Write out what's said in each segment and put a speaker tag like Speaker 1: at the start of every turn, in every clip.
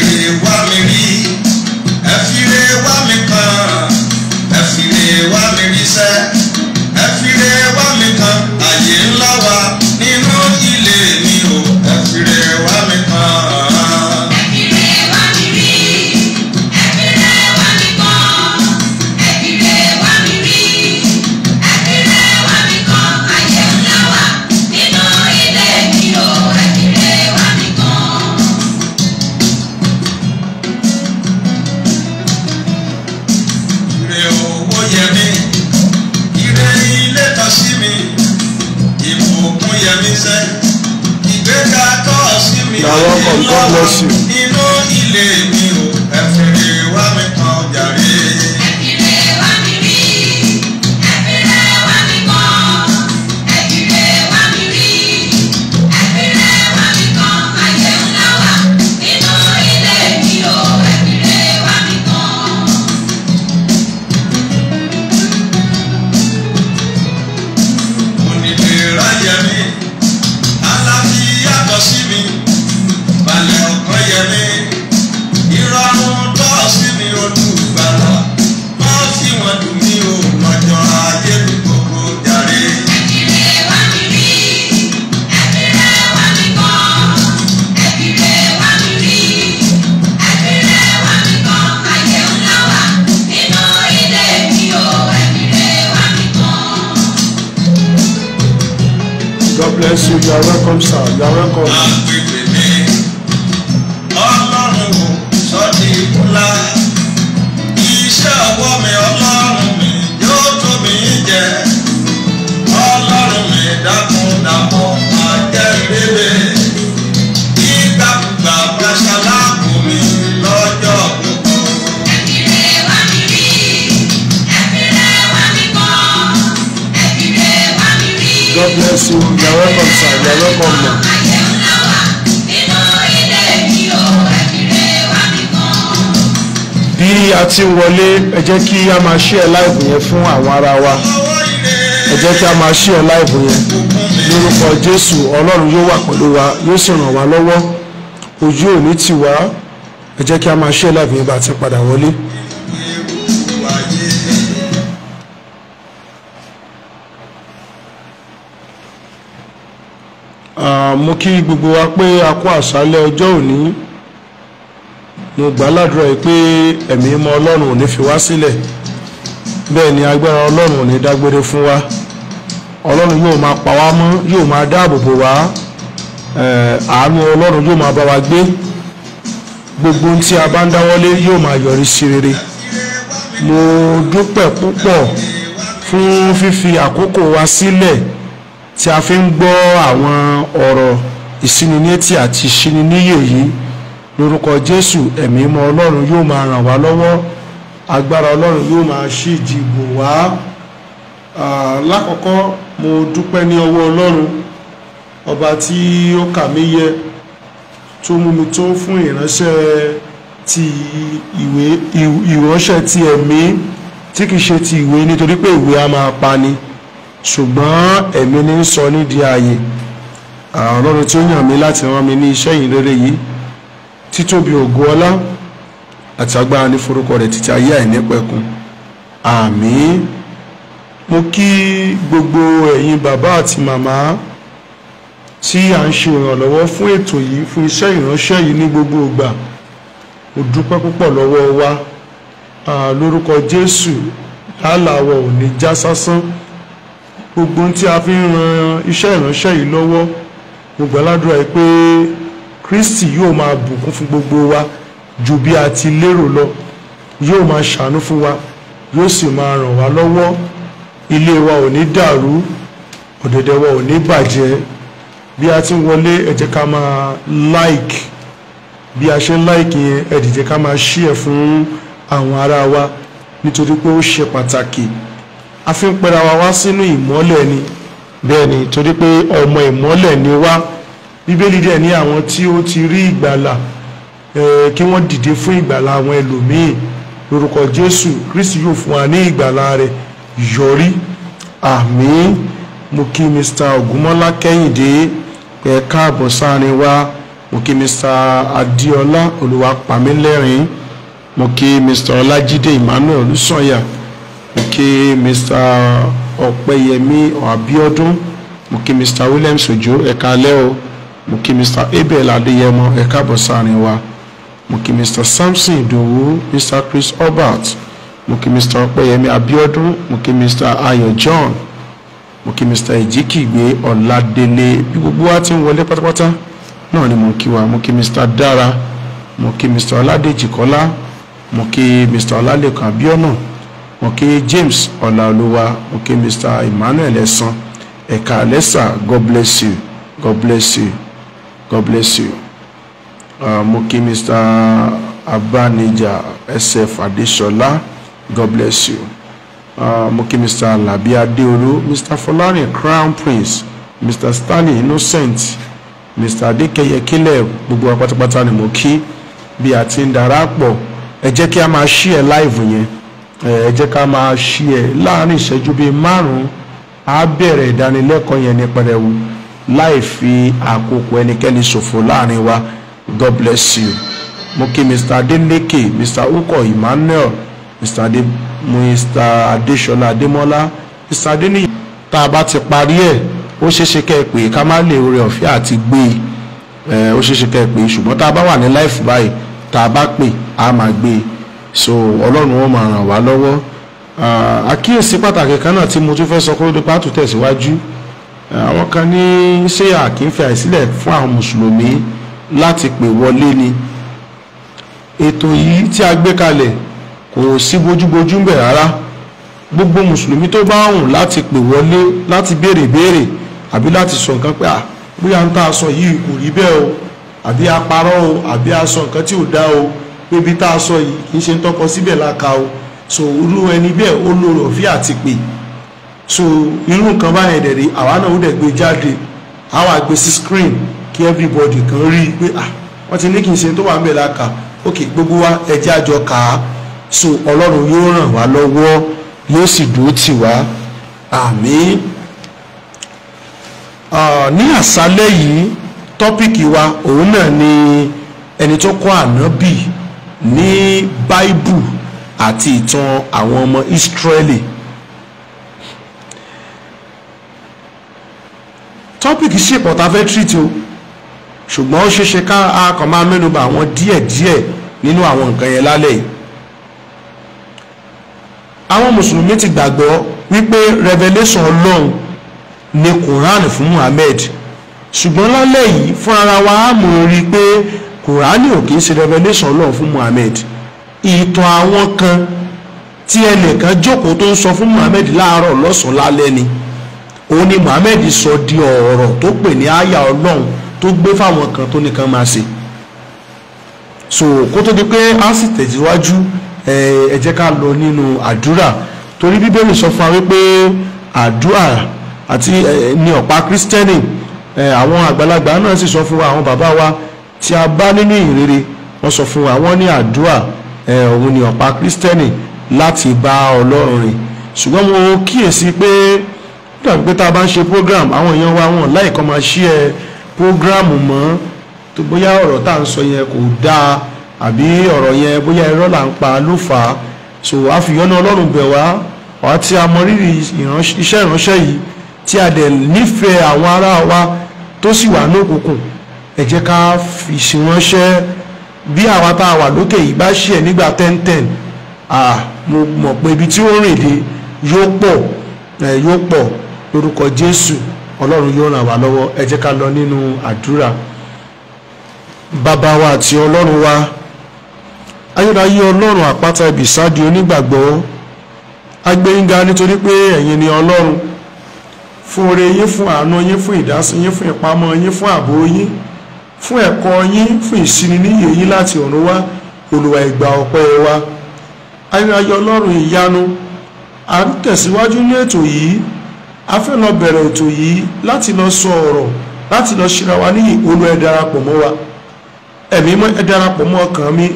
Speaker 1: fìrè wá mi rí ẹ fìrè wá mi kàn ẹ fìrè wá mi ríṣẹ́ ẹ fìrè wá mi
Speaker 2: bá ti ń wọlé ẹ jẹ́ kí a máa share live yẹn fún àwọn ará wa ẹ jẹ́ kí a máa share live yẹn lórúkọ Jésù Ọlọ́run yóò wà pẹ̀lú wa yóò sì ràn wá lọ́wọ́ ojú ò ní tì wá ẹ jẹ́ kí a máa share live yẹn bá ti padà wọlé. mo kí gbogbo wa pé a kú àṣálẹ́ ọjọ́ òní mo gbà ládùúrà yìí pé ẹ̀mí mọ́ ọlọ́run ò ní fi wá sílẹ̀ bẹ́ẹ̀ ni agbára ọlọ́run ò ní dágbére fún wa ọlọ́run yóò máa pa wá mọ́ yóò máa dáàbò bò wá àánú ọlọ́run yóò máa bá wa gbé gbogbo ohun tí a bá ń dáwọ́lé yóò máa yọrí sí rere mo dúpẹ́ púpọ̀ fún fífi àkókò wa sílẹ̀ tí a fi ń gbọ́ àwọn ọ̀rọ̀ ìsininétí àti ìsininíyè yìí lórúkọ jésù ẹ̀mí mọ́ ọlọ́run yóò máa ràn wá lọ́wọ́ agbára ọlọ́run yóò máa ṣíji bò wá lákọ̀ọ́kọ́ mo dúpẹ́ ní ọwọ́ ọlọ́run ọba tí ó kà mí yẹ tó mú mi tó fún ìránṣẹ́ ti ìwé ìránṣẹ́ ti ẹ̀mí tí kìí ṣe ti ìwé nítorí pé ìwé a máa pa ni ṣùgbọ́n ẹ̀mí ní sọ nídìí ààyè ọlọ́run tí ó yàn mí láti rán mi ní iṣẹ́ ìrere yìí títóbi ògo ọlá àti agbára ní forúkọ rẹ̀ títí ayé àìnípẹ̀kun àmín mo kí gbogbo ẹ̀yin bàbá àti màmá tí à ń ṣe ìrànlọ́wọ́ fún ètò yìí fún iṣẹ́ ìránṣẹ́ yìí ní gbogbo ìgbà mo dúpẹ́ púpọ̀ lọ́wọ́ wa lórúkọ Jésù lálàwọ̀ ò já sásán gbogbo tí a fi ń ran iṣẹ́ ìránṣẹ́ yìí lọ́wọ́ mo gbàládùra yìí pé kristi yóò máa bùkún fún gbogbo wa ju bí a ti lérò lọ yóò máa ṣàánú fún wa yóò sì máa ràn wá lọ́wọ́ ilé wa ò ní dàrú ọ̀dẹ̀dẹ̀ wa ò ní bàjẹ́ bí a ti wọlé ẹ ká máa like bí a ṣe ń like yẹn ẹ dìde ká máa share fún àwọn ará wa nítorí pé ó ṣe pàtàkì a fi ń pera wa wá sínú ìmọ́lẹ̀ ni bẹ́ẹ̀ ni torí pé ọmọ ìmọ́lẹ̀ ni wá bíbélì díẹ̀ ní àwọn tí ó ti rí ìgbàlà kí wọ́n dìde fún ìgbàlà àwọn ẹlòmíì lórúkọ jésù kristi yóò fún wa ní ìgbàlà rẹ̀ yọrí àmín mo kí mr ògúnmọ́lá kẹ́hìndé pé káàbọ̀ sáárín wa mo kí mr Adiola olùwàpámílẹ́rìn mo kí mr ọlájídé emmanuel olùsànyà mo kí mr ọpẹ́yẹmí abiodun mo kí mr williams ojo ẹ̀ka alẹ́ o. Muki mr abel adéyẹmọ ẹ káàbọ̀ sáàrin mr samson ìdòwú mr chris albert muki mr ọpẹ́yẹmí Abiodun, muki mr Ayo john muki mr ìjíkìgbé ọládélé bí gbogbo wa ti ń wọlé pátápátá ni mo wa muki mr Dara, muki mr ọládèjì kọ́lá muki mr ọlálẹ́kan abíọ́nà muki james ọláolúwa muki mr emmanuel ẹ̀sán ẹ̀ka lẹ́sà god bless you god bless you. God bless you. Uh, mo Mr. Abanija SF Adesola. God bless you. Uh, mo Mr. Alabi Adeolu. Mr. Folani Crown Prince. Mr. Stanley Innocent. Mr. Adekeye Caleb. Gbogbo wa pátápátá ni mo kí. Bí a ti Ẹ jẹ́ kí a máa share live yẹn. Ẹ jẹ́ ká máa share láàárín ìṣẹ́jú bíi márùn-ún. A bẹ̀rẹ̀ ìdánilẹ́kọ̀ọ́ yẹn ní pẹrẹwu láì fi àkókò ẹnikẹ́ni ṣòfò láàrin wa god bless you mo kí mr adeleke mr uko emmanuel mr ade mr adesola ademola mr adeniyi tá a bá ti parí ẹ̀ ó ṣeéṣe kẹ́ ẹ pé ká má lè oore ọ̀fẹ́ àti gbé e ó ṣeéṣe kẹ́ ṣùgbọ́n tá a bá wà ní life báyìí tá a bá pè á máa gbé e so ọlọ́run ó máa ràn wá lọ́wọ́ àkíyèsí pàtàkì kan náà tí mo tún fẹ́ sọ kó ló dé pàtó tẹ̀síwájú. Si àwọn kan ní ṣé àkínfẹ́ àìsílẹ̀ fún àwọn mùsùlùmí láti pè wọlé ni ètò yìí tí a gbé kalẹ̀ kò sí bójúbójú ń bẹ̀ rárá gbogbo mùsùlùmí tó bá wùn láti pè wọlé láti béèrè béèrè àbí láti sọ nǹkan pé à bóyá ń tá a sọ yìí kò rí bẹ́ẹ̀ o àbí a o àbí a nǹkan tí ò dá o pé ibi tá a sọ yìí kì í ṣe ń tọkọ síbẹ̀ la ka o so irú ẹni bẹ́ẹ̀ ó lò rọ̀ fí àti so irú nǹkan báyẹn dẹ̀ rí àwa náà ó dẹ̀ gbé jáde àwa gbé sí screen kí everybody kan rí i pé ah wọ́n ti ní kí n ṣe tó wà ń bẹ̀ la kà ok gbogbo wa ẹ̀jẹ̀ àjọ kà á so ọlọ́run yóò ràn wá lọ́wọ́ yóò sì dúró tì wá àmín ní àṣálẹ́ yìí tọ́pìkì wa òun náà ni ẹni tó kọ́ ànábì ní báíbù àti ìtàn àwọn ọmọ ìsírẹ́lì tọ́pìkì ṣèpọ̀ tá a fẹ́ tírìtì o ṣùgbọ́n ó ṣeéṣe ká a kàn máa mẹ́nuba àwọn díẹ̀ díẹ̀ nínú àwọn nǹkan yẹn lálẹ́ yìí àwọn mùsùlùmí ti gbàgbọ́ wípé revelation ọlọ́run ni quran fún muhammed ṣùgbọ́n lálẹ́ yìí fún ara wa á mọ̀ rí i pé quran ò kì í ṣe revelation ọlọ́run fún muhammed ìtàn àwọn kan tí ẹnìkan jókòó tó ń sọ fún muhammed láàárọ̀ lọ́sàn-án lálẹ́ ni. La òun ni Muhammed sọ di ọ̀rọ̀ tó pè ní àyà ọlọ́run tó gbé fáwọn kan tó nìkan máa ṣe so kó tó di pé a sì tẹ̀síwájú ẹ jẹ́ ká lọ nínú àdúrà torí bíbélì sọ fún wa wípé àdúrà àti ní ọ̀pá kírísítẹ́nì àwọn àgbàlagbà náà sì sọ fún wa àwọn bàbá wa tí a bá nínú ìrere wọ́n sọ fún wa wọ́n ní àdúrà òun ni ọ̀pá kírísítẹ́nì láti bá ọlọ́run rìn ṣùgbọ́n mo kíyèsí pé dàbí pé tá a bá ń ṣe program àwọn èèyàn wa wọn láì máa ṣí ẹ program mọ́ tó bóyá ọ̀rọ̀ tá à ń sọ yẹn kò dáa àbí ọ̀rọ̀ yẹn bóyá irọ́ là ń pa ló fà á so àfìyọ́nà ọlọ́run bẹ̀ wá wàá tí a mọrírì iṣẹ́ ìránṣẹ́ yìí tí a dẹ̀ nífẹ̀ẹ́ àwọn ará wa tó sì wà lókùnkùn ẹ jẹ́ ká fi ìsìnránṣẹ́ bí àwa tá a wà lókè yìí bá ṣe ẹ̀ nígbà ten ten ah mo mọ̀ pé ibi tí ó rìn dé yóò pọ̀ yóò pọ̀ lórúkọ jésù ọlọ́run yóò ràn wá lọ́wọ́ ẹ jẹ́ ká lọ nínú àdúrà bàbá wa àti ọlọ́run wa ayérayé ọlọ́run àpáta ìbìsádi onígbàgbọ́ agbẹ́yìnga nítorí pé ni ọlọ́run fún oore yín fún àánú yín fún ìdásí yín fún ìpamọ́ yín fún ààbò yín fún ẹ̀kọ́ yín fún ìsininíyè yín láti ọ̀run wá olùwà ìgbà wa ọlọ́run ìyanu à ń tẹ̀síwájú ní ètò a fẹ́ lọ bẹ̀rẹ̀ ètò yìí láti lọ sọ ọ̀rọ̀ láti lọ ṣíra wa ní olú ẹ darapọ̀ mọ́ wa ẹ̀mí mọ́ ẹ darapọ̀ mọ́ ọkàn mi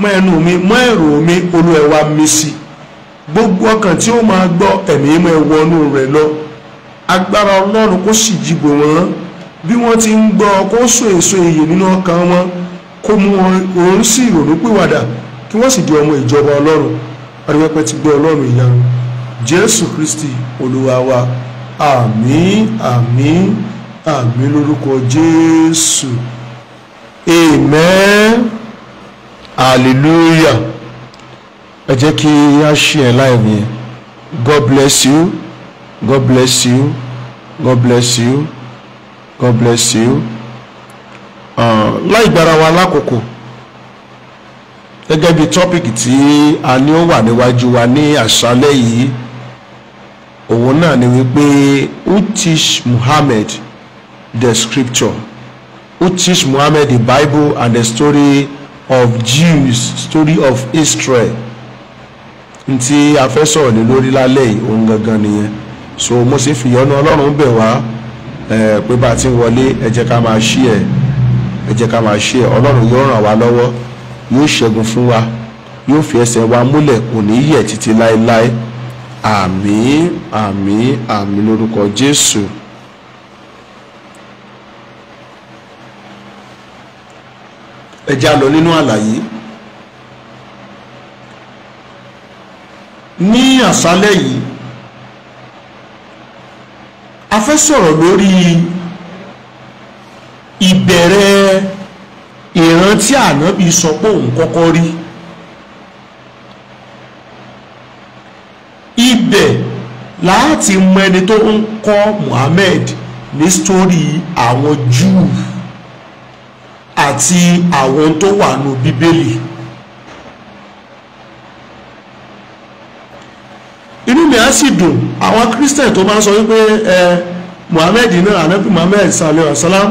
Speaker 2: mọ́ ẹnu mi mọ́ èrò mi olú ẹ wa mi sí gbogbo ọkàn tí ó máa gbọ́ ẹ̀mí mọ́ ẹ wọnú rẹ̀ lọ agbára ọlọ́run kó sì jìbò wọn bí wọ́n ti ń gbọ́ kó so èso ìyè nínú ọkàn wọn kó mú òun sí ìrònú pìwàdà kí wọ́n sì di ọmọ ìjọba ọlọ́run adúgbẹ́pẹ́ ti gbọ́ ọlọ́run ìyanu jésù kristi olúwa wa àmín àmín àmín lórúkọ jésù amen hallelujah ẹ jẹ́ kí a ṣe ẹ̀ láì nìyẹn god bless you god bless you god bless you god bless you ah, láì gbára wa lákòókò gẹ́gẹ́ bí tọ́pìkì tí a ní ó wà níwájú wa ní àṣálẹ́ yìí òun náà ni wípé who teach Muhammad the scripture who teach Muhammad the Bible and the story of Jews story of Israel Nti a fẹ́ sọ̀rọ̀ ní lórí lálẹ́ yìí òun gangan nìyẹn so mo sì fi ọ̀nà ọlọ́run bẹ̀ wá pé bá a ti wọlé ẹ jẹ́ ká máa ṣí ẹ jẹ́ ká máa ṣí ẹ̀ ọlọ́run yóò ràn wá lọ́wọ́ yóò ṣẹ́gun fún wa yóò fi ẹsẹ̀ wa múlẹ̀ kò ní títí láéláé àmín àmín àmín lórúkọ Jésù. ẹ já lọ nínú àlàyé ní àṣálẹ́ yìí a fẹ́ sọ̀rọ̀ lórí ìbẹ̀rẹ̀ ìrántí ànábì sọ pé òun kọ́kọ́ rí. ibẹ̀ láti mọ ẹni tó ń kọ́ Muhammad ní sítórí àwọn Júù àti àwọn tó wà nù Bíbélì. inú mi á sì dùn àwọn Christian tó máa ń sọ wípé ẹ Muhammad náà anabi Muhammad sallallahu alaihi wasallam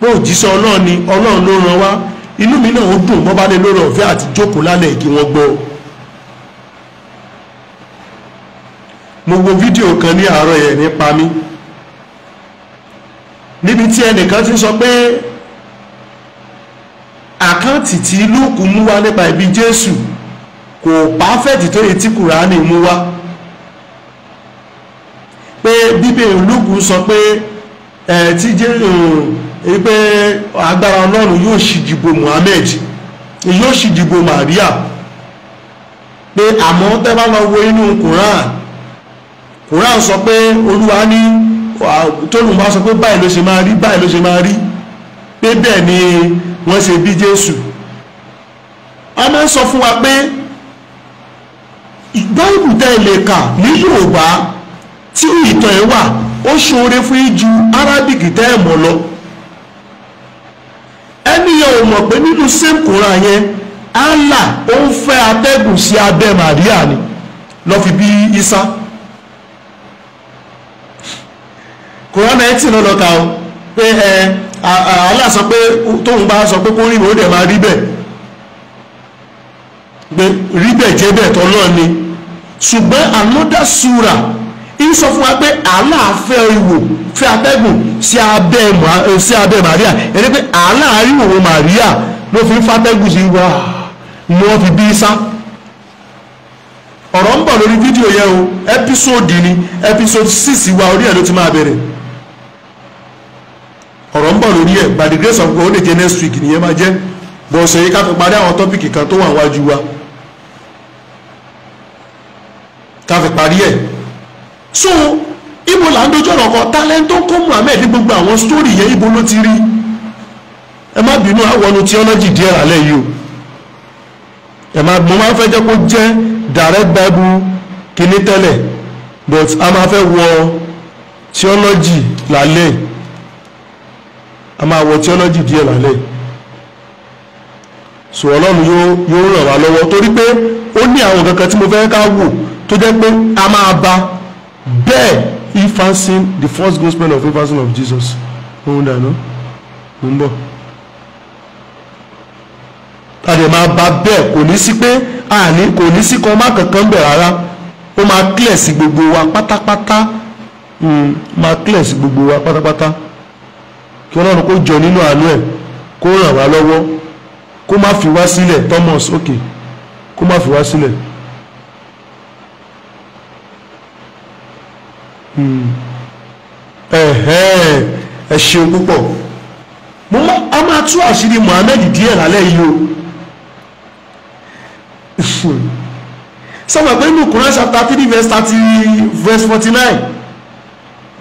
Speaker 2: pé òjíṣẹ́ Ọlọ́run ni Ọlọ́run ló rán wá inú mi náà ó dùn bọ́ lórí ọ̀fẹ́ àti jókòó lálẹ́ kí wọ́n gbọ́ ọ. mo wo fídíò kan ní àárọ̀ yẹn nípa mi níbi tí ẹnìkan ti sọ pé àkáǹtì tí lúùkù mú wá nípa ìbí jésù kò pàáfẹ́ẹ̀tì tó yẹ tí kùránì mú wá pé bíbélì lúùkù sọ pé ẹ tí jésù pé agbára ọlọ́run yóò ṣìjìbò muhammed yóò ṣìjìbò maria pé àmọ́ tẹ́ bá lọ wo inú kùránì Quran sọ pé olúwa ní tóun bá sọ pé báyìí ló ṣe máa rí báyìí ló ṣe máa rí pé bẹ́ẹ̀ ni wọ́n ṣe bí Jésù a máa ń sọ fún wa pé báyìí tẹ́ ẹ lè kà ní Yorùbá tí ìtàn ẹ wà ó ṣoore fún yín ju Arabic tẹ́ ẹ mọ̀ lọ ènìyàn ò mọ̀ pé nínú same Quran yẹn Allah ó ń fẹ́ atẹ́gùn sí abẹ́ Màríà ni lọ́ fi bí Isa. kòrán náà tì náà lọ́ta o pé ẹ Allah sọ pé tóun bá sọ pé kó rí ìwòrán dẹ̀ rí bẹ́ẹ̀ pé rí bẹ́ẹ̀ jẹ́ bẹ́ẹ̀ tọ́ náà ni ṣùgbọ́n anoda sura ń sọ fún wa pé Allah fẹ́ ìwò fẹ́ atẹ́gùn sí abẹ́ Maria ẹni pé Allah ìwò Maria ló fi ń fatẹ́gùn sí wa ni wọ́n fi bí sá ọ̀rọ̀ ń bọ̀ lórí fídíò yẹn o ẹpísòdì ni ẹpísòdì 6 wa orí ẹ̀ ló ti máa bẹ̀rẹ̀ ọ̀rọ̀ ń bọ̀ lórí ẹ̀ by the grace of God ó lè jẹ́ next week nìyẹn máa jẹ́ bọ̀ ọ̀sẹ̀ yìí ká fi parí àwọn tọ́pìkì kan tó wà wájú wa ká fi parí ẹ̀ so ibo là ń dojú ọ̀rọ̀ kan talento kó Muhammed ní gbogbo àwọn sítórì yẹn ibo ló ti rí ẹ má bínú àwọn theology díẹ̀ alẹ́ yìí o ẹ máa mo máa fẹ́ jẹ́ kó jẹ́ direct bible kìíní tẹ́lẹ̀ but a máa fẹ́ wọ theology lálẹ́ yìí a máa wọ theology díẹ̀ lálẹ́ so ọlọ́run yóò ràn wá lọ́wọ́ torí pé ó ní àwọn kankan tí mo fẹ́ ká wò tó jẹ́ pé a máa ba bẹ́ẹ̀ infancy the first gospel of infancy of Jesus òun dànù mo ń bọ̀ tàdé máa ba bẹ́ẹ̀ kò ní sí pé àní kò ní sí kan má kankan bẹ̀ rárá ó máa clear sí gbogbo wa pátápátá hmm, máa clear sí gbogbo wa pátápátá kí ọlọ́run kó jọ nínú àánú ẹ̀ kó ràn wá lọ́wọ́ kó má fi wá sílẹ̀ Thomas òkè kó má fi wá sílẹ̀. Hmm. ẹ ṣeun púpọ̀ mo má a máa tú àṣírí Mohammed díẹ̀ lálẹ́ yìí o sọ́mọ̀ pé nínú Quran chapter three verse thirty verse forty nine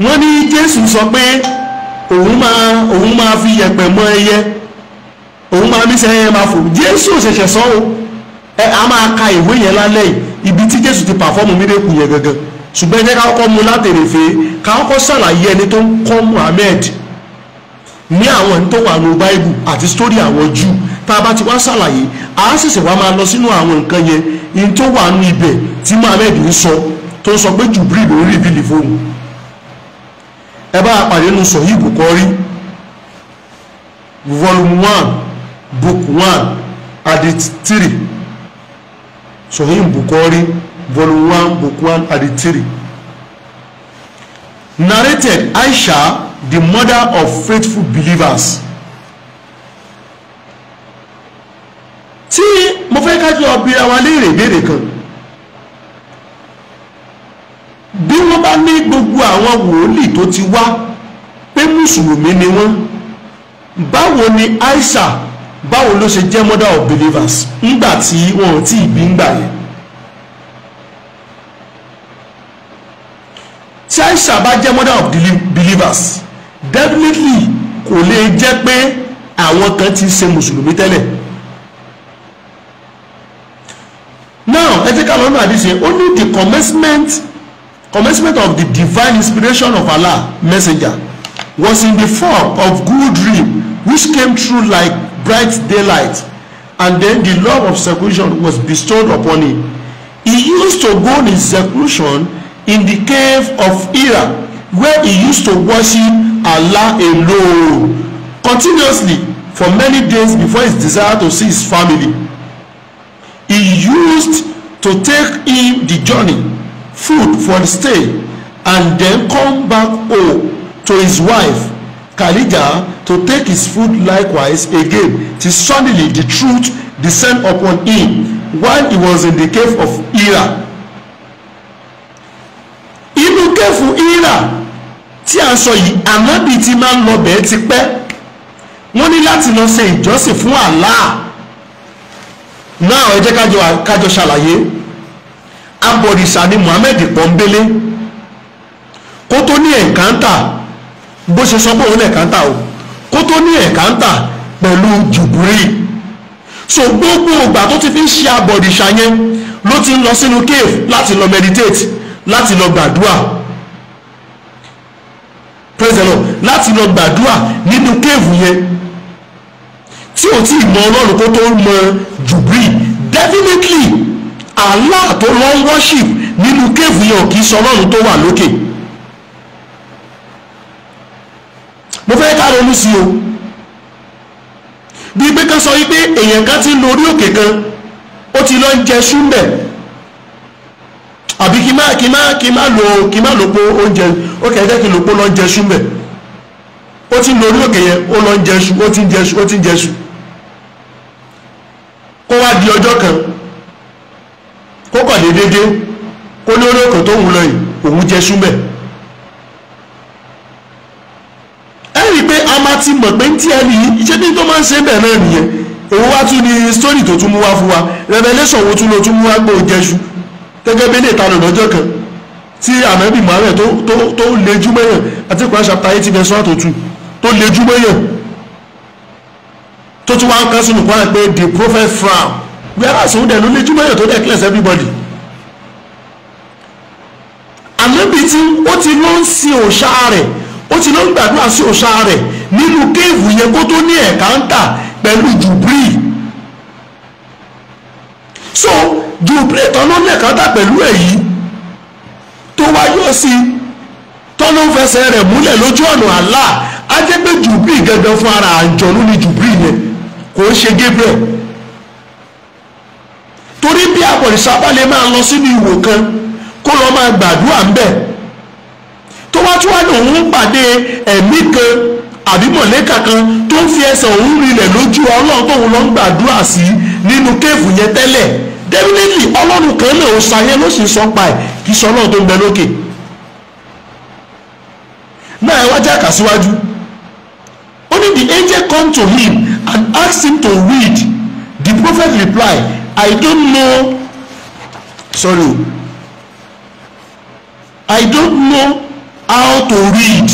Speaker 2: wọ́n ní Jésù sọ pé òun máa òun máa fi yẹ̀pẹ̀ mọ ẹyẹ òun máa ní sẹ́yìn máa fò jésù ṣẹ̀ṣẹ̀ sọ o ẹ a máa ka ìwé yẹn lálẹ́ yìí ibi tí jésù ti pàfọ́ọ̀mù mi lè kù yẹn gangan ṣùgbọ́n ẹ jẹ́ ká kọ́kọ́ mu látèrèfé ká kọ́kọ́ ṣàlàyé ẹni tó ń kọ́ Muhammed ní àwọn ẹni tó wà ní báíbù àti sítórì àwọn jù tá a bá ti wá ṣàlàyé a ṣẹ̀ṣẹ̀ wá máa lọ sínú àwọn nǹkan yẹn ní tó wà ní ibẹ̀ tí Muhammed ń sọ tó ń sọ pé Jibril ló ń rìbìlì ẹ bá pàdé nu sọ̀yí bùkọ́rí volume one book one adit three sọ̀yí bùkọ́rí volume one book one adit three narrated Aisha the mother of faithful believers tí mo fẹ́ kájú ọbẹ̀ àwọn aléèrè ìbéèrè kan bí wọ́n bá ní gbogbo àwọn wòlíì tó ti wá pé mùsùlùmí ni wọ́n báwo ni Aisha báwo ló ṣe jẹ́ mother of believers ńgbà tí wọn ò tí ì bí ńgbà yẹn. tí Aisha bá jẹ́ mother of believers definitely kò lè jẹ́ pé àwọn kan ti ṣe mùsùlùmí tẹ́lẹ̀. now ẹ jẹ́ ká lọ́nà àdìsẹ́ ó ní the commencement commencement of the divine inspiration of Allah messenger was in the form of good dream which came true like bright daylight and then the love of seclusion was bestowed upon him he used to go in seclusion in the cave of Ira, where he used to worship Allah alone continuously for many days before his desire to see his family he used to take him the journey food for the stay and then come back home to his wife Khadija to take his food likewise again till suddenly the truth descend upon him while he was in the cave of Hira inú kéfù Hira tí a sọ yìí ànábì tí máa ń lọ bẹ́ẹ̀ ti pẹ́ wọ́n ní láti lọ ṣe ìjọsìn fún Allah náà ẹ jẹ́ kájọ ṣàlàyé abọ̀rìṣà ni Muhammed pọ́ńbélé kó tó ní ẹ̀ǹkáńtà bó ṣe sọ pé òun ẹ̀ǹkáńtà o kó tó ní ẹ̀ǹkáńtà pẹ̀lú jùbúrì so gbogbo ìgbà tó ti fi ń ṣe abọ̀rìṣà yẹn ló ti ń lọ sínú cave láti lọ meditate láti lọ gbàdúrà praise the lord láti lọ gbàdúrà nínú cave yẹn tí ò tí ì mọ ọlọ́run kó tó mọ jùbúrì definitely Allah tó lọ ń worship nínú kéèfù yẹn kì í sọ ọlọ́run tó wà lókè mo fẹ́ ká ronú sí o bí pé kan sọ wípé èèyàn kan ti ń lọ orí òkè kan ó ti lọ ń jẹ ṣúmbẹ̀ àbí kí má kí má kí má lo kí má lo po oúnjẹ ó kẹ́ jẹ́ kí lo po lọ jẹ ṣú mbẹ̀ ó ti ń lo orí òkè yẹn ó lọ ń jẹ ṣú ó ti ń jẹ ṣú ó ti ń jẹ ṣú kó wá di ọjọ́ kan dédé kó ní orí òkè tó ń lọ yìí òun jẹ súnbẹ̀ ẹ rí i pé a máa ti mọ̀ pé ń tí ẹ rí iṣẹ́ tí tó máa ń ṣe bẹ̀ náà nìyẹn òun wá tún ní sítórì tó tún mú wá fún wa revelation wo tún ló tún mú wá gbọ́ jẹ́sù gẹ́gẹ́ bí ilé ìtanà lọ́jọ́ kan tí ànábì muhammed tó lejú mẹ́yàn àti Quran chapter eighteen verse one to two tó lejú mẹ́yàn tó tún wá ń kán sínú Quran pé the prophet frown whereas òun dẹ̀ ló lejú mẹ́yàn tó dẹ̀ cleanse everybody ànábì tí ó ti lọ ń sin òòṣà rẹ̀ ó ti lọ ń gbàdúrà sí òòṣà rẹ̀ nínú kéèvù yẹn kó tó ní ẹ̀káńtà pẹ̀lú jùbírì so jùbírì tán ló ní ẹ̀káńtà pẹ̀lú èyí tó wá yọ sí tọ́lú fẹsẹ̀ rẹ̀ múlẹ̀ lójú ọ̀nà Allah á jẹ́ pé jùbírì gangan fún ara àjọ̀nú ni jùbírì yẹn kò ń ṣe Gabriel torí bí àbọ̀rìṣà bá lè máa lọ sínú ìwò kan kó lọ máa gbàdúrà ń bẹ̀ tó wá tún wá ní òun pàdé ẹ̀mí kan àbí mọ̀lẹ́kà kan tó ń fi ẹsẹ̀ òun rinlẹ̀ lójú ọlọ́run tóun lọ ń gbàdúrà sí nínú kéèfù yẹn tẹ́lẹ̀ definitely ọlọ́run kan lè ó sayé ló sì sọ pa ẹ̀ kì sọ ọlọ́run tó ń bẹ lókè náà ẹ wá jáka síwájú ó ní the angel come to him and asked him to read the prophet reply I don't know sorry I don't know how to read.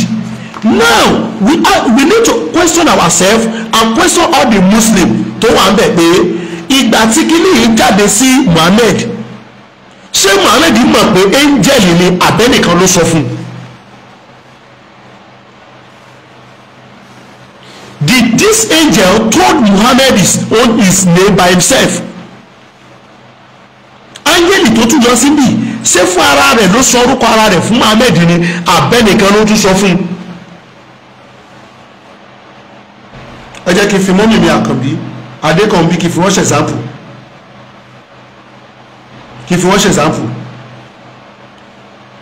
Speaker 2: Now we are, we need to question ourselves and question all the Muslims tó wà ń bẹ̀ pé ìgbà tí kíní yìí jáde sí Muhammad ṣé Muhammad mọ̀ pé angel ni abẹ́nìkan ló sọ fún un. Did this angel told Muhammad his own his name by himself? Áńgẹ́lì tó tún yọ síbí ṣé fún ara rẹ̀ ló sọ orúkọ ara rẹ̀ fún Muhammed ni abẹ́nìkan ló tún sọ fún un. ẹ jẹ́ kí n fi mọ́mì mi àkànbí adékànbí kí n fi wọ́n ṣe ṣàǹpù kí n fi wọ́n ṣe ṣàǹpù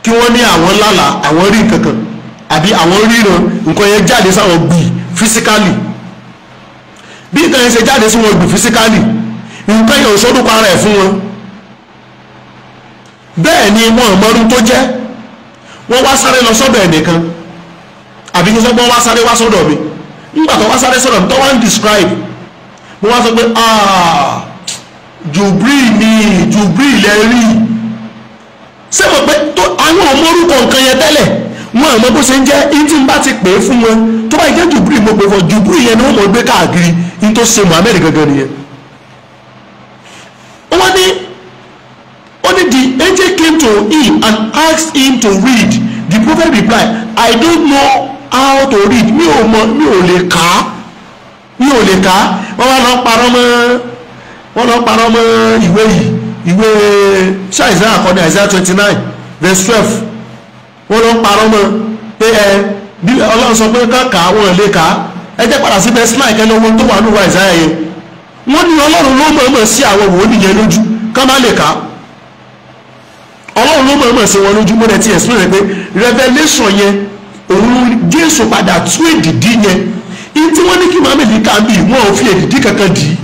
Speaker 2: kí wọ́n ní àwọn lálà àwọn rí kankan àbí àwọn ríran nǹkan yẹn jáde sáwọn gbì físíkálì bí nǹkan yẹn ṣe jáde sí wọn gbì físíkálì nǹkan yẹn ò sọ́dún para ẹ̀ fún wọn bẹ́ẹ̀ ni wọn mọ́rú tó jẹ́ wọ́n wá sáré lọ sọ́dọ̀ ẹnìkan àbí kí sọ́gbọ́n wá sáré wá sọ́dọ̀ mi nígbà tó wá sáré sọ́dọ̀ mi tó wá ń describe mo wá sọ pé ah, Jubril ni Jubril lẹ rí ṣé mo pé àwọn ọmọrúkọ nǹkan yẹn tẹ́lẹ̀ wọn àmọ́ bó ṣe ń jẹ́ ní tí n bá ti pè é fún wọn tó bá jẹ́ Jubril mo pè fọ Jubril yẹn ni wọ́n mọ̀ gbé káàkiri ní tó ṣe Muhammed gangan nìyẹn wọ́n ní Only the angel came to him and asked him to read. The prophet replied, I don't know how to read. Mi ò mọ̀, mi ò lè kà á. Mi ò lè kà á. Wọ́n wá lọ parọ́ mọ́ wọ́n lọ parọ́ mọ́ ìwé yìí. Ìwé ṣé Isaiah àkọ́ni Isaiah twenty nine verse twelve. Wọ́n lọ parọ́ mọ́ pé ẹ bí Ọlọ́run sọ pé ká kà á wọ́n lè kà á. Ẹ jẹ́ padà sí bẹ́ẹ̀ sílá ìkẹ́lẹ́ owó tó wà ní ìwà Isaiah yẹn. Wọ́n ní Ọlọ́run ló mọ̀ọ́mọ̀ sí àwọn òwò nìyẹn lójú ká má lè kà á ọlọ́run ló mọ̀ ọ́ mọ̀ sí wọn lójúmọ́ rẹ ti explain rẹ pé revelation yẹn òun jésù padà tú èdìdí yẹn in tí wọ́n ní kí mohammed ká bí wọn ò fi èdìdí kankan dì í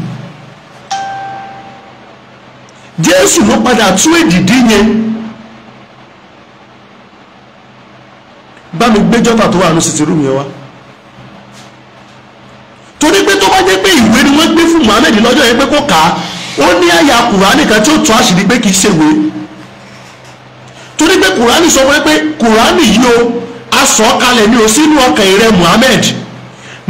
Speaker 2: jésù ló padà tú èdìdí yẹn bá mi gbé jọ́fà tó wà ní sìtìrú mi wá torí pé tó bá jẹ́ pé ìwé ni wọ́n gbé fún mohammed lọ́jọ́ yẹn pé kó kà á ó ní àyà kùránì kan tí ó tún àṣírí pé kì í ṣèwé torí pé kùránì sọ wọ́n pé kùránì yìí o a sọ kalẹ̀ ní o sínú ọkàn ìrẹ Muhammad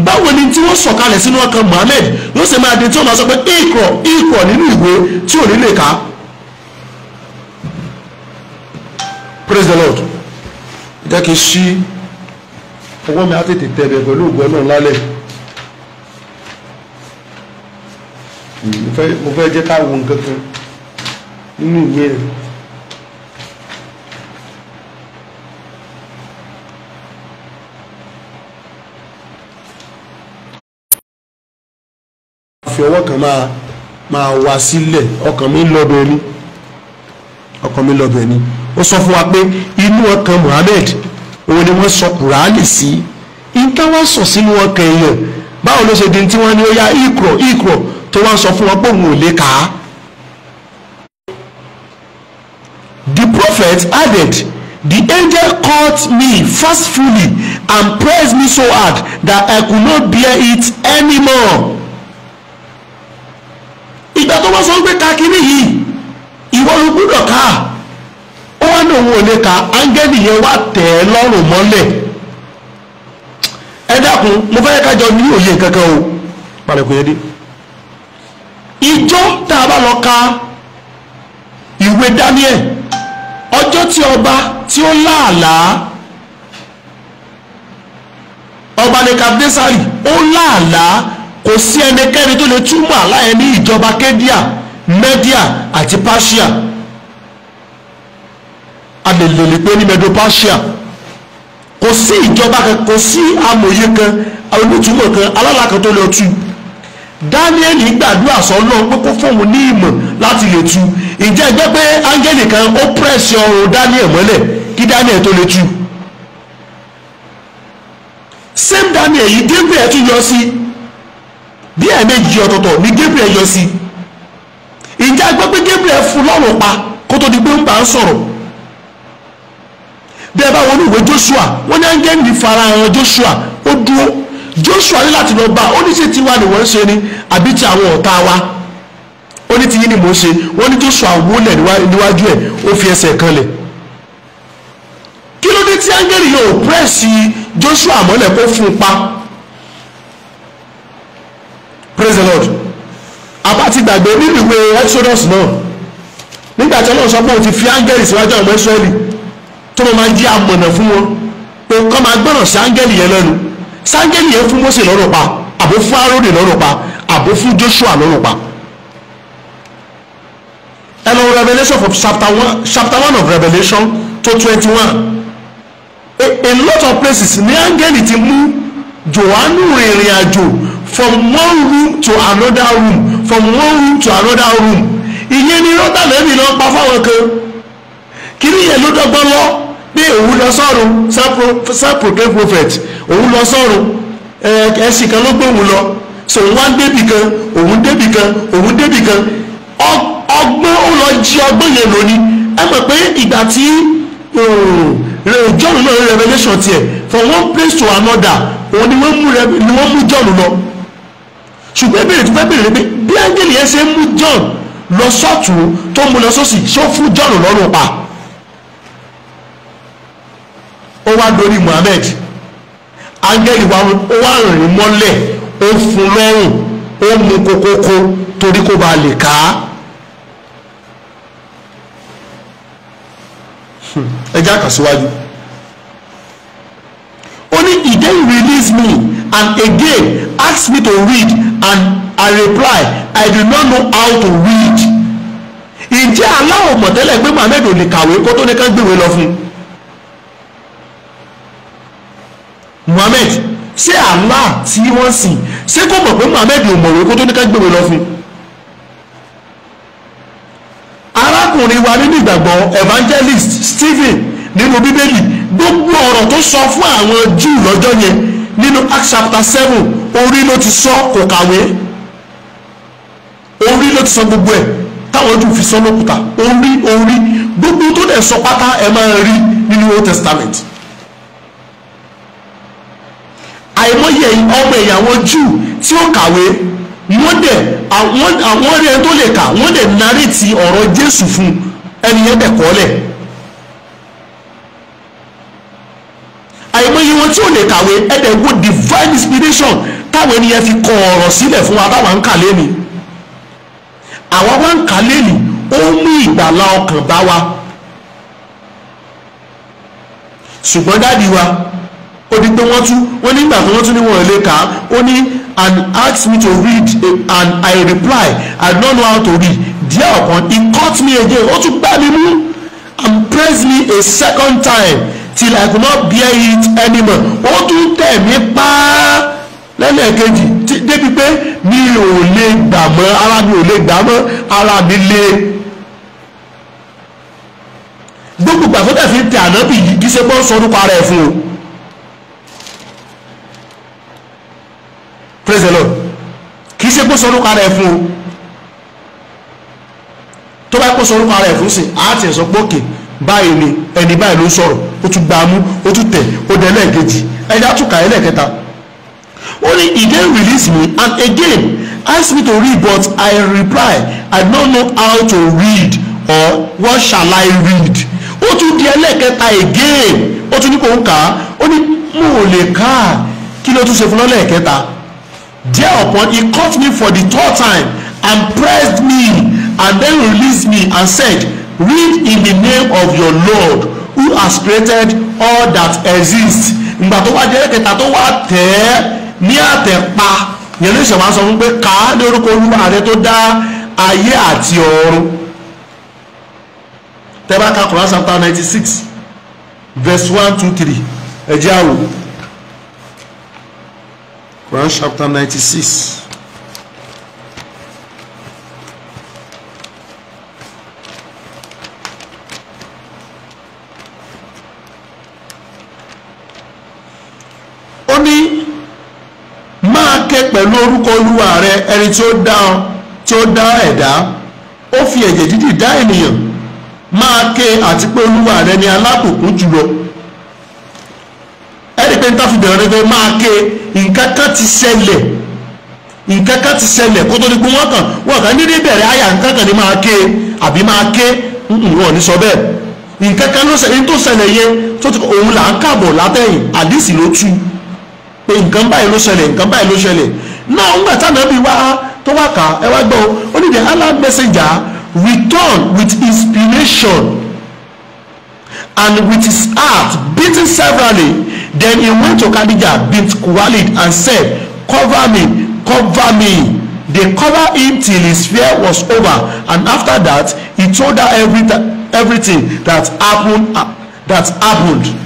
Speaker 2: báwo ni tí wọ́n sọ kalẹ̀ sínú ọkàn Muhammad yóò ṣe máa di tí wọ́n máa sọ pé ìkọ̀ ìkọ̀ nínú ìwé tí ò ní lè ka praise the Lord jẹ́ kí n ṣí ọwọ́ mi á tètè tẹ̀lé pẹ̀lú ògbọ́n náà lálẹ́ mo fẹ́ jẹ́ ká wo nǹkan kan nínú ìwé rẹ̀. ọwọ́ kan máa máa wá sílẹ̀ ọkàn mi lọ́bẹ̀ ni ọkàn mi lọ́bẹ̀ ni ó sọ fún wa pé inú ọkàn Muhammad òun ni wọ́n sọ kùránì sí ìta wá sọ sínú ọkàn èèyàn báwo ló ṣe di tí wọ́n ní ó yá ìkùrọ̀ ìkùrọ̀ tó wá sọ fún wọn pé òun ò lè kà á. The prophet added the angel caught me fastfully and pressed me so hard that I could not bear it anymore ìgbà tó bá sọ pé ka kiri yìí ìwọ ló gbúdọ̀ ká ó wá ní òun ò lè ka áńgẹ́lì yẹn wá tẹ̀ ẹ́ lọ́rùn mọ́lẹ̀ ẹ dákun mo fẹ́ kájọ ní òye kankan o pàlẹ́kùn yẹn dé ìjọ tá a bá lọ ka ìwé Daniel ọjọ́ tí ọba tí ó láàlàá ọba Nebukadnesari ó láàlàá kò sí ẹnikẹ́ni tó lè túmọ̀ àlàyé ní ìjọba Kẹ́díà Mẹ́díà àti Páṣíà a lè lè lè pé ní mẹ́dọ̀ Páṣíà kò sí ìjọba kan kò sí amòye kan olùtúmọ̀ kan alálà kan tó lè tú Daniel gbàdúrà sọ́nà pé kó fóun ní ìmọ̀ láti lè tú ìjẹ́ ẹgbẹ́ pé áńgẹ́lì kan ó pẹ́ẹ́sì ọrùn Daniel mọ́lẹ̀ kí Daniel tó lè tú same Daniel yìí débìrì ẹ̀ tún yọ sí i bí ẹ̀ẹ̀mejì ọ̀tọ̀ọ̀tọ̀ ni Gabriel yọ sí ìjà gbọ́ pé Gabriel fún lọ́rùn pa kó tó di pé ń bá ń sọ̀rọ̀ bẹ́ẹ̀ bá wọn ìwé Joshua wọ́n ní áńgẹ́lì farahàn Joshua ó dúró Joshua ní láti lọ bá oníṣe tiwa ni wọ́n ń ṣe ni àbí ti àwọn ọ̀tá wa ó ní tiyín ni mò ń ṣe wọ́n ní Joshua wólẹ̀ níwájú ẹ̀ ó fi ẹsẹ̀ kanlẹ̀ kí ló dé tí áńgẹ́lì yóò pẹ́ẹ̀sì Joshua mọ́lẹ̀ kó fún un pa praise the lord àbátí gbàgbé nínú ìwé exodus náà nígbà tí ọlọ́run sọ pé òun ti fi áńgẹ́lì síwájú àwọn israẹli tó máa ń jí amọ̀nà fún wọn pé kọ́ máa gbọ́ràn sí áńgẹ́lì yẹn lẹ́nu sí áńgẹ́lì yẹn fún Mósè lọ́rùn pa àbó fún Árónì lọ́rùn pa àbó fún Joshua lọ́rùn pa ẹ lọ revelation of chapter one chapter one of revelation to twenty one a lot of places ní áńgẹ́lì ti mú Jòhánù rìnrìn àjò from one room to another room from one room to another room ìyẹn ni rọ́tàlẹ́bì lọ pa fáwọn kan kíní yẹn ló dọ́gbọ́n lọ pé òun lọ sọ́run self-proclaimed prophet òun lọ sọ́run ẹ̀sìn kan ló gbóhùn lọ so òun wá débì kan òun débì kan òun débì kan ọgbọ́n ó lọ jí ọgbọ́n yẹn lónìí ẹ mọ̀ pé ìgbà tí oh, John náà revelation tiẹ̀ from one place to another òun ni wọ́n mú John lọ ṣùgbọ́n ìbéèrè tó fẹ́ béèrè pé bí áńgẹ́lì yẹn ṣe ń mú John lọ sọ́tún tó ń mú lọ sọ́sì ṣé ó fún John lọ́rùn pa ó wá dorí Muhammed áńgẹ́lì wa ó wá rìn mọ́lẹ̀ ó fún lọ́rùn ó mú kókókó torí kó ba lè ká hm, ẹjẹ́ àkàsíwájú ó ní he then release me and again ask me to read and I reply, I do not know how to read ǹjẹ́ aláwọ̀ mọ̀tẹ́lẹ̀ pé Mohammed ò lè kàwé kó tó ní ká gbèwé lọ fún Mohammed ṣé Allah tí wọ́n sìn ṣé kò mọ̀ pé Mohammed ò mọ̀wé kó tó ní ká gbèwé lọ fún arákùnrin wa nínú ìgbàgbọ́ evangelist Stephen nínú bíbélì gbogbo ọ̀rọ̀ tó sọ fún àwọn Júù lọ́jọ́ yẹn nínú Acts chapter seven orí ló ti sọ kò kàwé orí ló ti sọ gbogbo ẹ̀ táwọn ojú fi sọ lókùtà orí orí gbogbo tó dẹ̀ sọ pátá ẹ̀ máa rí nínú Old Testament àìmọye ọmọ ìyàwó Júù tí ó kàwé wọ́n dẹ̀ àwọn rẹ̀ tó lè kà wọ́n dẹ̀ nárètì ọ̀rọ̀ Jésù fún ẹnìyẹn dẹ̀ kọ́lẹ̀ àìmọye wọn tí ò lè kàwé ẹ̀dẹ̀ wo divine inspiration táwọn ènìyàn fi kọ ọ̀rọ̀ sílẹ̀ fún wa báwa ń kà lẹ́nu àwa wá ń kà lẹ́nu ó mú ìgbàlá ọkàn bá wa ṣùgbọ́n dáàdi wa ó di pé wọ́n tún wọ́n nígbà tí wọ́n tún ní wọ́n lè kà á ó ní and ask me to read and I reply I don't know how to read díẹ̀ ọ̀kan he caught me again ó tún gbá mi mú and press me a second time till I could not bear it anymore ó tún tẹ̀ mí pa lẹ́lẹ́kejì débi pé mi ò lè gbà mọ́ ara mi ò lè gbà mọ́ ara mi lè gbogbo gbàsọ́tẹ̀ fi ń tẹ ànábì yìí kí ṣe bọ́ sọdún para ẹ̀ fún o praise the lord kì í ṣe bọ́ sọdún para ẹ̀ fún o tó bá kó sọdún para ẹ̀ fún sí àá tiẹ̀ sọ pé òkè báyìí ni ẹni báyìí ló sọ̀rọ̀ ó tún gbàmú ó tún tẹ̀ ó dẹ̀ lẹ́ẹ̀kejì ẹ̀dá tún kà ẹlẹ́ẹ̀kẹta ó ní he then released me and again asked me to read but I reply I don't know how to read or what shall I read ó tún di ẹlẹ́ẹ̀kẹta again ó tún ní kò ń kà á ó ní mo ò lè kà á kí ló tún ṣe fún lọ́lẹ́ẹ̀kẹta thereupon he caught me for the third time and pressed me and then released me and said read in the name of your Lord who has created all that exists ìgbà tó wá jẹ́ kẹta tó wá tẹ̀ ẹ́ ní àtẹ̀pa yẹn ló ṣe wá sọ fún pé ká ní orúkọ olúwa rẹ tó dá ayé àti ọ̀run tẹ́bá ka Quran chapter ninety six verse one two three ẹ̀jẹ̀ àwò Quran chapter ninety six. pẹ̀lú orúkọ olúwa rẹ ẹni tí ó dá ọ tí ó dá ẹ̀dá ó fi ẹ̀jẹ̀ dídì dá ènìyàn máa ké àti pé olúwa rẹ ni alábùkún jùlọ ẹni pé níta fi bẹ̀rẹ̀ rẹ máa ké nǹkan kan ti ṣẹlẹ̀ nǹkan kan ti ṣẹlẹ̀ kó tó di pé wọ́n kàn wọ́n kàn ní ní bẹ̀rẹ̀ àyà nǹkan kan ni máa ké àbí máa ké wọn ò ní sọ bẹ́ẹ̀ nǹkan kan ló ṣẹlẹ̀ tó ṣẹlẹ̀ yẹn tó ti òun là ń kàbọ̀ látẹ̀yìn àdìsí ló tú pé nǹkan báyìí ló ṣẹlẹ̀ nǹkan báyìí ló ṣẹlẹ̀ náà ńgbà tá nàbí wá tó wá kà ẹ wá gbọ́ ó ní the Allah messenger returned with inspiration and with his heart beating severally then he went to Khadija beat Khuwailid and said cover me cover me they cover him till his fear was over and after that he told her everything that happened that happened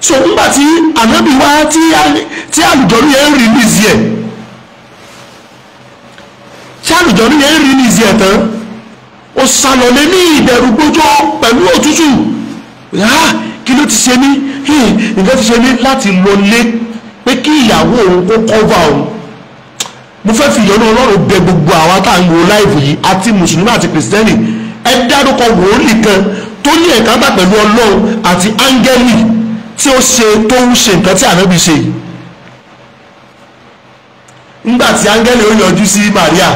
Speaker 2: so nígbà tí ànábì wá tí àlùjọ́rí yẹn ń rìlíìsì ẹ̀ tí àlùjọ́rí yẹn ń rìlíìsì ẹ̀ tán ó sàlọ̀lé ní ìbẹ̀rù gbójó pẹ̀lú òtútù ah, kí ló ti ṣe mí nǹkan ti ṣe mí láti lọlé pé kí ìyàwó òun kó kọ́va òun mo fẹ́ fi ìyọ́nú ọlọ́run bẹ gbogbo àwa tá à ń wo láìfù yìí àti mùsùlùmí àti kìrìsìtẹ́nì ẹ dárúkọ wòólì kan tó ní ẹ̀ka gbà pẹ̀lú ọlọ́run àti áńgẹ́lì tí ó ṣe tó ń ṣe nǹkan tí ànábì ṣe yìí nígbà tí áńgẹ́lì ó yọjú sí Maria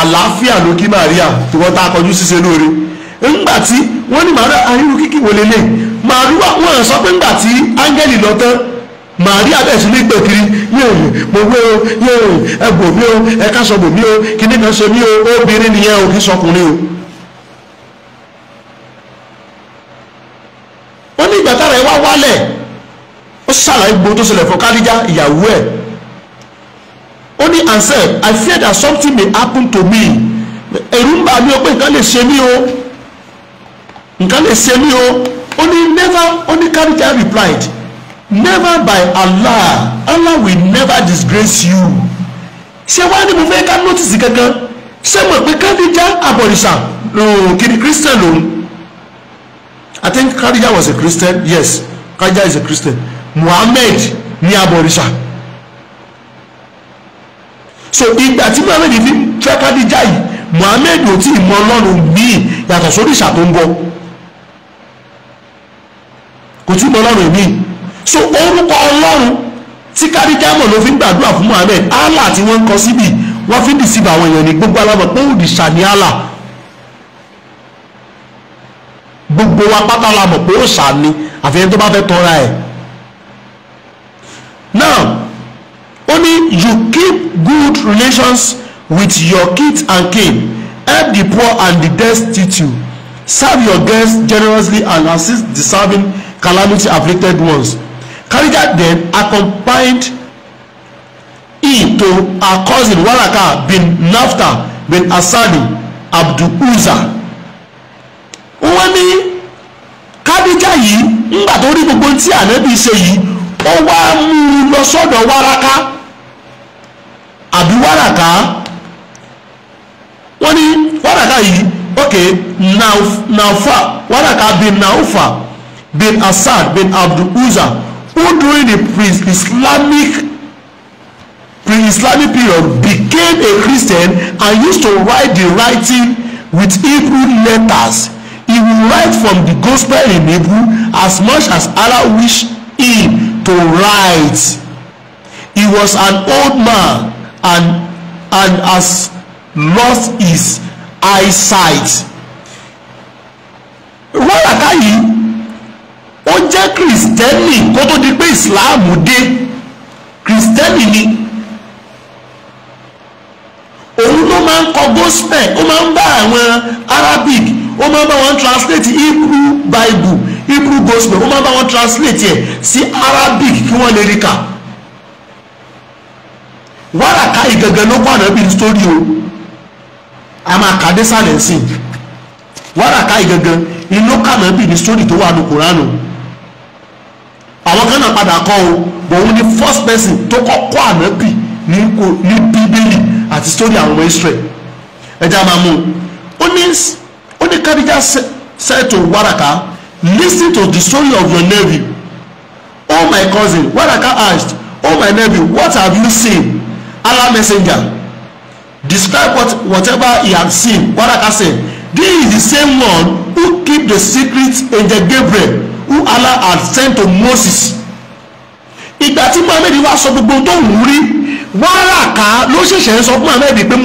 Speaker 2: àlàáfíà ló kí Maria tí wọ́n tá a kọjú ṣíṣe lóore nígbà tí wọ́n Maria ayélu kíkì wọlé lè Maria wọ́n sọ pé nígbà tí áńgẹ́lì lọ tán Maria bẹ̀rẹ̀ sí ní gbẹ̀kiri yóò mo wé o yóò ẹgbò mi o ẹ̀ka sọ bò mi o kini kan ṣe mi o obìnrin nìyẹn o kì í sọkùnrin o. nígbà tára ẹ wá wálẹ̀ ó ṣàlàyé gbogbo tó ṣẹlẹ̀ fún kálíjà ìyàwó ẹ̀ ó ní ansel i fear that something may happen to me ẹ̀rù ń bà mí o pé nǹkan lè ṣe mí o nǹkan lè ṣe mí o ó ní never ó ní kálíjà replied never by allah allah will never disgrace you ṣé wàá ní mo fẹ́ ká nọ́tìsì kankan ṣé mo pé kálíjà àbọ̀rìṣà lòun kiri christian lòun I think Kadija was a Christian yes Kadija is a Christian Muhammad ní abọ̀rìṣà so ìgbà tí Muhammad fi fẹ́ Kadija, yìí Muhammad ò tí ì mọ Ọlọ́run míì yàtọ̀ sóríṣà tó ń bọ kò tí ì mọ Ọlọ́run míì so orúkọ Ọlọ́run tí Khadija mọ̀ ló fi ń gbàdúrà fún Muhammad Allah tí wọ́n ń kọ síbi wọ́n fi ń dìsíbà àwọn èèyàn ní gbogbo alábọ̀ pé òrìṣà ní Allah gbogbo wa pátá la mọ̀ pé ó sà ni àfihàn tó bá fẹ́ tọ́ra ẹ̀ now ó ní you keep good relations with your kids and kin help the poor and the destitute serve your guests generously and assist deserving calamity afflicted ones Carry Khadijah then accompanied him to her cousin Waraka bin Naphta bin Asadi Abdul Uzza wọ́n ní kádíjà yìí ńgbà tó rí gbogbo tí ànábì ṣe yìí ó wá mú un lọ sọ́dọ̀ wáraka àbí wáraka wọ́n ní wáraka yìí ok naufa wáraka bin naufa bin Assad, bin abdul uza who during the pre-islamic pre-islamic period became a christian and used to write the writing with hebrew letters he will write from the gospel in Hebrew as much as Allah wished him to write he was an old man and and has lost his eyesight wàràkà yìí ó jẹ́ kìrìsìtẹ́nì kó tó di pé ìsìláàmù dé kìrìsìtẹ́nì ni òun ló máa ń kọ gospel ó máa ń bá àwọn Arabic ó máa bá wọn translate hebrew bible hebrew gospel ó máa bá wọn translate ẹ̀ sí arabic kí wọ́n lè rí kà wàràkà ìgẹ̀gẹ̀ ló kọ́ ànábì nítorí o a máa kà dé sàlẹ̀ sí i wàràkà ìgẹ̀gẹ̀ inú kà ànábì nítorí tó wà ní kóránù àwọn kan náà padà kọ́ o but òun ni first person tó kọ́ kọ́ ànábì ní bíbélì àti story àwọn ọmọ Israel ẹja máa mú un ní The Khadija said to Waraka, Listen to the story of your nephew. Oh, my cousin. Waraka asked, Oh, my nephew, what have you seen? Allah Messenger. Describe what, whatever he had seen. Waraka said, This is the same one who keep the secret angel Gabriel, who Allah had sent to Moses. Ìgbà tí Mohammed wá sọ gbogbo tó ń rí, Waraka ló ṣẹ̀ṣẹ̀ sọ fún Mohammed pé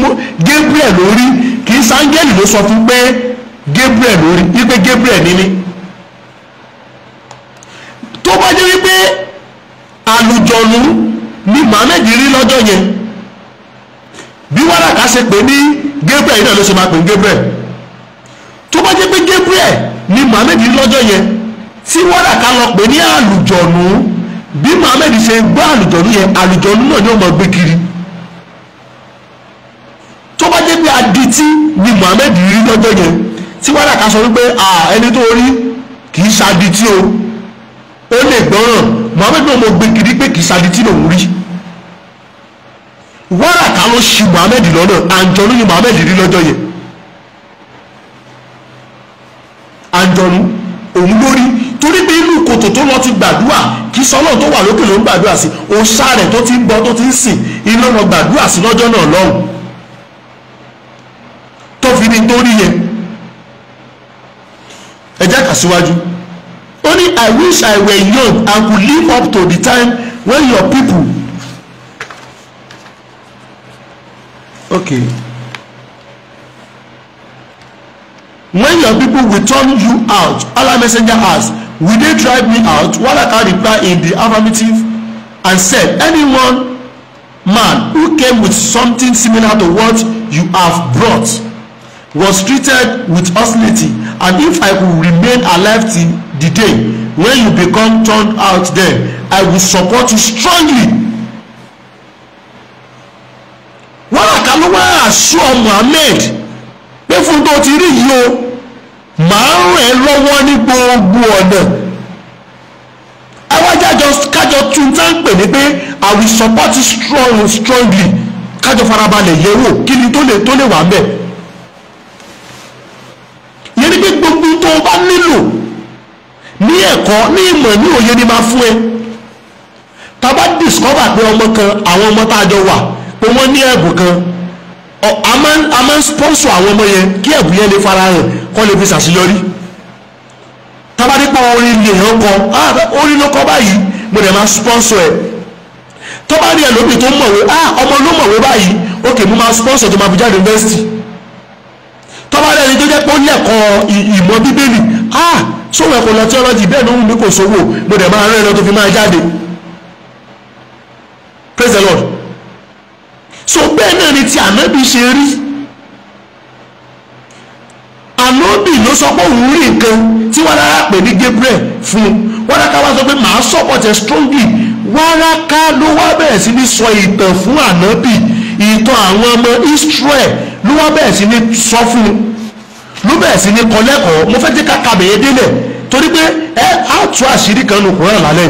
Speaker 2: Gabriel ló rí, kì í sáńgẹ́lì ló sọ fún pé. Gabriel lórí wípé Gabriel ni mí tó bá jẹ́ wípé àlùjọ̀nù ni Mohammed rí lọ́jọ́ yẹn bí wàràkà ṣe pè ní Gabriel yìí náà ló ṣe máa pè ní Gabriel tó bá jẹ́ pé Gabriel ni Mohammed rí lọ́jọ́ yẹn tí wàràkà lọ pè ní àlùjọ̀nù bí Mohammed ṣe gbọ́ àlùjọ̀nù yẹn àlùjọ̀nù náà ni ó máa gbé kiri tó bá jẹ́ pé adití ni Mohammed rí lọ́jọ́ yẹn tí wàhálà ká sọ wípé ẹni tó rí kì í ṣadití o ó lè gbọ́ràn Muhammed náà mo gbé kiri pé kì í ṣadití lòún rí wàhálà ká ló ṣì Muhammed lọ́nà àǹjọ́nú ni Muhammed rí lọ́jọ́ yẹn àǹjọ́nú òun ló rí torí pé inú kòtò tó lọ ti gbàdúrà kì í sọ́nà tó wà lókè ló ń gbàdúrà sí òòṣà rẹ̀ tó ti ń bọ tó ti ń sìn iná lọ gbàdúrà sí lọ́jọ́ náà lọ́hùn tó fi ní torí yẹn ẹ jẹ́ ó ní i wish i were young and could live up to the time when your people okay when your people will turn you out allah messenger asked will they drive me out walaka reply in the affirmative and said anyone man who came with something similar to what you have brought was treated with hostility and if i will remain alive till the day when you become turned out then i will support you strongly wọn àkàlù wá àṣọ Muhammed pé fún tó ti rí yìí o màá ràn ẹ́ lọ́wọ́ ní gbogbo ọ̀nà awájájọ kájọ tún tá ń pè ní pé i will support you strong, strongly kájọ farabalẹ̀ yẹ̀ wò kí ni tó lè tó lè wà ń pé gbogbo tó o bá nílò ní ẹ̀kọ́ ní ìmọ̀ ní òye ni máa fún ẹ tá bá discover pé ọmọ kan àwọn ọmọ tá a jọ wà pé wọ́n ní ẹ̀bùn kan a máa ń sponsor àwọn ọmọ yẹn kí ẹ̀bùn yẹn lè fara kọ́ lè fi ṣàṣeyọrí tá bá nípa orin lè hàn kọ orin ló kọ báyìí mo dẹ̀ máa sponsor ẹ̀ tó bá rí ẹlòmíì tó mọ̀wé ọmọ ló mọ̀wé báyìí ok mo máa sponsor tó máa fi jáde university tọ́ba lẹ́ni tó jẹ́ pé ó lẹ́kọ̀ọ́ ìmọ̀ bíbélì ah sóhun ẹ̀kọ́ lọ tíọ́lọ́jì bẹ́ẹ̀ ló mi kò sówó mo dẹ̀ máa rẹ́ ẹ lọ tó fi máa jáde praise the lord so bẹ́ẹ̀ náà ni ti ànábì ṣe rí ànábì ló sọ pé òun rí nǹkan tí wàràkà pè ní Gabriel fún wàràkà wá sọ pé màá support ẹ strongly wàràkà ló wá bẹ̀rẹ̀ sí ní sọ ìtàn fún ànábì ìtàn àwọn ọmọ Israel ló wá bẹ̀rẹ̀ sí ní sọ fún un ló bẹ̀rẹ̀ sí ní kọ lẹ́kọ̀ọ́ mo fẹ́ jẹ́ ká kàbẹ̀yẹ délẹ̀ torí pé ẹ á tú àṣírí kan nù kúrò lálẹ́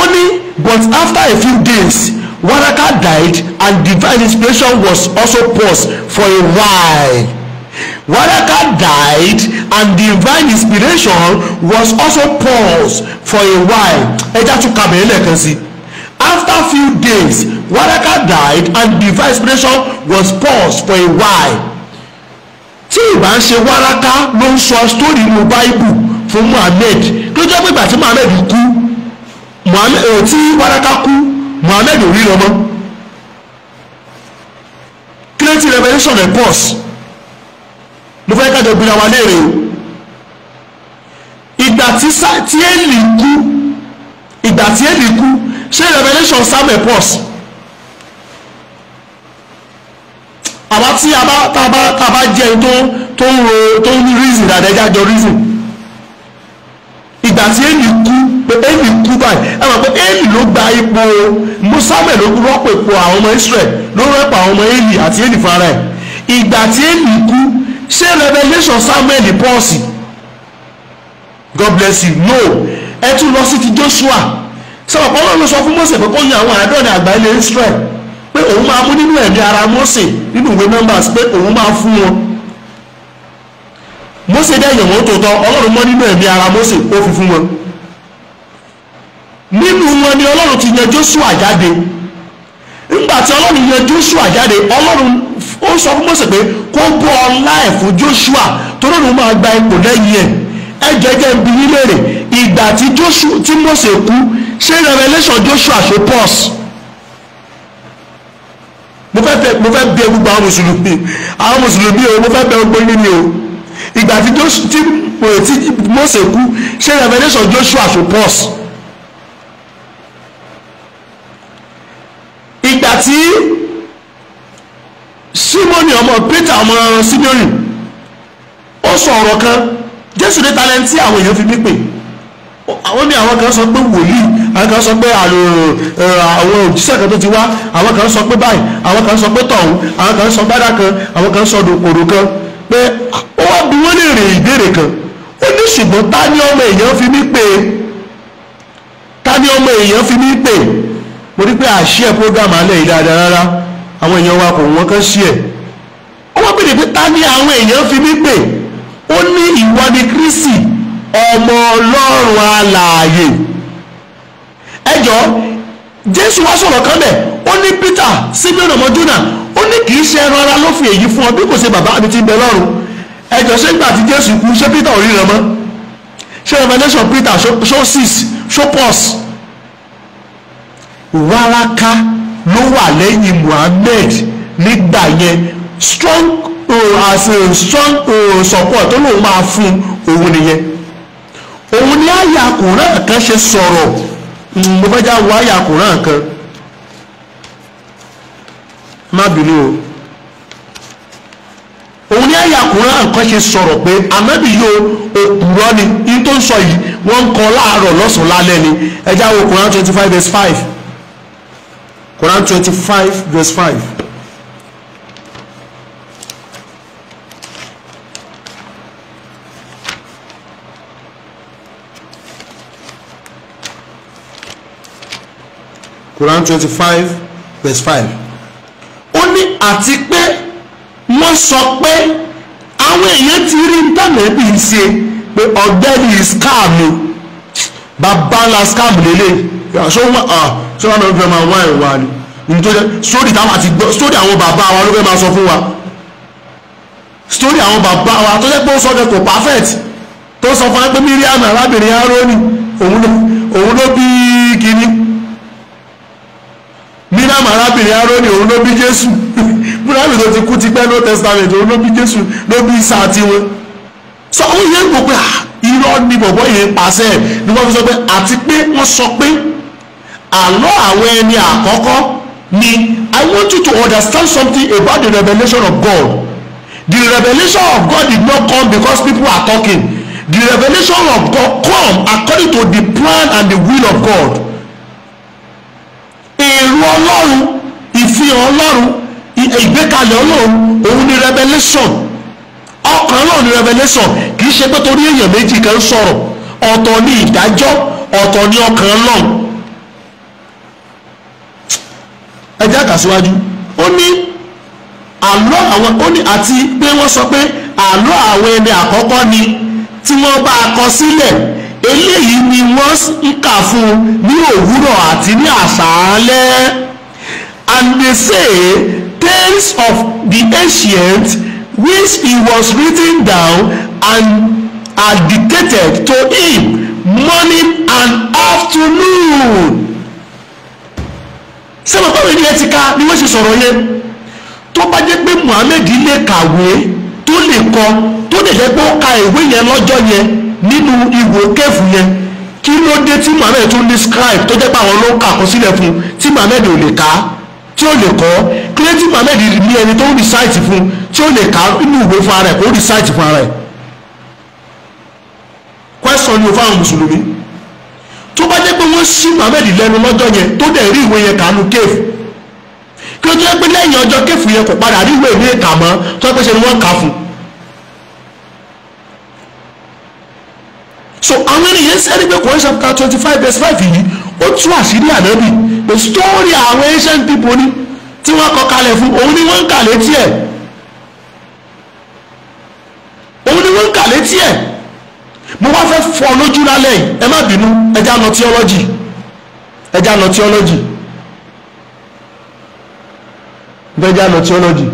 Speaker 2: ó ní but after a few days Waraka died and divine inspiration was also paused for a while. Waraka died and divine inspiration was also paused for a while. ẹ tún kàbẹ̀yẹ lẹ́ẹ̀kan sí i after few days waraka died and divine inspiration was paused for a while tí ìbá ń ṣe waraka ló ń sọ story inú bible fún muhammed tó jẹ́ pé ìgbà tí muhammed kú muhammed ò eh, tí waraka kú muhammed ò rí lọ mọ́ creative revolution and pause mo fẹ́ kájọ gbin àwọn aléèrè o ìgbà tí éèlì kú ìgbà tí éèlì kú ṣé revelation samuel pause àbá tí a bá tá a bá tá a bá jẹ́ ẹni tó tó ń ro tó ń reason àdẹ́jà jọ reason ìgbà tí èyí kú pé èyí kú báyìí ẹ mọ̀ pé èyí ló gba ipò musamẹ ló rọ́pò ipò àwọn ọmọ Israel ló rọ́pò àwọn ọmọ èyí àti èyí fara ẹ̀ ìgbà tí èyí kú ṣé Revelation Samuel pọ́ọ̀sì God bless you no ẹ tún lọ sí ti Joshua sọ̀rọ̀ pọ́n lọ́nà sọ fún Mósè pé kó yan àwọn àádọ́rin àgbà ilẹ̀ Israel pé òun máa mú nínú ẹ̀mí ara Mósè nínú ìwé Numbers pé òun máa fún wọn Mósè dẹ̀yàn wọn tòótọ́ Ọlọ́run mọ́ nínú ẹ̀mí ara Mósè ó fi fún wọn nínú wọn ni Ọlọ́run ti yan Joshua jáde nígbà tí Ọlọ́run yan Joshua jáde Ọlọ́run ó sọ fún Mósè pé kó bọ́ ọlá ẹ̀ fún Joshua tó lóun máa gba ipò lẹ́yìn ẹ̀ ẹ jẹjẹ ń bi yín léèrè ìgbà tí Joshua tí Mósè kú ṣé revelation Joshua ṣe pause mo fẹ́ fẹ́ mo fẹ́ bí ẹ gbogbo àwọn mùsùlùmí àwọn mùsùlùmí o mo fẹ́ bẹ gbogbo yín ni o ìgbà tí Mósè kú ṣé revelation Joshua ṣe pause. ìgbà tí Símónì ọmọ Pétérù ọmọ Símónì ó sọ ọ̀rọ̀ kan jésù ní talẹ́ntì àwọn èèyàn fi mí pè ó ní àwọn kan sọ pé wòlíì àwọn kan sọ pé àwọn òjíṣẹ́ kan tó ti wá àwọn kan sọ pé báyìí àwọn kan sọ pé tọ̀hún àwọn kan sọ gbádà kan àwọn kan sọ dòkòdò kan pé ó wá bí wọ́n lè rìn ìbéèrè kan ó ní ṣùgbọ́n ta ni ọmọ èèyàn fi mí pè ta ni ọmọ èèyàn fi mí pè mo rí pé àṣìẹ program alẹ́ yìí dáadáa rárá àwọn èèyàn wa kò wọ́n kán sí ẹ̀ ó wá bèrè pé ta ni àwọn èèyàn fi mí pè ó ní ìwọ ni Kristi ọmọ Ọlọ́run alààyè ẹjọ́ Jésù wá sọ̀rọ̀ kan bẹ̀ ó ní Peter Simeon ọmọ Jona ó ní kì í ṣe ẹran ara ló fi èyí fún ọ bí kò ṣe bàbá mi ti bẹ lọ́run ẹjọ́ ṣé nígbà tí Jésù kú ṣé Peter ò ríran mọ́ ṣé revelation Peter show six show pause wáráká ló wà lẹ́yìn Muhammad nígbà yẹn strong as a strong support tó lóun máa fún òun nìyẹn òun ni àyà kùnrán kan ṣe sọ̀rọ̀ hmm, mo fẹ́ já wo àyà kùnrán kan má bínú o òun ni àyà kùnrán kan ṣe sọ̀rọ̀ pé ànábì yóò òpùrọ́ ni yín tó ń sọ yìí wọ́n ń kọ láàárọ̀ lọ́sàn-án lálẹ́ ni ẹ já wo kùnrán twenty five verse five kùnrán twenty five verse five. Quran twenty five verse five ó ní àti pé wọ́n sọ pé àwọn èèyàn ti rí ntànẹ́bì ṣe pé ọ̀gbẹ́ni scam bàbá ńlá scam lélẹ̀ ṣé wọ́n ah, ṣé wọ́n fẹ́ máa wá ìwà ni nítorí sórí táwọn àti gbọ́ sórí àwọn bàbá wa ló fẹ́ máa sọ fún wa sórí àwọn bàbá wa tó jẹ́ pé ó sọ jẹ́ kò perfect tó sọ fún wa pé Miriam arábìnrin Aaroni òun ló bí kínní mariam arábìnrin aroni òun ló bí jésù mariam tó ti kú ti pẹ́ no testament òun ló bí jésù ló bí isa àti wọn ó yẹ kó pé ah, irọ́ ni bọ̀bọ̀ yẹn pàṣẹ ni wọ́n fi sọ pé àti pé wọ́n sọ pé àlọ́ àwọn ẹni àkọ́kọ́ ni I want you to understand something about the revelation of God the revelation of God did not come because people are talking the revelation of God come according to the plan and the will of God èrò ọlọ́run ìfihàn ọlọ́run ìgbékalẹ̀ ọlọ́run òun ni revelation ọkàn ọlọ́run ni revelation kì í ṣe pé torí èèyàn méjì kan sọ̀rọ̀ ọ̀tọ̀ ni ìdájọ́ ọ̀tọ̀ ni ọkàn ọlọ́run ẹ jẹ́ ká síwájú ó ní àlọ́ àwọn ó ní àti pé wọ́n sọ pé àlọ́ àwọn ẹni àkọ́kọ́ ni tí wọ́n bá a kọ sílẹ̀ eléyìí ni wọ́n ń kà fún ní òwúrọ̀ àti ní àṣálẹ́ and they say tales of the ancient which he was written down and are dictated to him morning and afternoon. sẹ́wọ̀n pàmò ìdílé ti ká ni wọ́n ṣe sọ̀rọ̀ yẹn tó bá jẹ́ pé Muhammed lè kàwé tó lè kọ tó lè jẹ́ pé ó ka ìwé yẹn lọ́jọ́ yẹn nínú ihò kẹfù yẹn kí ló dé tí mohammed tún ní scribe tó jẹ́ pé àwọn ló ń kà kún sílẹ̀ fún tí mohammed ò lè kà á tí ó lè kọ́ kí ló tí mohammed ní ẹni tó ń recite fún tí ó lè kà nínú ìwé fún ara ẹ̀ kó recite fún ara ẹ̀ question ni o fáwọn mùsùlùmí tó bá jẹ́ pé wọ́n ṣí mohammed lẹ́nu lọ́jọ́ yẹn tó dẹ̀ rí ìwé yẹn kàánú kéfù kí ló tó jẹ́ pé lẹ́yìn ọjọ́ kéfù yẹn kò padà rí ìwé ìwé kà mọ́ tó jẹ́ pé ṣe ni wọ́n kà fún un so àwọn ènìyàn sẹ́ni pé Quran chapter twenty five verse five yìí ó tú àṣírí ànábì The story àwọn ancient people ni tí wọ́n kọ kalẹ̀ fún òun ni wọ́n ń kà létí ẹ̀ òun ni wọ́n ń kà létí ẹ̀ mo wá fẹ́ fọ lójú lálẹ́ yìí ẹ má bínú ẹja lọ theology ẹja lọ theology ẹja lọ theology.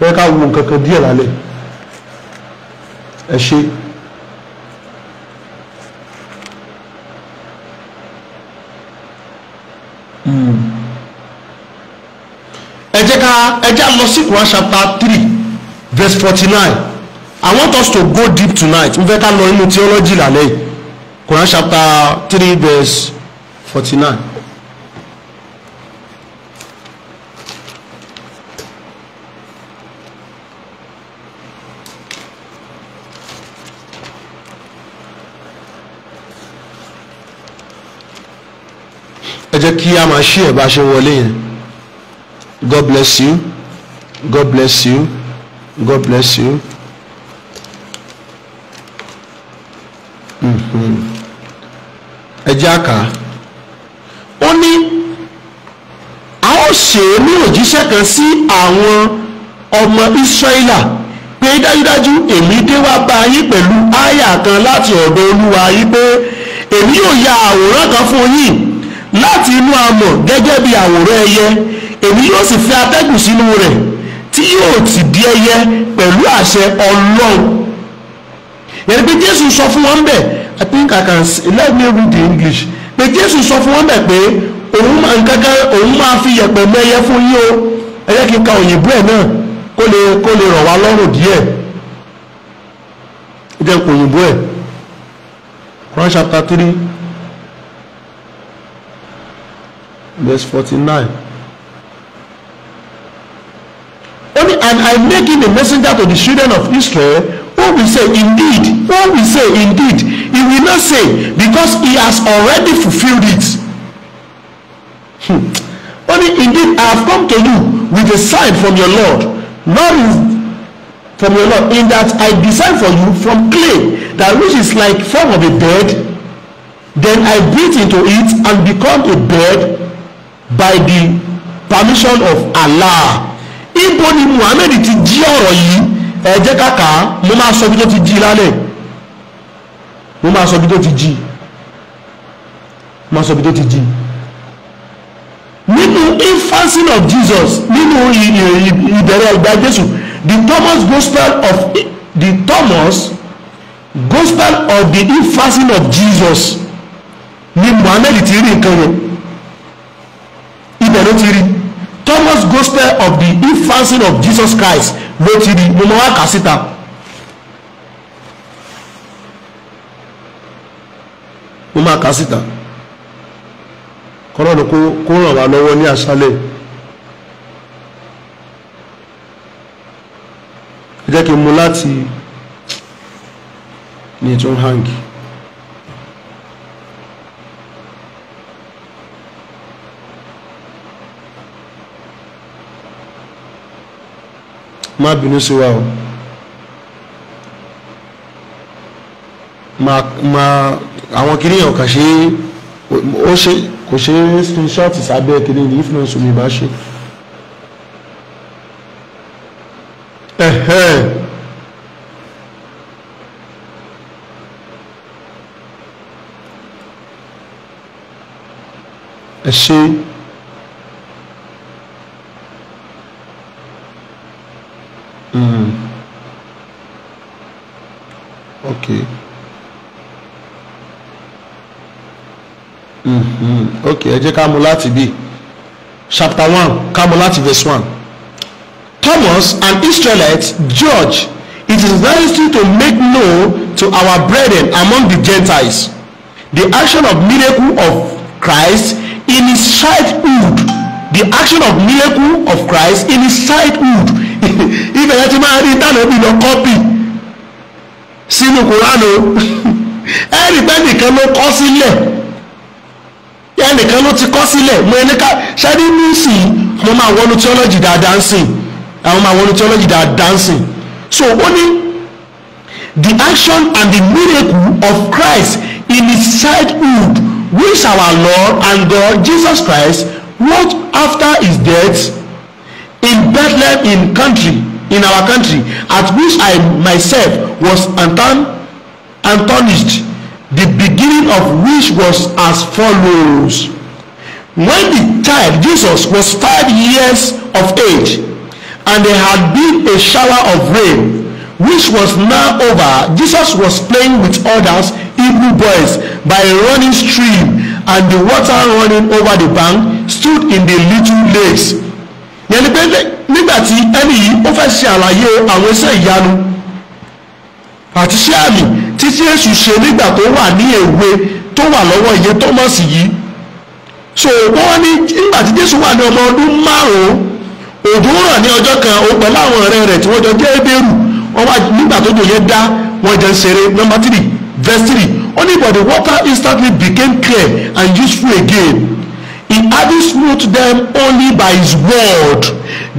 Speaker 2: bẹ́ẹ̀ ká wo nǹkan kan díẹ̀ lálẹ́
Speaker 1: ẹ ṣe. Hmm.
Speaker 2: ẹ jẹ́ ká ẹ jẹ́ lọ sí Quran chapter three verse forty nine I want us to go deep tonight n fẹ́ ká lọ inú theology lálẹ́ Quran chapter three verse forty nine. kí a máa ṣí ẹ̀ bá ṣe wọlé yẹn God bless you God bless you God bless you.
Speaker 1: Mhm. ẹ jẹ́ àká
Speaker 2: ó ní a ó ṣe é ní òjíṣẹ́ kan sí àwọn ọmọ Ísírẹ́là pé dájúdájú èmi dé wá bá yín pẹ̀lú àyà kan láti ọ̀dọ̀ Olúwa yín pé èmi yóò ya àwòrán kan fún yín láti inú amọ̀ gẹ́gẹ́ bí àwòrán ẹyẹ èmi yóò sì fẹ́ atẹ́gùn sínú rẹ̀ tí yóò ti di ẹyẹ pẹ̀lú àṣẹ ọlọ́run yẹn pé jésù sọ fún wọn bẹ́ẹ̀ i think i can say let me read the english pé jésù sọ fún wọn bẹ́ẹ̀ pé òun máa ń kankan òun máa fi yẹ̀pẹ̀ mọ ẹyẹ fún yín o ẹ kí n ka òyìnbó ẹ̀ náà kó lè kó lè rọ̀ wá lọ́rùn díẹ̀ ẹ jẹ́ òyìnbó ẹ̀ chapter three. verse forty-nine ó and I make him a messenger to the children of Israel who will say indeed who will say indeed he will not say because he has already fulfilled it hmm. ó indeed I have come to you with a sign from your Lord not in from your Lord in that I design for you from clay that which is like form of a bird. then I breathe into it and become a bird by the permission of Allah ibo ni Muhammad ti jí ọ̀rọ̀ yìí ẹ jẹ́ kàkà mo máa sọ bí tó ti jí lálẹ́ mo máa sọ bí tó ti jí mo máa sọ bí tó ti jí nínú infancy of Jesus nínú ìbẹ̀rẹ̀ ìgbà Jésù the Thomas gospel of the Thomas gospel of the infancy of Jesus ni Muhammad ti rí nǹkan yẹn ibẹ̀ ló ti rí Thomas Gospel of the infancy of Jesus Christ ló ti rí mo máa wá kà síta. mo máa kà síta kọ́lọ́nù kó ràn wá lọ́wọ́ ní aṣálẹ̀ ẹ jẹ́ kí n mú láti ní ètò hangi. má bínú sí wa o ma ma àwọn kiri yẹn kà ṣe ó ṣe kò ṣe screenshot sábẹ́ kiri ní if not so mi bá ṣe. ẹ ṣe.
Speaker 1: Mm. Okay. Mm-hmm.
Speaker 2: Okay, ẹ jẹ́ ká mú láti bí chapter one ká mú láti verse one. Thomas an Israelite judge it is necessary to make known to our brethren among the Gentiles the action of miracle of Christ in his childhood the action of miracle of Christ in his childhood ibẹ̀ yẹn ti máa rí dáná bí lọ kọ́pì sínú kuranu ẹ̀rì pé nìkan ló kọ́ sílẹ̀ ẹnìkan ló ti kọ́ sílẹ̀ mo ẹni ká ṣáájú ní ìsìn mo máa wọnú theology dáadáa ń sìn àwọn máa wọnú theology dáadáa ń sìn so ó ní the action and the miracle of Christ in his childhood which our Lord and God Jesus Christ wrote after his death in Bethlehem in country in our country at which I myself was anton astonished the beginning of which was as follows when the child Jesus was five years of age and there had been a shower of rain which was now over Jesus was playing with others Hebrew boys by a running stream and the water running over the bank stood in the little lakes yẹn ni pé nígbà tí ẹni yìí ó fẹ́ ṣe àlàyé àwọn iṣẹ́ ìyanu àti iṣẹ́ àmì tí Jésù ṣe nígbà tó wà ní èwe tó wà lọ́wọ́ ìyẹn Thomas yìí so wọ́n ní nígbà tí Jésù wà ní ọmọ ọdún márùn-ún òjò rọ̀ ní ọjọ́ kan ó pẹ̀lú àwọn ọ̀rẹ́ rẹ̀ tí wọ́n jọ jẹ́ ebéèrú wọ́n wá nígbà tó jò yẹn dá wọ́n jẹ́ ń ṣeré nọ́mbà tírì verse three only by the water instantly became clear and useful again he added smooth them only by his word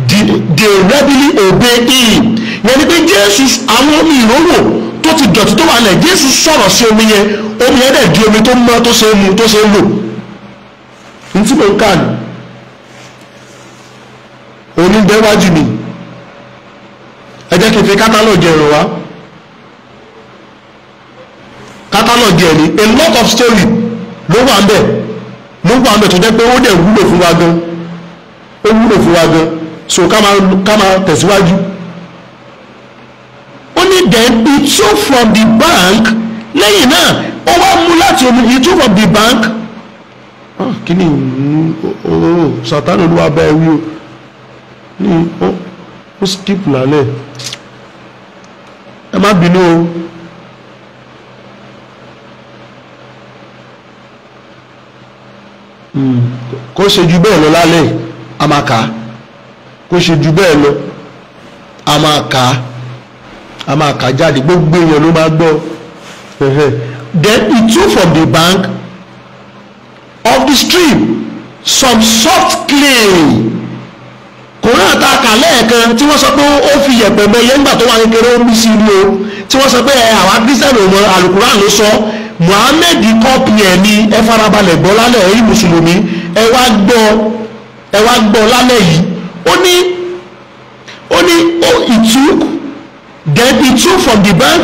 Speaker 2: they, they readily obey him yẹni pé jésù àwọn omi ìrówó tó ti dọ̀tí tó wà lẹ̀ jésù sọ̀rọ̀ sí omi yẹn omi yẹn dẹ̀ di omi tó mọ́ tó ṣe é mu tó ṣe é lò ní tí mo ń kà ní onígbẹ́wájú mi ẹ jẹ́ kí n fi kátálọ̀ jẹ̀rọ̀ wá. analogy ẹ̀ ni a lot of story ló wà ń bẹ̀ ló wà ń bẹ̀ tó jẹ́ pé ó dẹ̀ wúlò fún wa gan ó wúlò fún wa gan so ká máa ká máa tẹ̀síwájú. ó ní then he took from the bank lẹ́yìn náà ó wá mú láti omi he took from the bank. Ah, kí ni sátánì olúwa bá ẹ wí o ní ó skip lálẹ́ ẹ má bínú o. kó ṣe ju bẹ́ẹ̀ lọ lálẹ́ a máa kà á kó ṣe ju bẹ́ẹ̀ lọ a máa kà á a máa kà á jáde gbogbo èèyàn ló máa gbọ́ then he took from the bank of the stream some soft clay kòrán ta kà lẹ́ẹ̀kan tí wọ́n sọ pé ó fi yẹ̀pẹ̀ bẹ́ẹ̀ yẹn nígbà tó wà kékeré ó mí sí i o tí wọ́n sọ pé àwọn kristian ò mọ àlùkùrán ló sọ Muhammed kọ́pì ẹ̀ ní ẹ farabalẹ̀ gbọ́ lálẹ́ ẹ̀yin mùsùlùmí ẹ wá gbọ́ ẹ wá gbọ́ lálẹ́ yìí ó ní ó ní ó oh, it took then from the bank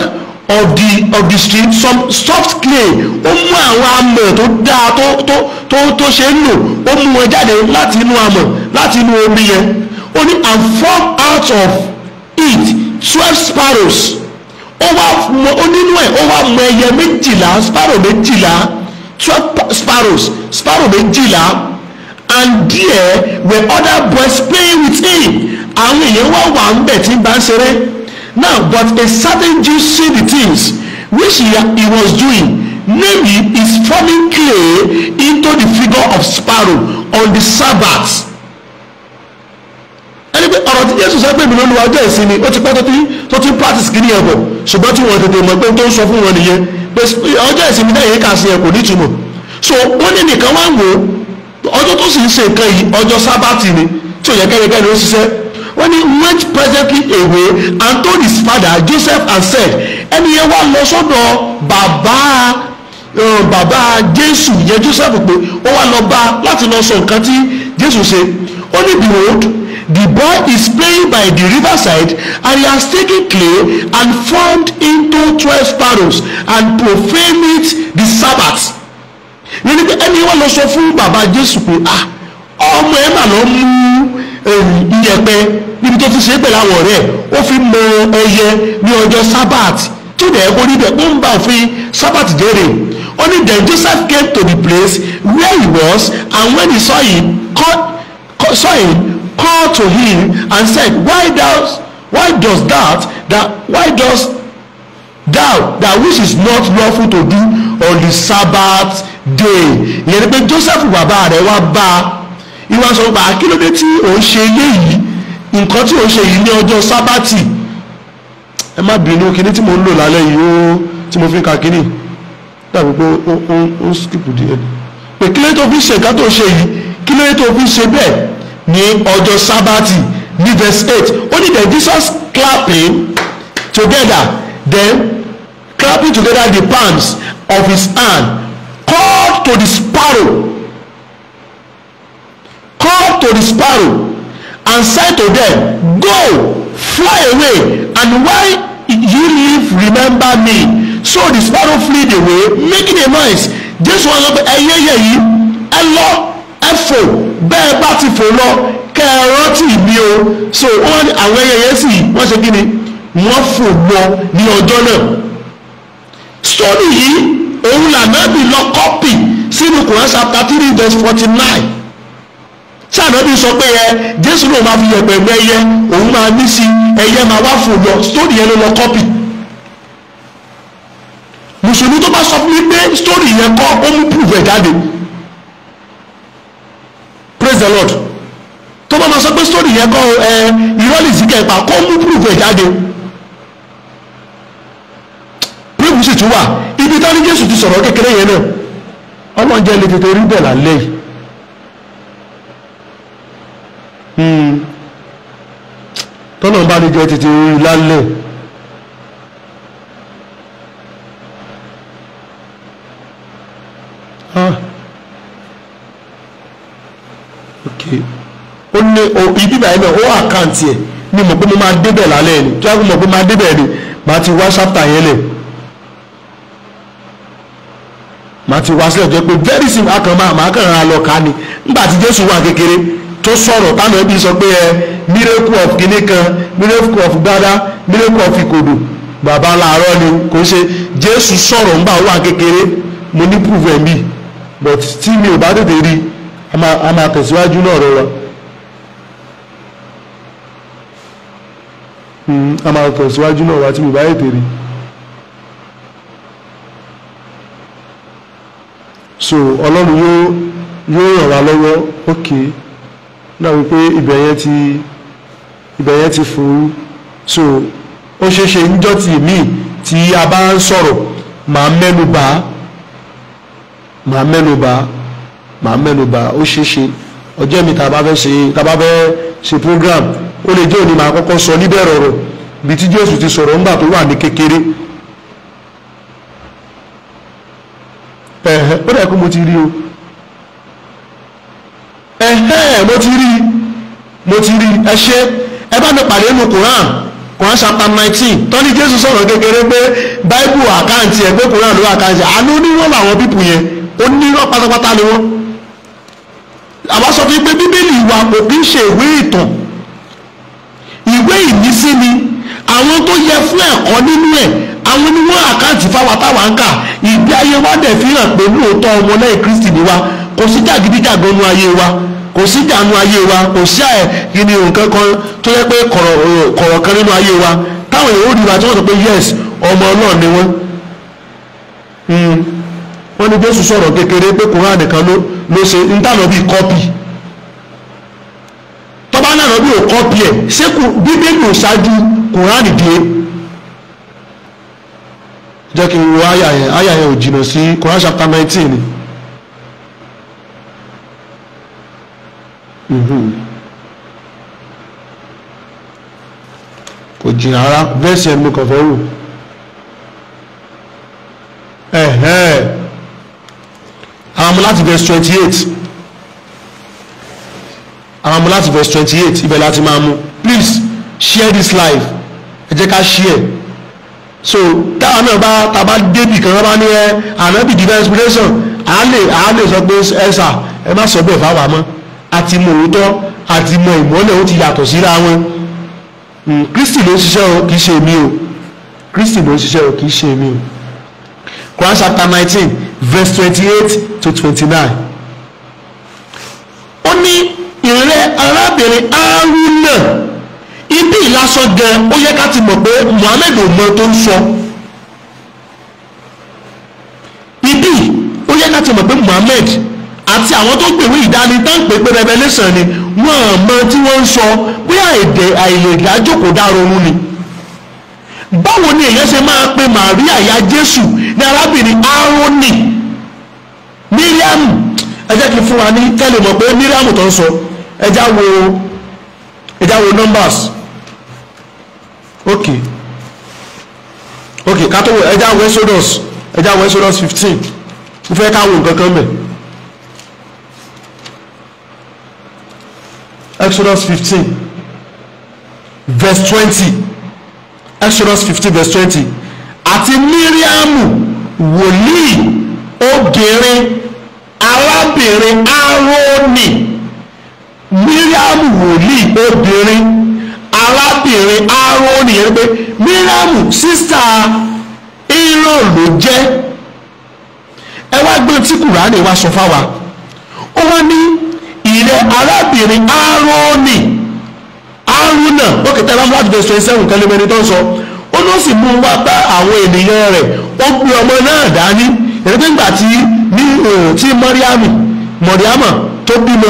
Speaker 2: of the of the street some soft clay ó mú àwọn amọ̀ tó dáa tó tó tó tó ṣe ń lò ó mú wọn jáde láti inú amọ̀ láti inú omi yẹn ó ní and form out of it twelve sparrows ó wá mọ onínú ẹ̀ ó wá mọ ẹyẹ méjìlá sparrow méjìlá twelve sparrows sparrow méjìlá and there were other boys playing with him àwọn èèyàn wá wà ń bẹ̀ tí ń bá ń ṣeré now but a certain Jew see the things which he, he was doing namely his forming clay into the figure of sparrow on the Sabbath ẹni pé ọ̀rọ̀ tí Jésù sọ pé mi ló lu ọjọ́ ìsinmi ó ti pẹ́ tó ti practice kìíní ẹ̀bọ̀ ṣùgbọ́n tí wọ́n tètè mọ̀ pé tó ń sọ fún wọn nìyẹn pé ọjọ́ ìsinmi náà yẹn kà sí ẹ̀ kò ní ìtumọ̀ so wọ́n ní nìkan wá ń wò ó ọjọ́ tó sì ń ṣe nǹkan yìí ọjọ́ sábàtì ni tí ò yẹ kẹ́nikẹ́ni ó ṣiṣẹ́ wọ́n ní went presently away and told his father Joseph and said ẹni yẹn wá lọ sọ́dọ̀ bàbá bàbá Jésù yẹn Joseph pé ó wá lọ bá láti lọ sọ nǹkan tí Jésù ṣe ó ní behold The boy is playing by the riverside, and he has taken clay and formed into twelve sparrows and profaned the Sabbath. Nínú pé ẹni wọ́n lọ sọ fún bàbá Jésù pé ah ọmọ ẹ mà lọ mú iyẹ̀pẹ̀ níbi tó ti ṣe é pẹ̀lú àwọn ọ̀rẹ́ ó fi mọ ẹyẹ ní ọjọ́ Sabbath tó dẹ̀ kó níbẹ̀ ó ń bá òfin Sabbath jẹ́rè. Only then Joseph came to the place where he was and when he saw him saw him called to him and said, Why does why does that that why does thou that which is not lawful to do on the Sabbath day? Ìyẹn ni pé Joseph bàbá rẹ̀ wá bá Ìwà sọ pé àkílódé tí òun ṣe eléyìí nǹkan tí òun ṣe yìí ní ọjọ́ Sábàtì. Ẹ má bínú kinní tí mo ń lò lálẹ́ yìí ó tí mo fi ń ka kinní dàbí pé ó ń skip díẹ̀. Pé kílódé tó fi ṣe nǹkan tó ṣe yìí kílódé tó fi ṣe bẹ́ẹ̀ ní ọjọ́ sábàtì ní verse eight ó ní then Jesus clapping together then clapping together the palms of his hand called to the sparrow called to the sparrow and said to them go fly away and why you leave? remember me so the sparrow flew away making a noise this one ẹyẹ yẹ yìí ẹ lọ ẹ fò bẹ́ẹ̀ bá ti fò lọ kẹ́ ẹ rántí mi o so wọ́n àwọn ẹyẹ yẹn sì wọ́n ṣe kí ni wọ́n fò lọ ní ọjọ́ náà sórí yìí òun làmẹ́bí lọ kọ́pì sínú Quran chapter three verse forty nine tí ànábì sọ pé ẹ Jésù náà máa fi yọ̀gbẹ̀gbẹ̀ ẹyẹ òun máa ní sí ẹyẹ máa wá fò lọ sórí yẹn ló lọ kọ́pì mùsùlùmí tó bá sọ fún mi pé sórí yẹn kọ́ ó mú proof ẹ̀ jáde the lord tó bá máa sọ pé story yẹn kọ́ ẹ ìrọ́lì sí kẹpa kó mú proof ẹ̀ jáde proof sì tún wà ibi táwọn jésù ti sọ̀rọ̀ kékeré yẹn náà ọlọ́run jẹ́ lè tètè rí bẹ́ẹ̀ lálẹ́ yìí hmm. tọ́lọ́run bá lè jẹ́ tètè rí lálẹ́ yìí.
Speaker 1: òkè ó ní
Speaker 2: ibi báyìí náà ó àkáǹtì ẹ̀ ni mo pé mo máa débẹ̀ lálẹ́ ni tí wọ́n mọ̀ pé máa débẹ̀ ni màá ti wá ṣáptà yẹn lẹ̀ màá ti wá sílẹ̀ jẹ́ pé very simple akàn máa màá kàn ra lọ ká ni nígbà tí Jésù wà kékeré tó sọ̀rọ̀ táwọn ẹbí sọ pé ẹ miracle of kìnní kan miracle of gbada miracle of ìkòdò bàbá làárọ̀ ni kò ṣe Jésù sọ̀rọ̀ nígbà wà kékeré mo ní prove ẹ̀ mi but tí mi ò bá tètè rí i ama máa tẹ̀síwájú náà rọra hmm, a máa tẹ̀síwájú náà wá tí mi bá so ọlọ́run yóò yóò ràn wá lọ́wọ́ ókè náà wípé ibẹ̀ yẹn ti ibẹ̀ yẹn ti fòrú so ó níjọ́ ti tí a bá ń sọ̀rọ̀ màá mẹ́nu màá mẹ́nuba ó ṣeéṣe ọjọ́ mi tá a bá fẹ́ ṣe tá a bá fẹ́ ṣe program ó lè jẹ́ òní màá kọ́kọ́ sọ níbẹ̀rẹ̀ ọ̀rọ̀ bí tí ti sọ̀rọ̀ ńgbà tó wà ní kékeré ó dẹ̀ mo ti rí o
Speaker 1: ẹ̀hẹ́ mo ti rí
Speaker 2: mo ti rí ẹ ṣe ẹ bá mi pàdé nu Quran chapter nineteen tọ́ni Jésù sọ̀rọ̀ kékeré pé Bible àkáǹtì ẹ̀ pé ló àkáǹtì àánú làwọn yẹn pátápátá ni wọ́n. àwa sọ fún yín pé bíbélì wa kò kí ń ṣe ìwé ìtàn ìwé ìmísí ni àwọn tó yẹ fún ẹ̀kọ́ nínú ẹ̀ àwọn ni wọ́n àkáǹtì fáwọn táwọn ń kà ìgbé ayé wa dẹ̀ fi hàn pé lóòótọ́ ọmọ lẹ́yìn Kristi ni wa kò sí jàgídíjàgan nu ayé wa kò sí dànù ayé wa kò sí àyè gidi nǹkan kan tó yẹ pé kọ̀rọ̀ kan nínú ayé wa táwọn èèyàn ó rí wa tí wọ́n sọ pé yes ọmọ Ọlọ́run ni wọ́n. Hmm. wọ́n ni jésù sọrọ kékeré pé koran kan ló ṣe ń dànà bíi kọ́pì tọ́ba náà bí ò ẹ̀ ṣé bíbélì ò ṣáájú koran dìé jẹ́ kí n wo àyà yẹn àyà yẹn ò jìnnà sí mhm. verse àwọn láti verse twenty eight àwọn láti verse twenty eight ibẹ̀ láti máa mú please share this live ẹ jẹ́ ká share so táwọn náà bá tàbá débì kan bá ní ẹ ànábì divine inspiration à lè à lè sọ pé ẹ sà ẹ má sọ bẹ́ẹ̀ fáwọn àmọ́ àti mọ òótọ́ àti mọ ìmọ́lẹ̀ ó ti yàtọ̀ síra wọn hmm, Kristi ló ń ṣiṣẹ́ o kì í ṣe èmi o Kristi ló ń ṣiṣẹ́ o kì í ṣe èmi o. Quran chapter nineteen verse twenty-eight to twenty-nine. ó ní ìrẹ́ arábìnrin Haruna ibi ìlàsọ gan ó yẹ ká ti mọ̀ pé Muhammed ò mọ tó ń sọ ibi ó yẹ ká ti mọ̀ pé Muhammed àti àwọn tó gbèwé ìdánitánpé pé revelation ni wọ́n mọ tí wọ́n ń sọ bóyá èdè àìlèdájókòó dá ronú ni báwo ni èèyàn ṣe máa pe Màríà ya Jésù ní arábìnrin Árónì Miriam ẹ jẹ́ kí n fún wa ní kẹ́lẹ̀ mọ̀ pé Miriam tó ń sọ ẹ já wo ẹ já wo numbers ok ok ká tó ẹ já wo Exodus ẹ já wo Exodus fifteen mo fẹ́ ká wo nǹkan kan mẹ́ Exodus fifteen verse twenty. Exodus fifty verse twenty àti Míríámù wòlíì obìnrin arábìnrin Árónì Míríámù wòlíì obìnrin arábìnrin Árónì yẹn pé Míríámù sísá Írò ló jẹ́ ẹ wá gbé tí Kùránì wá sọ fáwa ó wá ní ìrẹ arábìnrin Árónì haruna ókè tẹ́lá láti verse twenty seven kan lẹ́mẹ́ni tó ń sọ ó ló sì mú wá bá àwọn ènìyàn rẹ̀ ó gbé ọmọ náà dání ìrètí ìgbà tí ní tí mọ́ríámù mọ̀ríámà tó bímọ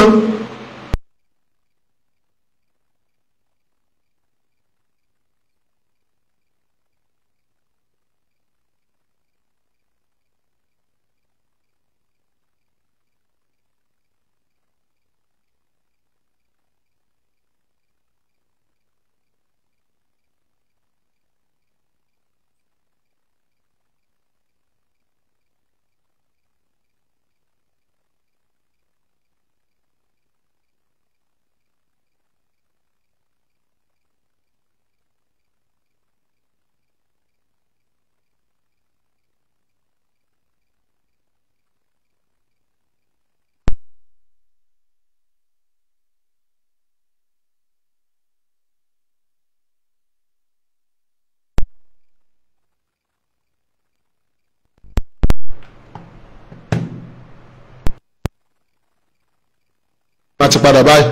Speaker 2: a ti padà báyìí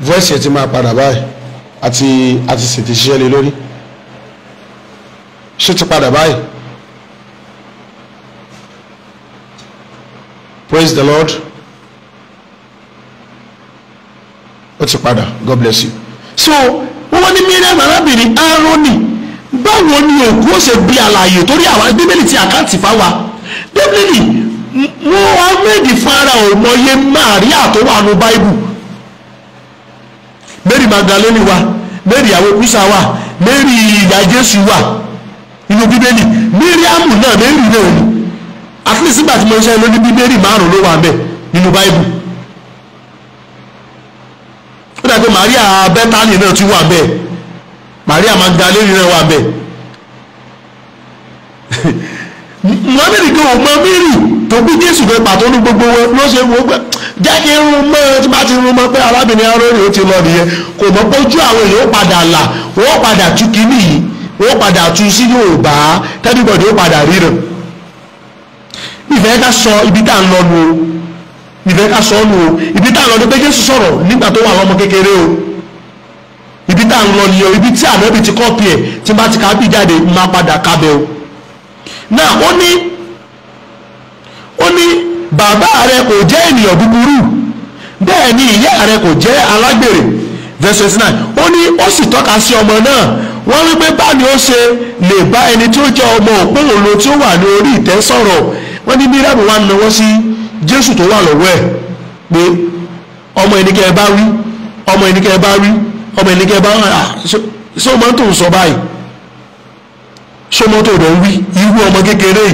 Speaker 2: voice yẹn ti máa padà báyìí àti àti ṣètì ṣiṣẹ́ lé lórí ṣé ti padà báyìí praise the lord ó ti padà god bless you so wọ́n ní miriam arábìnrin aaroni báwo ni òkú ó ṣe bí àlàyé torí àwọn bíbélì ti àkáǹtì fáwa bíbélì wọ́n wá méjì fara ọ̀mọye Maria tó wà ní báíbù Mary Magdalene wa Mary awokusa wa Mary ìyá Jésù wa nínú bíbélì Míríàmù náà Mary náà ni at least nígbà tí mo ṣe lóní bí Mary márùn ló wà bẹ́ẹ̀ nínú báíbù ó dàgbé Maria, Bẹ́tánì náà tún wà bẹ́ẹ̀ Maria, Magdalene náà wà bẹ́ẹ̀. mọ́mírì gan ọmọ mírì tó bí jésù fẹ́ pàtó ní gbogbo wọn ló ṣe wọ́n pẹ́ jẹ́ kí n rún mọ́ tí bá ti rún mọ́ pé arábìnrin arọ́rì ó ti lọ nìyẹn kò mọ̀ pójú àwọn èèyàn padà là wọ́n padà tú kínní yìí wọ́n padà tú sí Yorùbá tẹ́lifọ̀dì ó padà ríran ìfẹ́ ká sọ ibi tá à ń lọ nu o ìfẹ́ ká sọ nu o ibi tá à ń lọ ni pé jésù sọ̀rọ̀ nígbà tó wà lọ́mọ kékeré o ibi tá à ń lọ nìyẹn o ibi tí ànábì ti kọ́ pì ẹ̀ tí bá ti ká bí jáde náà ó ní ó ní bàbá rẹ kò jẹ́ ènìyàn búburú bẹ́ẹ̀ ni ìyá rẹ kò jẹ́ alágbèrè verse twenty nine ó ní ó sì tọ́ka sí ọmọ náà wọ́n wí pé báni ó ṣe lè bá ẹni tí ó jẹ́ ọmọ òpóhùn tí ó wà ní orí ìtẹ́ sọ̀rọ̀ wọ́n ní míràbù wa náwó sí jésù tó wà lọ́wọ́ ẹ̀ pé ọmọ ẹnikẹ́ bá wí ọmọ ẹnikẹ́ bá wí ọmọ ẹnikẹ́ bá wí ah, ṣé o máa ń tòun sọ báyìí sọmọtò rẹ̀ wí irú ọmọ kékeré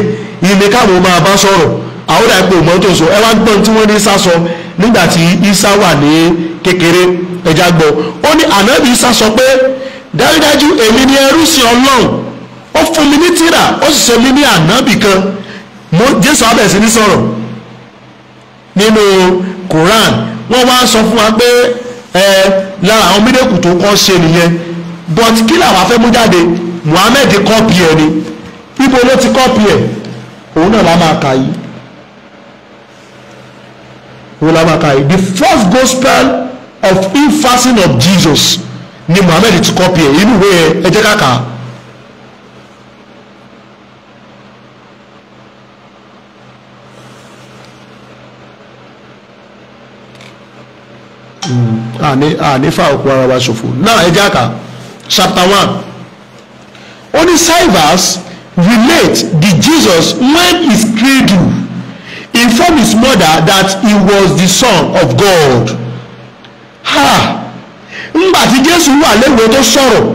Speaker 2: ilé káwọn máa bá sọ̀rọ̀ àwọn àgbò mọ́tò sọ ẹ wá gbọ́n tí wọ́n ní sá sọ nígbà tí isa wà ní kékeré ẹja gbọ́ ó ní ànábì isa sọ pé dájúdájú èmi ni ẹrú sí ọlọ́run ó fún mi ní tírà ó sì ṣe mí ní ànábì kan mo jésù abẹ sí ní sọ̀rọ̀ nínú Quran wọ́n wá sọ fún wa pé ẹ lára àwọn mídẹ́kù tó kọ́ ṣe nìyẹn but kí làwọn afẹ́ mú jáde Muhammed kọ́pì ẹ̀ ni ibo ló ti kọ́pì ẹ̀ òun náà la máa kà yìí òun la máa kà yìí the first gospel of infancy of Jesus ni Muhammed ti kọ́pì ẹ̀ inú ìwé ẹ̀ ẹ jẹ́ ká kà hmm, àní ànífà òkú ara wa ṣòfò náà ẹ jẹ́ ká chapter one only Cyrus relate the Jesus when his cradle inform his mother that he was the son of God ha ńgbà tí Jésù wà léwu tó sọ̀rọ̀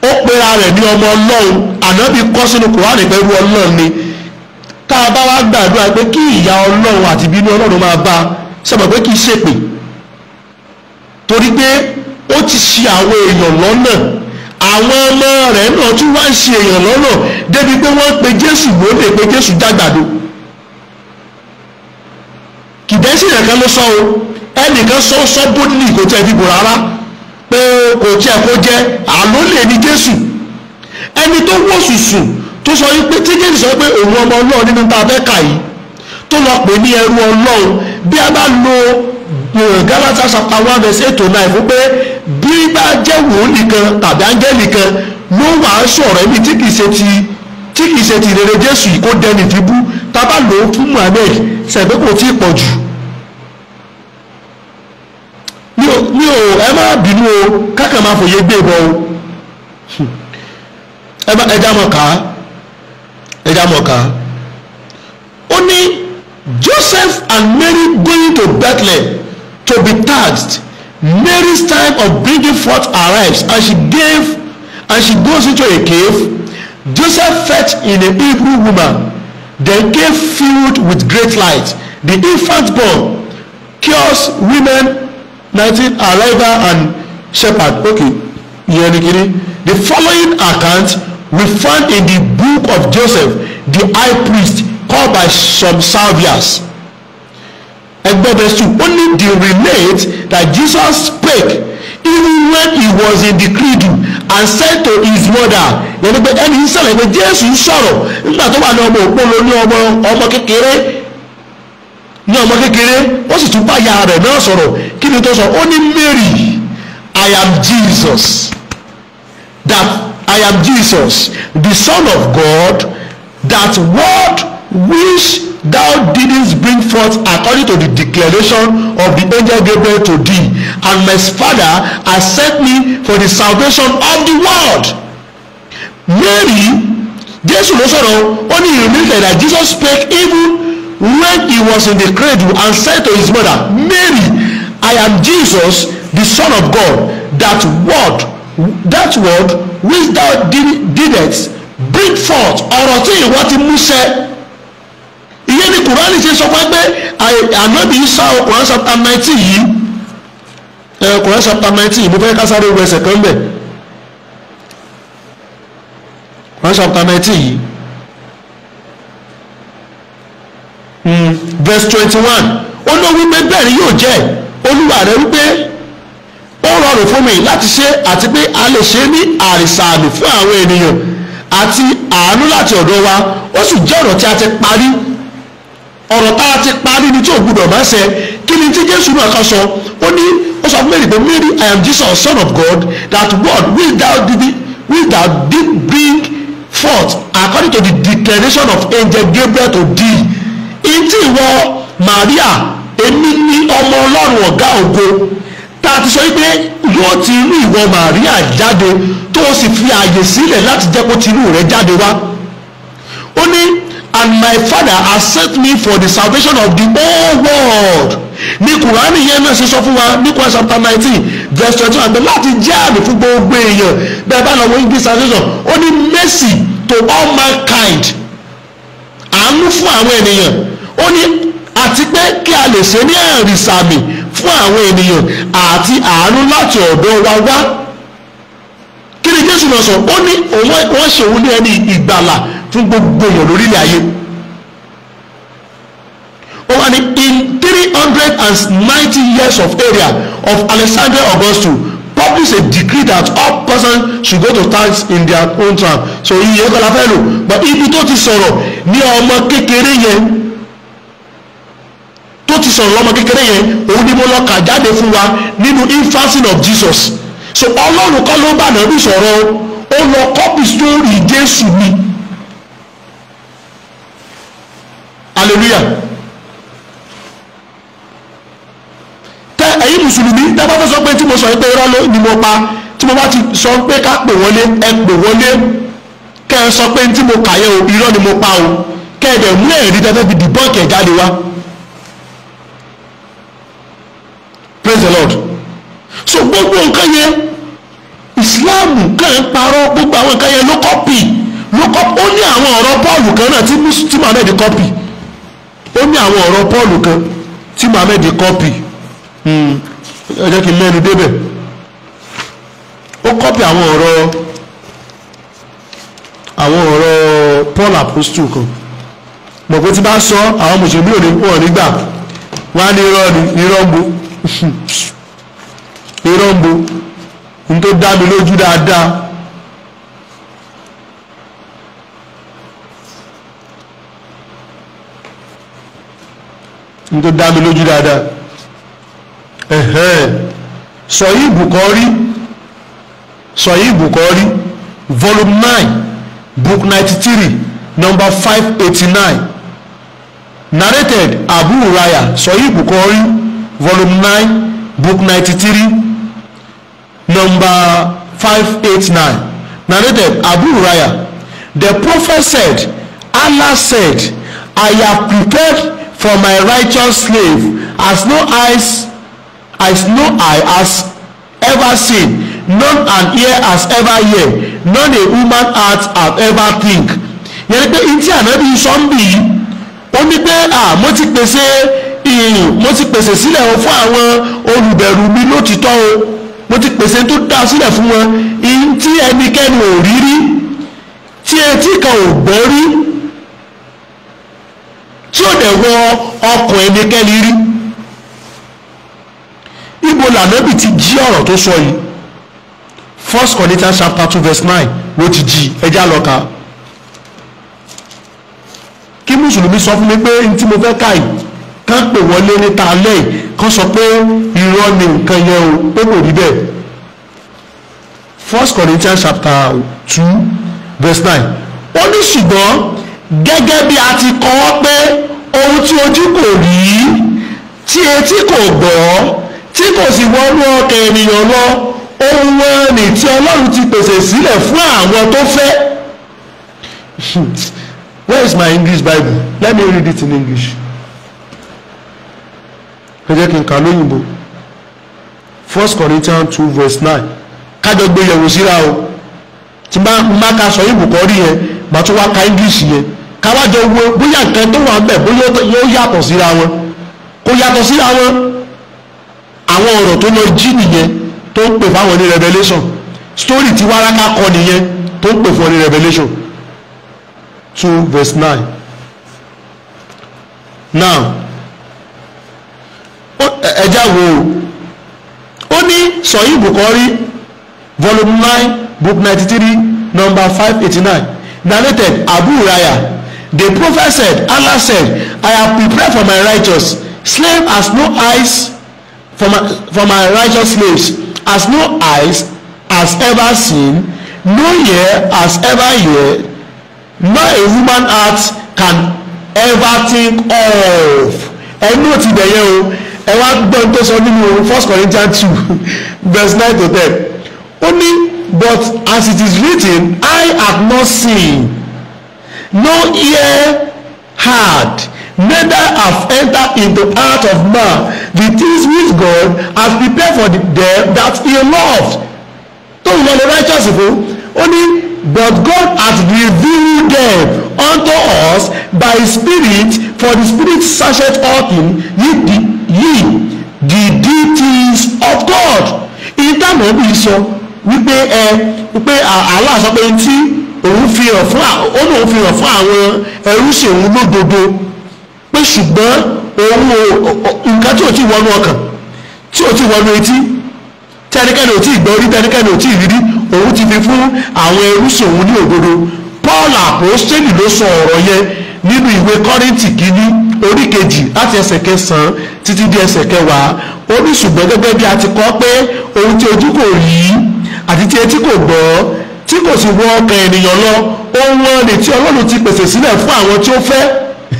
Speaker 2: ó pera rẹ̀ ní ọmọ Ọlọ́run ànábì kọ́ sínú Kùránì pẹ̀lú Ọlọ́run ni tá a bá wá gbàdúrà pé kí ìyà Ọlọ́run àti ìbínú Ọlọ́run máa bá sọmọ pé kì í ṣèpè torí pé ó ti ṣì àwọn èèyàn lọ́nà àwọn ọmọ rẹ̀ náà tún wá ń ṣe èèyàn lọ́nà débi pé wọ́n pe jésù lóde pé jésù jágbàdo kìdẹ́sì rẹ̀ kan ló sọ o ẹnìkan sọ sọ bódìlì kò tẹ̀ fi bò rárá pé kò tí ẹ kó jẹ àló lè ní jésù ẹni tó wò sùsù tó sọ wípé tí jésù sọ pé òun ọmọ ọlọ́run nínú tá a fẹ́ kà yìí tó lọ pè ní ẹrú ọlọ́run bí a bá lo eh, Galatians chapter one verse eight to nine fún pé bí bá jẹ́ wòlíì kan tàbí áńgẹ́lì kan ló wà á sọ̀rọ̀ ẹni tí kìí ṣe ti tí kìí ṣe ti rere jésù yìí kó dẹni fi tábà lò ó fún muhammed ṣẹ̀gbẹ́ kò tí ì pọ̀ jù mi ò ẹ má bínú o kákan máa fòye gbé bọ o ẹja mọ̀ ká ẹja mọ̀ ká ó ní Joseph and Mary going to Bethlehem to be taxed Mary's time of bringing forth arrives and she gave and she goes into a cave. Joseph fetched in a Hebrew woman. The cave filled with great light. The infant born cures women 19 arrival and shepherd. Okay, Yenikiri. The following account we find in the book of Joseph, the high priest, called by some Saviors ẹgbẹ́ bẹ́ẹ̀ sùn only the relate that Jesus spake even when he was in the cradle and said to his mother yẹnu pé ẹni sọ̀rọ̀ pé Jésù sọ̀rọ̀ nígbà tó wà ní ọmọ òpólo ní ọmọ ọmọ kékeré ní ọmọ kékeré ó sì tún bá ya rẹ̀ náà sọ̀rọ̀ kí ni tó sọ ó ní Mary I am Jesus that I am Jesus the son of God that word which thou didst bring forth according to the declaration of the angel Gabriel to thee and my father has sent me for the salvation of the world. Mary Jésù ló sọ̀rọ̀ ó ní you that Jesus spake even when he was in the cradle and said to his mother Mary I am Jesus the son of God that word that word which thou didst bring forth ọ̀rọ̀ tí ìwọ ti mú ṣẹ ìyẹn ni kùránì ṣe sọ pé pé ànábì isa o kùránì chapter nineteen yìí kùránì chapter nineteen yìí mo fẹ́ ká sáré ogun ẹsẹ̀ kan bẹ̀ kùránì chapter nineteen yìí hmm, verse twenty one ó ló wípé bẹ́ẹ̀ ni yóò jẹ́ olúwa rẹ̀ wípé ó rọrùn fún mi láti ṣe àti pé a lè ṣe ní àrìsàánù fún àwọn ènìyàn àti àánú láti ọ̀dọ̀ wa ó sì jẹ́ ọ̀rọ̀ tí a ti parí ọ̀rọ̀ tá a ti parí ni tí ò gbúdọ̀ máa ṣe kí ni tí jésù náà kan sọ ó ní ó sọ fún Mary pé Mary I am Jesus son of God that word will thou did will thou did bring forth according to the declaration of angel Gabriel to thee in ti ìwọ Maria èmi ni ọmọ ọlọ́run ọ̀gá ògo tá a ti sọ pé yóò ti inú ìwọ Maria jáde tó o sì fi ààyè sílẹ̀ láti jẹ́ kó ti inú rẹ̀ jáde wá ó ní and my father has sent me for the salvation of the whole world ní kùránì yẹn náà ṣe sọ fún wa ní kùránì chapter nineteen verse twenty one láti jẹ́ àmì fún gbogbo èèyàn bẹ́ẹ̀ bá lọ́wọ́ english translation ó ní mercy to all mankind àánú fún àwọn ènìyàn ó ní àti pé kí a lè ṣe ní ẹ̀rí sàmì fún àwọn ènìyàn àti àánú láti ọ̀dọ̀ wa wá kí ni jésù lọ sọ ó ní wọ́n ṣe òun ní ẹni ìgbàlà fún gbogbo èèyàn lórílẹ̀ ayé ó wà ní in three hundred and ninety years of area of Alexander Augustus publish a decree that all persons should go to tax in their own town so iye kọlá fẹ́ lò but ibi tó ti sọ̀rọ̀ ní ọmọ kékeré yẹn tó ti sọ̀rọ̀ lọ́mọ kékeré yẹn òun ni mo lọ kà jáde fún wa nínú infancy of Jesus so ọlọ́run kọ́ ló bá nàbí sọ̀rọ̀ ó lọ kọ́pì sórí Jésù ni. hallelujah tẹ ẹ̀yin mùsùlùmí tẹ bá pé tí mo sọ pé irọ́ ló ni mo pa tí mo bá ti sọ pé ká pè wọlé ẹ pè wọlé kẹ́ ẹ sọ pé tí mo kà yẹ o irọ́ ni mo pa o kẹ́ ẹ dẹ̀ mú ẹ̀rí tẹ́tẹ́ fi dìbọ́ọ̀kì ẹ̀ jáde wá praise the lord so gbogbo nǹkan yẹn ìsìláàmù kàn ń parọ́ gbogbo àwọn nǹkan yẹn ló kọ́pì ló kọ́pì ó ní àwọn ọ̀rọ̀ bọ́ọ̀lù kan náà tí muhammed kọ́pì ó ní àwọn ọ̀rọ̀ Paul kan tí Muhammed kọ́pì hmm. ẹ kí n mẹ́nu débẹ̀ ó kọ́pì àwọn Paul kan mọ̀kó tí bá sọ àwọn mùsùlùmí ò ní pọ̀ nígbà wọ́n á ní irọ́ ní irọ́ ní tó dá mi lójú dáadáa ẹ̀hẹ́n sọ̀yí Bukhari sọ̀yí Bukhari volume nine book ninety three number five eighty nine narrated Abu Huraira sọ̀yí Bukhari volume nine book ninety three number five eight nine narrated Abu Huraira the prophet said Allah said I have prepared for my righteous slave as no eyes as no eye has ever seen none an ear has ever hear none a woman heart has ever think. yẹn pé ntí ànábì sọ́ńbì yìí ó ní pé à mo ti pèsè ìrìn mo ti pèsè sílẹ̀ o fún àwọn olùbẹ̀rù mi lótìtọ́ o mo ti pèsè tó dá sílẹ̀ fún wọn ntí ẹnikẹ́ni ò rí rí tí etí kan ò gbọ́ rí tí ò dẹ̀ wọ ọkàn ẹnikẹ́ni rí ibo lànàbì ti jí ọ̀rọ̀ tó sọ yìí first Corinthians chapter two verse nine ló ti jí ẹjá lọ kà kí mùsùlùmí sọ fún mi pé n tí mo fẹ́ ká yìí kán pè wọlé níta alẹ́ yìí kán sọ pé irọ́ ni nǹkan yẹn o pé kò rí bẹ́ẹ̀ first Corinthians chapter two verse nine ó ní ṣùgbọ́n gẹ́gẹ́ bí a ti kọ́ ọ́ pé ohun tí ojú kò rí tí etí kò gbọ́ tí kò sì wọnú ọkàn ènìyàn lọ ohun wọn tí ọlọ́run ti pèsè sílẹ̀ fún àwọn tó fẹ́. Where is my English Bible? Let me read it in English. ẹ jẹ́ kí n kà lóyìnbó First Corinthians two verse nine kájọ gbé yẹ̀wò síra o tí n bá ká sọ yìnbó kọ́ rí yẹn màá English yẹn káwájọ wo bóyá nǹkan tó wà ń bẹ̀ bóyá yóò yàtọ̀ síra wọn kò yàtọ̀ síra wọn àwọn ọ̀rọ̀ tó lọ jí nìyẹn tó ń pè fáwọn ní revelation story tí wáráká kọ nìyẹn tó ń pè fún ọ ní revelation two verse nine now ẹja wo ó ní sọ̀yìn Bukhari volume nine book ninety three number five eighty nine narrated Abu Raya. The prophet said, Allah said, I have prepared for my righteous slave as no eyes for my, for my righteous slaves, as no eyes has ever seen, no ear has ever heard, nor a human heart can ever think of. Ẹnu ti bẹ̀yẹ̀ o, ẹ wá gbọ́ tó sọ nínú First Corinthians two verse nine to ten. Ó ní but as it is written, I have not seen no ear heard neither have entered into heart of man the things which God has prepared for the, them that he loved tóun lọ the righteous people only. but God has revealed them unto us by his spirit for the spirit searcheth all things ye the ye the deep of God ìdáná bí sọ wípé ẹ wípé Allah sọ pé ntí òun fi hàn fún ó lóun fi hàn fún àwọn ẹrúsìn òun lódodo pé ṣùgbọ́n òun nǹkan tí ò ti wọnú ọkàn tí ò ti wọnú etí tẹnikẹ́ni ò tí ì gbọ́ rí tẹnikẹ́ni ò tí ì rírí òun ti fi fún àwọn ẹrúsìn òun ní òdodo Paul àpòstélì ló sọ ọ̀rọ̀ yẹn nínú ìwé Kọ́ríńtì kìíní orí kejì láti ẹsẹ̀ kẹsàn-án títí di ẹsẹ̀ kẹwàá ó gẹ́gẹ́ bí a ti kọ́ pé ohun tí ojú kò rí àti tí etí kò gbọ́ tí kò sì wọ ọkàn ènìyàn lọ ohun ọ̀nì tí ọlọ́run ti pèsè sílẹ̀ fún àwọn tí ó fẹ́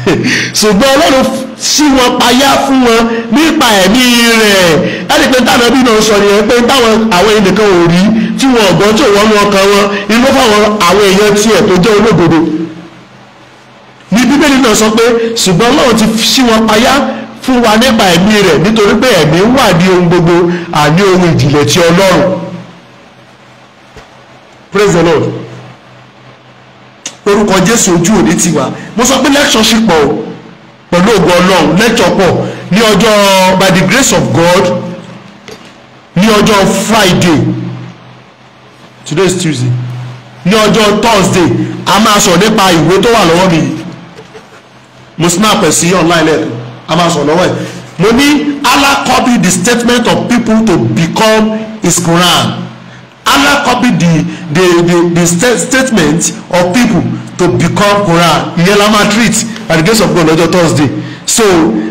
Speaker 2: ṣùgbọ́n ọlọ́run sí wọn payá fún wọn nípa ẹ̀mí rẹ̀ ẹni pé táwọn ẹbí náà sọ nìyẹn pé táwọn àwọn ẹnìkan ò rí tí wọn ọ̀gbọ́n tí òwọ́n wọn kan wọn inú fáwọn àwọn èèyàn tiẹ̀ tó jẹ́ olódodo ní bíbélì náà sọ pé ṣùgbọ́n ọlọ́run ti sí wọn payá fún wa nípa ẹ̀mí rẹ̀ nítorí pé ẹ̀mí wà ní ohun gbogbo àní ohun ìjìnlẹ̀ ti ọlọ́run praise the lord orúkọ jésù ojú òní ti wá mo sọ pé lẹ́kṣọ̀ ṣì pọ̀ pẹ̀lú ògo ọlọ́run lẹ́kṣọ̀ pọ̀ ní ọjọ́ by the grace of god ní ọjọ́ friday today is tuesday ní ọjọ́ thursday a máa sọ nípa ìwé tó wà lọ́wọ́ mi mo snap ẹ̀ sí online lẹ́ẹ̀kan a máa sọ lọ́wọ́ ẹ̀ mo ní Allah copied the statement of people to become his Quran Allah copied the the the, the statement of people to become Quran ìyẹn treat by the grace of God lọ́jọ́ Thursday so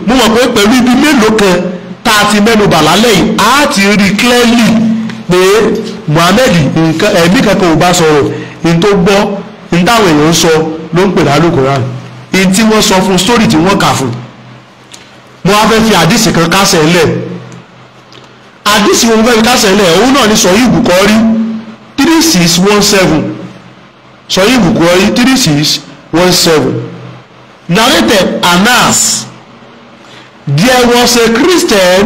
Speaker 2: mo mọ̀ pé pẹ̀lú ibi mélòó kan tá a ti mẹ́nu bà lálẹ́ yìí a ti rí clearly pé Muhammed nǹkan ẹ̀mí kankan ò bá sọ̀rọ̀ ní tó gbọ́ ní táwọn èèyàn sọ ló ń pè lálù Quran ní tí wọ́n sọ fún story tí wọ́n kà fún mo wá fẹ́ fi àdìsí kan kásẹ̀ ńlẹ̀ àdìsí wọn fẹ́ẹ́ kásẹ̀lẹ̀ òun náà ni sọ̀yí ìbùkọ́ rí three six one seven sọ̀yí ìbùkọ́ rí three six one seven narrated Anas there was a Christian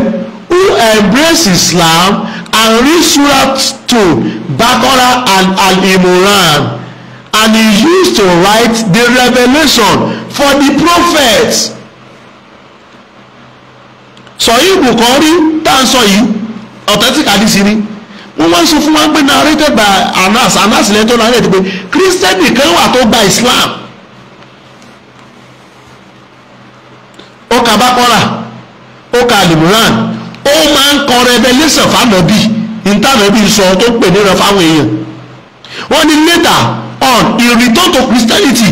Speaker 2: who embraced Islam and read Surah 2 Baqarah and Al-Imran and he used to write the revelation for the prophets sọ̀yí ìbùkọ́ rí tá à sọ yìí authentic hadith ni wọ́n wá ń sọ fún wa pé narrated by anas anas lẹ́yìn tó narrate pé kírísítẹ́nì kan wà tó gba islam ó ka bákọ́rà ó ka limuran ó máa ń kọ revelation fánàbí ìtànàbí sọ tó pè nínú fáwọn èèyàn wọ́n ní later on he ìrìntàn to christianity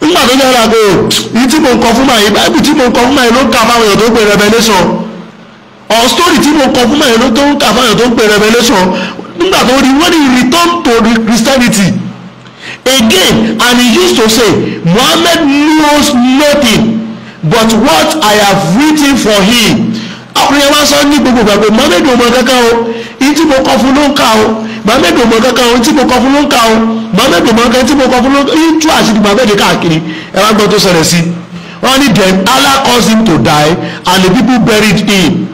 Speaker 2: nígbà tó yára pé èyí tí mo ń kọ fún màá yìí báyìí tí mo ń kọ fún màá yìí ló ń ka fáwọn èèyàn tó pè revelation or story tí mo kọ fún mẹ́rin tó ń kà fáyọ̀ tó ń pè revelation nígbà tó rí wọ́n ní return to Christianity again and he used to say Muhammad knows nothing but what I have written for him àwọn yẹn sọ ní gbogbo gbàgbé Muhammad ò kankan o ìtí mo kọ fún ló ń kà o Muhammad ò kankan o ìtí mo kọ fún ló ń kà o Muhammad ò kankan ìtí mo kọ fún ló ń kà o ìtú àṣírí Muhammad káàkiri ẹ wá gbọ́ tó ṣẹlẹ̀ sí wọ́n ní then Allah caused him to die and the people buried him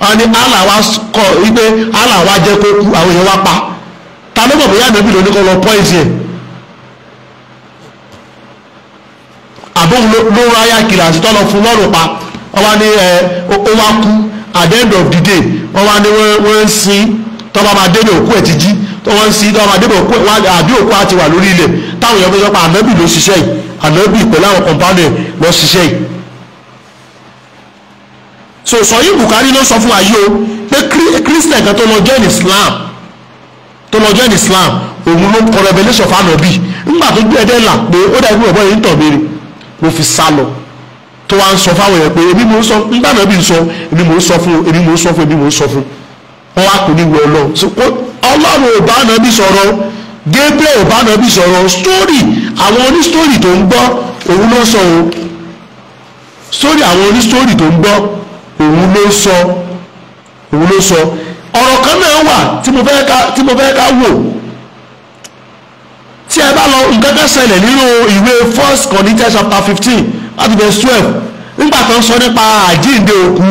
Speaker 2: wọn ni Allah wa kọ wípé Allah wa jẹ́ kó kú àwọn èèyàn wa pa ta ló mọ̀ bóyá nàbí lóní kọ́ lọ pọ́ìsì ẹ̀ àbóhùn ló ráyà kiri àtúntò lọ fún lọ́rùn pa wọ́n wá ní ó wá kú at the end of the day wọ́n wá ní wọ́n ń sin tọ́ba máa dé ní òkú ẹ̀ ti jí wọ́n ń sin tọ́ba máa dé ní òkú ẹ̀ àbí òkú àti wà lórí ilẹ̀ táwọn èèyàn fi sọ pé ànábì ló ṣiṣẹ́ yìí ànábì pẹ̀lú àwọn kọ̀ǹpánì ló ṣiṣẹ́ yìí so sọyìn Bukhari ló sọ fún wa yìí o pé Christian kan tó lọ join Islam tó lọ join Islam òun ló kọ revelation fún anabi nígbà tó gbé ẹdẹ là pé ó dàbí ọ̀bọ yìí ń tọ̀ béèrè ló fi sá lọ tó wá ń sọ fáwọn yẹn pé èmi mò ń sọ nígbà náà bí n sọ èmi mò ń sọ fún èmi mò ń sọ fún èmi mò ń sọ fún wọn wá kò ní wọ Ọlọ́run Ọlọ́run ò bá anabi sọ̀rọ̀ Gabriel ò bá anabi sọ̀rọ̀ story àwọn onísítórì tó ń gbọ́ òun ló sọ o story àwọn onísítórì tó ń gbọ́ òun ló sọ òun ló sọ ọ̀rọ̀ kan náà wà tí mo fẹ́ ká tí mo fẹ́ ká wò tí ẹ bá lọ nǹkan kan ṣẹlẹ̀ nínú ìwé first Corinthians chapter fifteen láti verse twelve nígbà kan sọ nípa àjíǹde òkú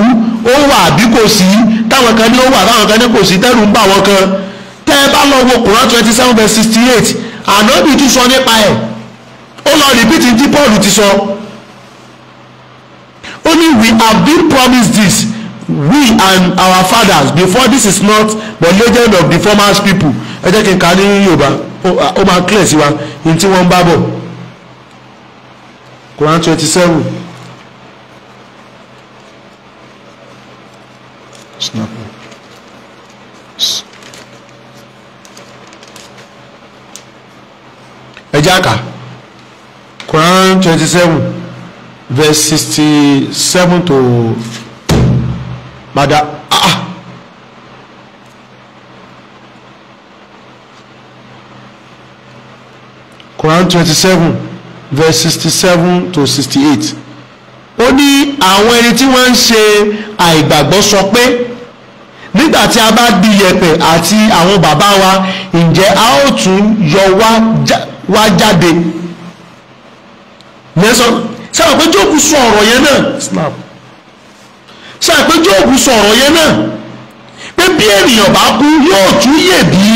Speaker 2: ó wà bí kò sí táwọn kan ní ó wà táwọn kan ní kò sí tẹ́rù ń bà wọ́n kan tẹ́ ẹ bá lọ wo Quran twenty seven verse sixty eight ànábì tún sọ nípa ẹ̀ ó lọ rìbìtì tí Paul ti sọ. So Only we have been promised this we and our fathers before this is not but legend of the former people ẹ jẹ́ kí n kà á ní yorùbá ó máa clear sí wa ní tí wọ́n bá bọ̀ Quran twenty seven. Snap. ẹ jẹ́ àkà Quran twenty seven verse sixty seven to madam ah, ah Quran twenty seven verse sixty seven to sixty eight ó ní àwọn ẹni tí wọ́n ń ṣe àìgbàgbọ́ sọ pé nígbà tí a bá di yẹ̀pẹ̀ àti àwọn bàbá wa ǹjẹ́ a ó tún yọ wá jáde nẹ́sàn sáà pé jóòbù sọ ọ̀rọ̀ yẹn náà Islam sáà jóòbù sọ ọ̀rọ̀ yẹn náà pé bí ènìyàn bá kú yóò tú yèbí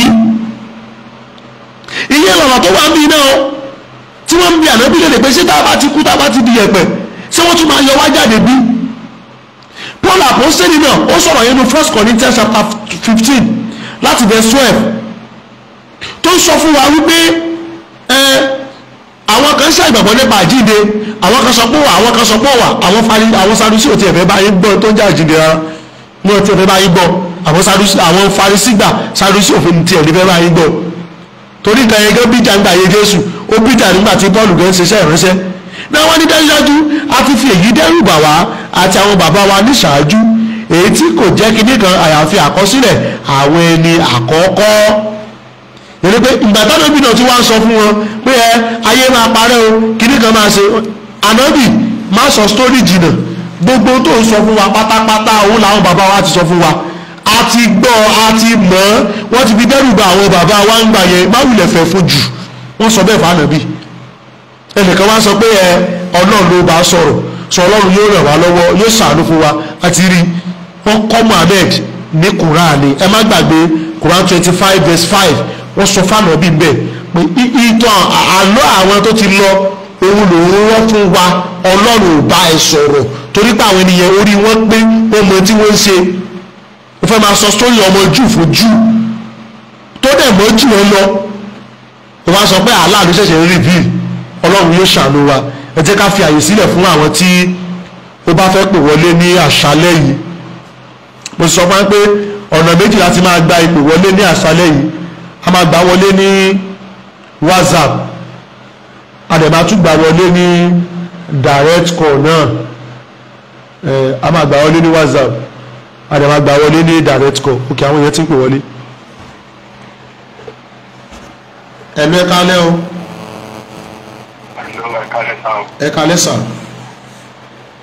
Speaker 2: ìyẹn lọ́nà tó wà níbí náà tí wọ́n ń bi ànábì lédè pé ṣé tá bá ti kú tá ti di yẹ̀pẹ̀ ṣé wọ́n tún máa yọ wá jáde bí Paul àpòsílẹ̀ náà ó sọ̀rọ̀ yẹn ní First Corinthians chapter fifteen láti verse twelve tó sọ fún wa wípé àwọn kan ṣàìgbàgbọ́ nípa àjíǹde àwọn kan sọ pé wà àwọn kan sọ pé wà àwọn fari àwọn sadusi ò tiẹ̀ fẹ́ báyìí gbọ́ tó ń jà jìnnìyà wọn ò tiẹ̀ fẹ́ báyìí gbọ́ àwọn sadusi àwọn farisi gbà sadusi òfin tiẹ̀ ní fẹ́ báyìí gbọ́ torí ìgbà yẹn gẹ́gẹ́ bíjà ńgbà yẹn Jésù ó bíjà nígbà tí Pọ́ọ̀lù gẹ́gẹ́ ṣiṣẹ́ ìránṣẹ́ náà wọ́n ní dájúdájú a ti fi èyí dẹ́rù bà wá àti àwọn bàbá wa níṣáájú èyí tí kò jẹ́ kinní kan àyàfi àkọsílẹ̀ àwọn ẹni àkọ́kọ́ yẹn ni pé ìgbà táwọn ẹbí náà ti wá sọ fún wọn pé ẹ ayé máa parẹ́ o kinní kan máa ṣe ànábì má sọ sórí jìnnà gbogbo tó ń sọ fún wa pátápátá òun làwọn bàbá wa ti sọ fún wa a ti gbọ́ a ti mọ̀ ọ́ wọ́n ti fi dẹ́rù ba àwọn bàbá wa ń gbà yẹn má wulẹ̀ fẹ́ fún jù wọ́n sọ bẹ́ẹ̀ fún ànábì ẹnìkan wá sọ pé ẹ ọlọ́run ló bá sọ̀rọ̀ sọ ọlọ́run yóò ràn wá lọ́wọ́ yóò ṣàánú fún wa àti rí wọ́n kọ́ Muhammed ní kuraani ẹ má gbàgbé Quran twenty five verse five wọ́n sọ fáànù ọbí bẹ́ẹ̀ pé ìtàn àlọ́ àwọn tó ti lọ òun lòun wọ́n fún wa ọlọ́run ò bá ẹ sọ̀rọ̀ torí pé àwọn ènìyàn orí wọn pé wọ́n mọ tí wọ́n ń ṣe ó fẹ́ máa sọ sórí ọmọ jù fún jù tó dẹ̀ mọ́ jù wọn lọ ó wá sọ pé aláàánú ṣẹ̀ṣẹ̀ ń rí bíi ọlọ́run yóò ṣàánú wa ẹ jẹ́ ká fi àyè sílẹ̀ fún àwọn tí ó bá fẹ́ pè wọlé ní àṣálẹ́ yìí mo sọ fún wa pé ọ̀nà méjì láti máa gba ìpè wọlé ní àṣálẹ́ yìí a máa gbà wọlé ní whatsapp àdẹ̀bá tún gbà wọlé ní direct call náà a máa gbà wọlé ní whatsapp àdẹ̀bá gbà wọlé ní direct call òkè àwọn èèyàn ti ń pè wọlé. ẹ̀lú ẹ̀ka alẹ́ o. ẹ̀ka alẹ́ sàn.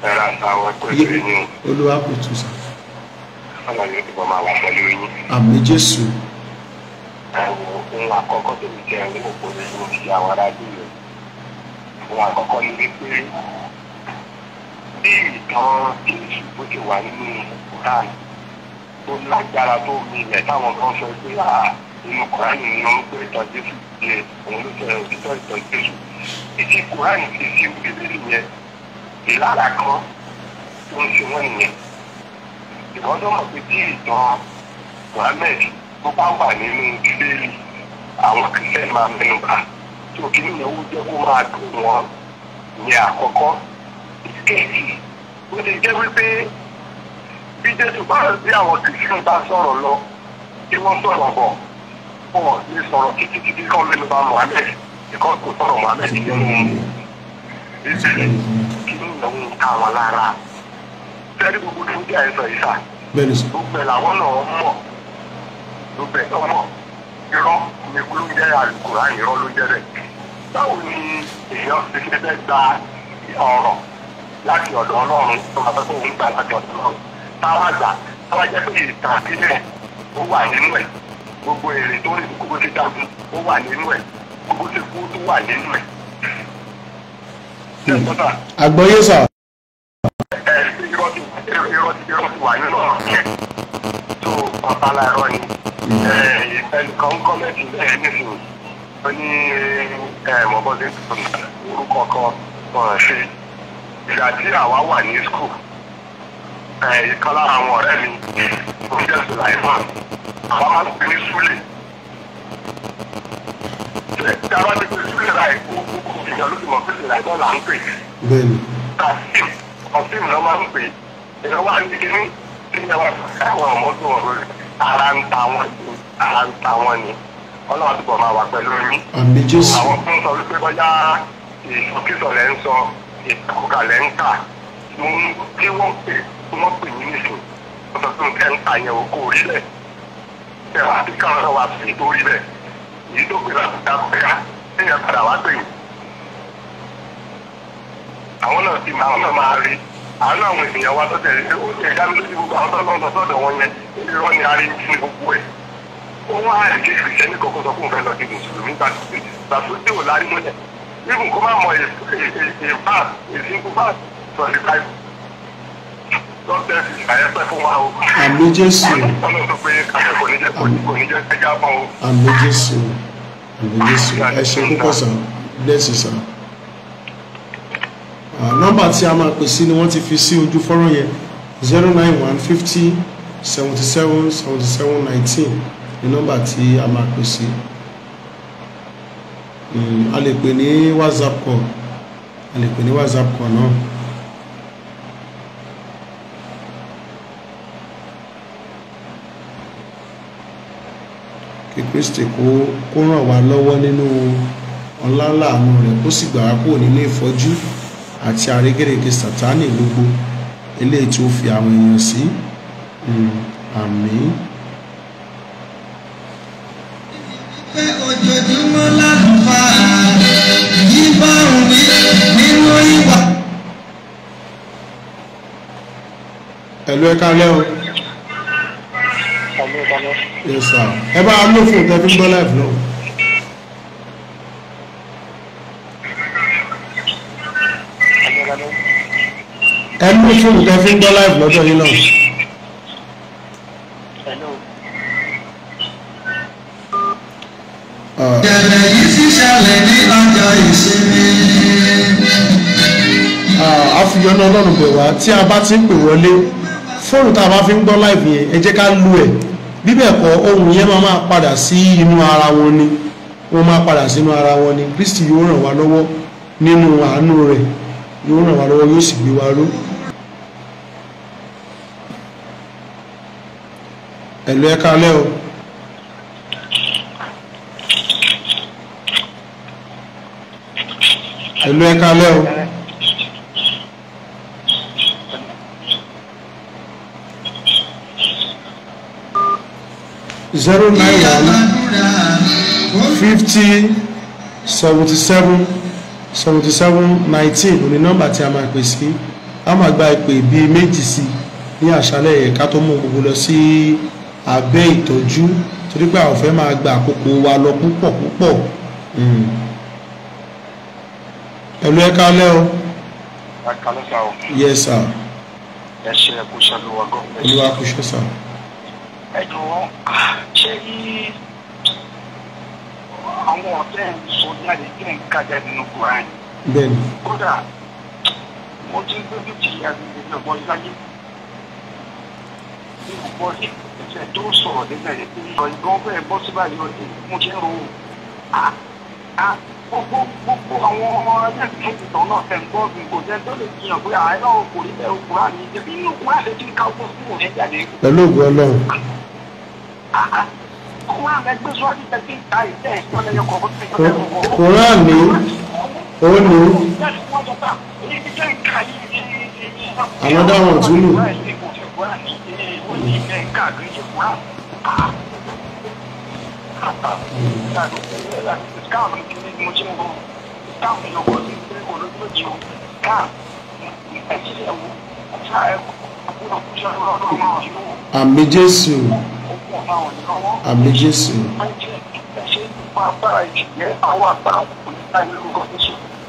Speaker 2: ẹ̀rọ àtàwọn pẹ̀lú
Speaker 3: ẹ̀yìn. olúwa kò tù sàn. ọlọ́run ti bọ́ máa wà pẹ̀lú ẹ̀yìn.
Speaker 2: àmì jésù. ẹ̀wọ̀n ohun
Speaker 3: àkọ́kọ́ tó ń jẹ́ ẹ̀rọ òpó ní ìlú ìyá wa rádìyẹ ohun àkọ́kọ́ yìí ni pé bí ìtàn jésù bó ti wà nínú kùránì tó lágbára tó mi ilẹ̀ táwọn kan sọ pé inú kùránì ni wọ́n ń pè ìtàn jésù yẹ òun ló sọ òtítọ́ ìtàn jésù ètí kùránì ti sí bíbélì yẹn ìlara kan tó ń ṣe wọ́n nìyẹn ìwọ́n tó mọ̀ pé bí ìtàn Muhammed tó bá wà nínú bíbélì àwọn kìsẹ́ máa mẹ́nu bá tó kí ni ìyàwó jẹ́ kó máa dùn wọn ní àkọ́kọ́ ìkejì ó ti jẹ́ wípé bí jésù bá bí àwọn kìrìsìtì bá sọ̀rọ̀ lọ tí wọ́n sọ̀rọ̀ bọ̀ pọ̀ ní sọ̀rọ̀ títí títí kan lẹ́nu bá Mohammed ìkọ́ tó sọ̀rọ̀ Mohammed nínú ìṣẹ̀lẹ̀ kí
Speaker 1: ni ìyàwó ń ká wọn
Speaker 3: lára fẹ́rí gbogbo tó ń jẹ́ àìsàn ìṣà gbogbo ẹ̀ làwọn náà mọ̀ gbogbo ẹ̀ tó mọ̀ irọ́ ni ló ń jẹ́ àlùkùrá irọ́ ló ń jẹ́ bẹ́ẹ̀ báwo èèyàn ti ṣe fẹ́ gba ọ̀rọ̀ láti ọ̀dọ̀ ọlọ́run tó máa fẹ́ ń gbà láti ọ̀dọ̀ ọlọ́run táwa gbà táwa jẹ́ pé ìtàn àbílẹ̀ ó wà nínú ẹ̀ gbogbo èrè tó ń rìn gbogbo ti dàgbù ó wà nínú ẹ̀ gbogbo ti kú tó wà nínú ẹ̀. àgbọ̀yé sà. ẹ ẹ irọ́ ti irọ́ ti irọ́ ti wà nínú ọ̀rọ̀ yẹn tó babalá ẹ̀rọ ni ẹnìkan kọ́mẹ́tì ẹ̀ nísìnyí ó ní orúkọ kan ṣe ìgbà àwa wà ní skul ìkan lára àwọn ọ̀rẹ́ mi ló jẹ́ Sulaiman àwa máa ń pè ní Sule tí a bá ti pè Sule láì kú ìyàn ló ti mọ̀ pé Sulaiman là ń pè Kasim Kasim
Speaker 2: ló máa ń pè ìyàn wà ní kíní tí ìyàn wà fún àwọn ọmọ tó wọ̀ lórí ara ń ta wọn ni ara ń ta wọn ni ọlọ́run àdúgbò máa wà pẹ̀lú yín. àmì jésù. àwọn tó ń sọ wípé bóyá ìsọkísọ lẹ́ ń sọ
Speaker 3: ìtàkùkà lẹ́ ń tà tí wọ́n pè wọ́n pè ní nìsín wọ́n sọ pé nǹkan ń tà yẹn o kò rí bẹ́ẹ̀ ẹ̀rọ àti káwọn náà wá sí tó bẹ́ẹ̀ èyí tó pè láti dábẹ́ká ẹ̀yàn padà wá pè yín. àwọn náà ti máa náà máa rí àánú àwọn ènìyàn wa tó tẹ̀lé ó tẹ̀lé dá lójú gbogbo àwọn tó lọ́ọ́ òun àyà kí kìrìsìtẹ́nì kọ̀ọ̀kan sọ fún un fẹ́ lọ di mùsùlùmí gbà tó dé òun mọ́lẹ̀ even kó má mọ a verse a single verse
Speaker 2: lọ́sẹ̀ àyẹ̀fẹ́ fún wa o. àmì jésù. ọlọ́run sọ o. àmì jésù àmì jésù ẹ ṣe púpọ̀ sàn bless you sir. nọ́mbà tí a máa pè sí ni wọ́n ti fi sí ojú fọ́nrán yẹn zero nine one fifty seventy seven seventy seven nineteen ní nọ́mbà tí a máa pè sí hmm, a lè pè ní whatsapp call a lè pè ní whatsapp call náà. kí kristi kó kó ràn wá lọ́wọ́ nínú ọláńlá àánú rẹ̀ kó sì gbà wá kúrò nínú ìfọ́jú àti àrégèrègè sátánì gbogbo eléyìí tí ó fi àwọn èèyàn sí hmm, àmín. Mm, pé ojoojúmọ́
Speaker 1: ẹ̀lú ẹ̀ka lẹ́wọ̀.
Speaker 2: ẹ bá a ló fún ìtẹ́ fi ń gbọ́ náà. ẹ fún ìtẹ́ fi ń gbọ́ yìí náà. Ìṣẹ̀lẹ̀ yìí sì
Speaker 1: ṣẹlẹ̀ ní ọjọ́ ìsinmi.
Speaker 2: Àfihàn ọlọ́run bẹ̀ wá tí a bá ti ń pè wọlé fóònù tá a bá fi ń gbọ́ láìpẹ́ yẹn ẹ jẹ́ ká lu ẹ̀ bíbẹ̀ kọ́ ohun yẹn máa máa padà sí inú ara wọn ni wọ́n máa padà sínú ara wọn ni Kristi yóò ràn wá lọ́wọ́ nínú àánú rẹ̀ yóò ràn wá lọ́wọ́ yóò sì gbé wa ró. ẹ̀lú ẹ̀ka lẹ́ o. Hello ẹ kálẹ́ o. zero nine
Speaker 1: one
Speaker 2: fifty seventy seven seventy seven nineteen òní nọ́mbà tí a máa pè sí a máa gba ìpè bíi méjì sí ní àṣálẹ́ ẹ̀ka tó mú gbogbo lọ sí abẹ́ ìtọ́jú torí pé àwọn fẹ́ máa gba àkókò wa lọ púpọ̀ púpọ̀. Mm ẹ̀lú ẹ̀ka alẹ́ o. ẹ̀ka lẹ́ka o. yes sir.
Speaker 3: ẹ ṣe ẹkú sẹ́lu wa gọ́ọ̀mù. olúwa kò ṣe sà. ẹ jọ̀wọ́ ah, ṣé àwọn ọ̀tẹ́ ń sọ jáde kí n kájà nínú Quran.
Speaker 1: bẹ́ẹ̀ni. kódà mo ti ń gbé bíbí àgbègbè náà bọ́ láyé ní ọ̀pọ̀ ẹ̀fẹ̀ tó sọ̀rọ̀ nígbà yẹn pé ìgbọ̀ngbọ̀n
Speaker 3: bẹ́ẹ̀ bọ́ síbáyọ̀ mo ti ń ro a ah, a. Ah, gbogbo àwọn ọmọ ẹgbẹ́ kẹ́kìtàn náà tẹ̀ ń gbọ́ kò jẹ́ tó lè jiyàn pé àárọ̀ kò rí bẹ́ẹ̀ okùn àmì ìjẹ́bí inú okùn àmì tí ká gbọ́ fún òun ẹ̀jẹ̀ dé.
Speaker 2: pẹ̀lú ògùn ọlọ́run. kúrán mi òun ni àwọn dáhùn ọ̀tún
Speaker 1: Так, скам, мучим был.
Speaker 2: Скам, ее годы, приколы, мучил. Скам. Àmì Jésù. Àmì Jésù. Àmì Jésù.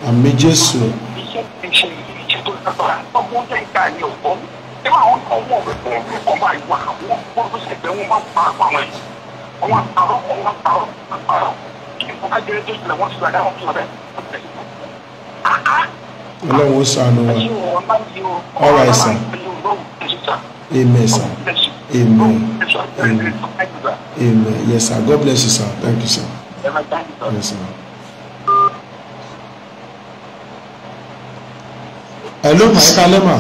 Speaker 2: Àmì Jésù
Speaker 3: ọwọ́n àtàrọ̀ ọwọ́n àtàrọ̀ àtàrọ̀ ìfọ̀kájẹ́
Speaker 2: tó ṣẹlẹ̀ wọ́n ṣẹlẹ̀ dáhùn fún ọ̀rẹ́ ọlọ́run ṣàánú wa ọ̀rọ̀ àìsàn amen sir amen amen amen yes sir god bless you sir thank you sir yes sir. hello my kalema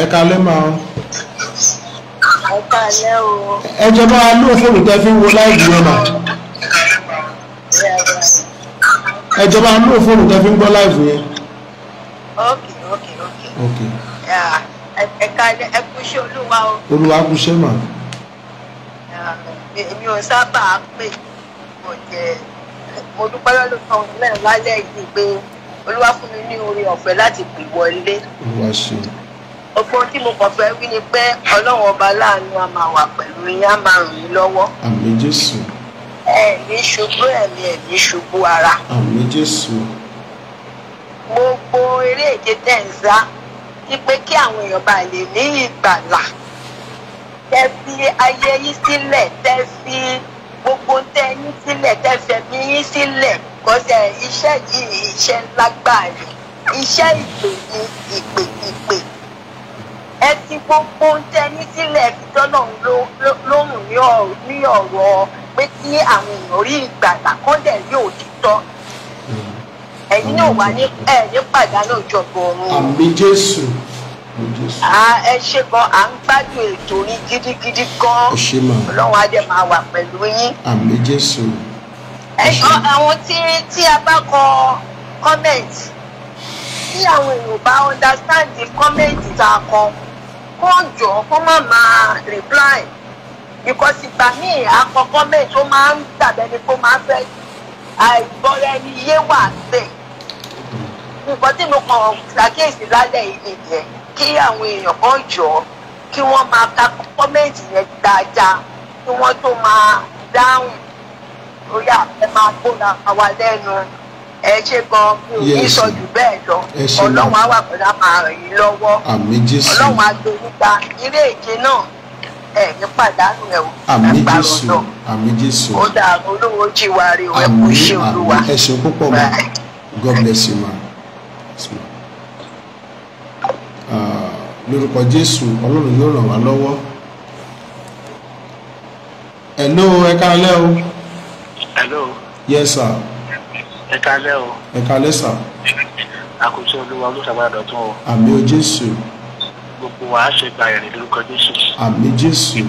Speaker 2: ẹ kalẹ́ máa ọ.
Speaker 4: ẹ kalẹ́ o. ẹ jẹ́ bá a lóò fóònù tẹ́ fi ń wo láì dúró mà. ẹ jẹ́ bá a lóò fóònù tẹ́ fi ń gbọ́ láìfù yẹn. okay okay okay. okay. ẹ kalẹ́ ẹ kúṣẹ́ olúwa o.
Speaker 2: olúwa kúṣẹ́ mà.
Speaker 4: èmi ò sábà pè mo jẹ mo dúpẹ́ lọ́dún kan lẹ́nu lálẹ́ yìí pé olúwa fún mi ní oore ọ̀fẹ́ láti pè wọlé. ọgbọ́n tí mo kàn fẹ́ wí ni pé ọlọ́run ọba láàánú a máa wà pẹ̀lú yín a máa ràn yín lọ́wọ́.
Speaker 2: àmín jésù.
Speaker 4: ẹ̀mí ṣubú ẹ̀mí ẹ̀mí ṣubú ara.
Speaker 2: àmín jésù.
Speaker 4: gbogbo eré èdè tẹ̀ ń sá ni pé kí àwọn èèyàn bá lè ní ìgbàlà tẹ fi ayé yín sílẹ̀ tẹ fi gbogbo tẹ yín sílẹ̀ tẹ fẹ̀mí yín sílẹ̀ because iṣẹ́ yìí iṣẹ́ ńlá iṣẹ́ ìpè ni ìpè ìpè ẹ ti gbogbo ń tẹ sílẹ̀ fi tọ́nà lóhùn ní ọ̀rọ̀ pé kí àwọn èèyàn rí ìgbàgbà kan dẹ̀ rí òtítọ́
Speaker 1: ẹ̀yin náà wà ní
Speaker 4: pàdánù ìjọba ọ̀run. àmì jésù. ẹ ṣe gan à ń gbádùn ètò yín gidigidi gan ọlọ́run á dẹ̀ máa wà pẹ̀lú yín.
Speaker 2: àmì jésù
Speaker 4: àwọn tí tí a bá kọ comment tí àwọn èèyàn bá understand the comment tá a kọ kó jọ kó má máa reply because ìgbà míì akọ comment ó máa ń dàbẹ́ni kó máa fẹ́ àìgbọ́ra ẹni yé wà bẹ́ẹ̀ nǹkan tí mo kàn ṣàkíyèsí lálẹ́ yìí nìyẹn kí àwọn èèyàn kan jọ kí wọ́n máa ka kọ́mẹ́ǹtì yẹn dáadáa kí wọ́n tó máa dáhùn lóyà ẹ máa gbóná àwa lẹ́nu ẹ ṣe gan mi ò ní sọ jù bẹ́ẹ̀ lọ ọlọ́run á wà pẹ̀lú àmà ràn yín lọ́wọ́ ọlọ́run á gbé nígbà eré ìje náà ẹ ní pàdánù ẹ o nígbà ọ̀nà ó dà olówó jíwa rè o ẹ
Speaker 2: kú ṣe olúwa. ẹ ṣe púpọ̀ mọ́ God bless you ma. Ah, lórúkọ Jésù ọlọ́run yóò ràn wá lọ́wọ́ ẹ̀ ló ẹ káalẹ́ hello. yes sir. ẹ kalẹ́ o. ẹ kalẹ́ sà. àkóso
Speaker 3: olúwa olùsàgbàdà dọ̀tún o. àmì o jésù. gbogbo wa á ṣe gba ìrìn lórúkọ jésù.
Speaker 2: àmì jésù.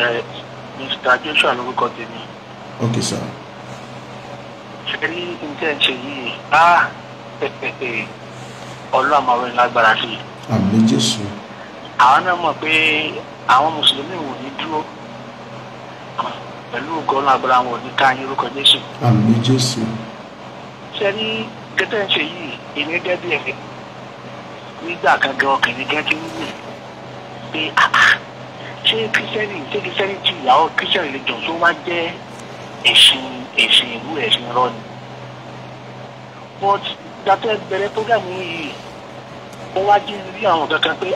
Speaker 3: ẹ mr joshua lórúkọ tèmi.
Speaker 2: ok sir. ṣe rí njẹ́ ń ṣe yìí á ah! ọlọ́run àwọn ẹni lágbára sí i. àmì
Speaker 3: jésù. àwọn náà mọ̀ pé àwọn mùsùlùmí wò ní dúró pẹ̀lú ògọ́nà agbára wọn ò ní ká yín orúkọ jésù.
Speaker 2: àmín jésù.
Speaker 3: ṣe ní gẹ́tẹ́ ṣe yìí èmi gẹ́gẹ́ bí ẹ̀mí nígbà kan gan ọkùnrin gẹ́gẹ́ ń wù pé ṣé kírísítẹ́nì ṣé kírísítẹ́nì ti ìyàwó kírísítẹ́nì lè jọ tó wá jẹ́ ẹ̀sìn ẹ̀sìn ìlú ẹ̀sìn rọ ni. but gbàtẹ́ bẹ̀rẹ̀ programu yìí wọ́n wá jí rí àwọn kankan pé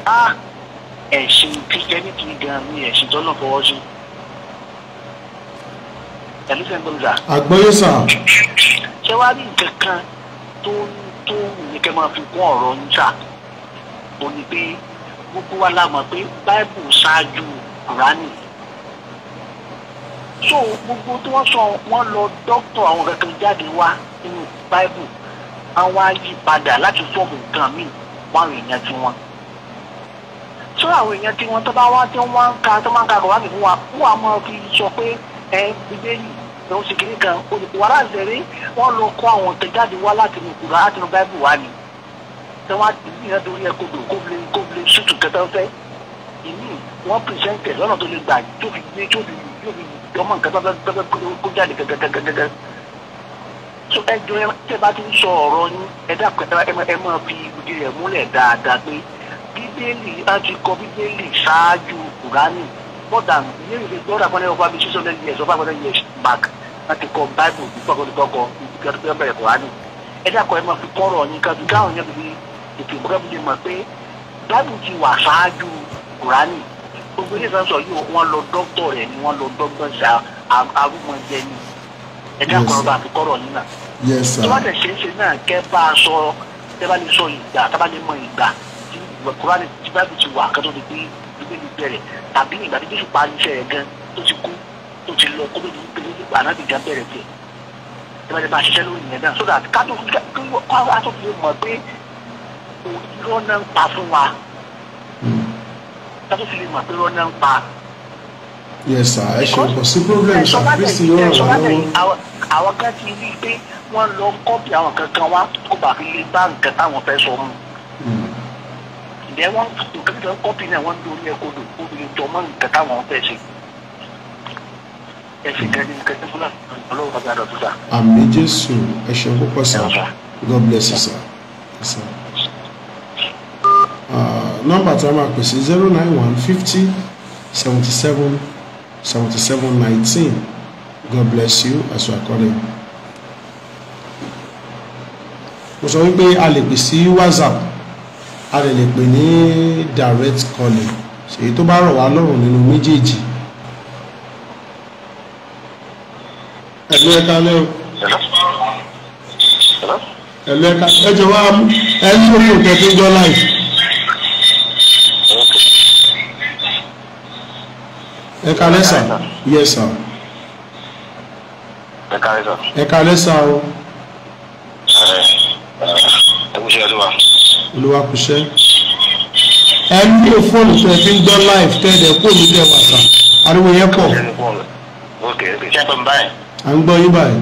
Speaker 3: ẹ̀sìn kírísítẹ́nì kì í gan ní ẹ̀sìn tọ́lọ̀ fọwọ́ sí ẹ̀mí fẹ́ gbọ́dọ̀ sà. àgbọ́yé sà. ṣé wàá rí nǹkan kan tó tó nìkẹ́ máa fi kún ọ̀rọ̀ ń sà ó ní pé gbogbo wa la mọ̀ pé báìbù ṣáájú kùránì so gbogbo tí wọ́n sọ wọ́n lọ dọ́kítọ̀ àwọn kankan jáde wá nínú báìbù àwọn àyípadà láti fọ́ọ̀mù nǹkan míì wọ́n àwọn èèyàn tí wọ́n sọ àwọn èèyàn tí wọ́n tó bá wá tí wọ́n ń ka tó máa ń ka kọ̀wá mi fún wa fún wa máa fi sọ pé ẹ bíbélì ló ń ṣe kiri kan wàrà zẹrí wọn lọ kọ àwọn tẹjáde wá láti nu kura láti nu báìbù wá ni tí wọn ti ní ẹdùn orí ẹ kó bìrì kó bìrì kó bìrì ṣùtù kẹtẹ ọfẹ ìní wọn pìrìsẹńtẹ lọnà tó lè gbà tó fi gbé tó fi yóò fi ọmọ nǹkan tó fẹ́ kó jáde gẹgẹgẹgẹgẹ so ẹjọ ẹ tẹ bá ti ń sọ ọ̀rọ̀ ní ẹ̀dá pẹ̀lú ẹ máa fi ìbùdí rẹ̀ múlẹ̀ dáadáa pé bíbélì á ti kọ bíbélì ṣáájú kùránì more than nearly more than one over six hundred years or five hundred years back láti kọ bible before kò ní kọ́kọ́ ìdíkẹ́ bẹ̀rẹ̀ kọ́ránì ẹ dákọ̀ ẹ máa fi kọ́rọ̀ yín kájú káwọn yẹn fi ètò ìgbọ́dọ̀ fi mọ̀ pé bible ti wà ṣáájú kọ́ránì gbogbo ilé ìsọ̀nsọ̀ yìí wọ́n lọ dọ́kítọ̀ rẹ̀ ni wọ́n lọ dọ́kítọ̀ ṣá arúgbó jẹ ni ẹ dákọ̀ ọba àfi kọ́rọ̀ yín náà tí wọ́n tẹ̀ ṣe é ṣe náà kẹ́ bá a sọ tẹ́ bá lè sọ ìgbà tẹ́ bá lè mọ ìgbà tí kọ́ránì ti bible ti wà kátó ti bíbélì bẹ̀rẹ̀ tàbí ìgbà tí jésù parí iṣẹ́ rẹ̀ gan tó ti kú tó ti lọ kó bíbélì bíbélì ànábì gan bẹ̀rẹ̀ tiẹ̀ tí wọ́n ti máa ṣiṣẹ́ lórí ìyẹn náà so that kátó kátó fi mọ̀ pé irọ́ náà ń pa fún wa kátó fi mọ̀ pé irọ́ náà ń pa.
Speaker 2: yes sir ẹ ṣe kò sí problem sir this is your role.
Speaker 3: àwọn kan ti rí i pé wọ́n lọ kọ́pì àwọn kankan wá kó bàbá ilé bá nǹkan táwọn fẹ́ sọ mu ǹjẹ́ wọ́n nǹkan tí wọ́n kọ́pì náà wọ́n ń dorí ẹ̀ kodò kodò ìjọ mọ́ nǹkan táwọn fẹ́ ṣe ẹ ṣe kẹ́ni nǹkan tí fúlàní ọlọ́run
Speaker 2: ọ̀gá àdàtú sá. àmì jésù ẹ ṣeun púpọ̀ sá god bless you sir. sir. Ah, nọ́mbà tí a máa pèsè zero nine one fifty seventy seven seventy seven nineteen god bless you as you are calling mo sọ wípé a lè pèsè whatsapp a lè lè pè ní direct calling ṣèyí tó bá rọ̀ wá lọ́rùn nínú méjèèjì. ẹ̀lú ẹ̀ka lẹ́rù. ẹ̀lú ẹ̀ka ẹ̀jọ̀ wa ẹ̀lú orí òkè tó jọ láì.
Speaker 1: ẹ̀ka lẹ́sà yẹ̀sà. ẹ̀ka lẹ́sà.
Speaker 2: ẹ̀ka lẹ́sà o.
Speaker 1: ẹ̀ẹ́dẹ́gbẹ́sẹ̀ ẹ̀dùn wa
Speaker 2: olúwakùsẹ́ ẹ ń lò fóònù tẹ fi ń gbọ́ live tẹ ẹ̀dẹ̀ kó mi tẹ wàtà ariwo yẹn pọ̀. à ń gbọ́ yín
Speaker 3: báyìí.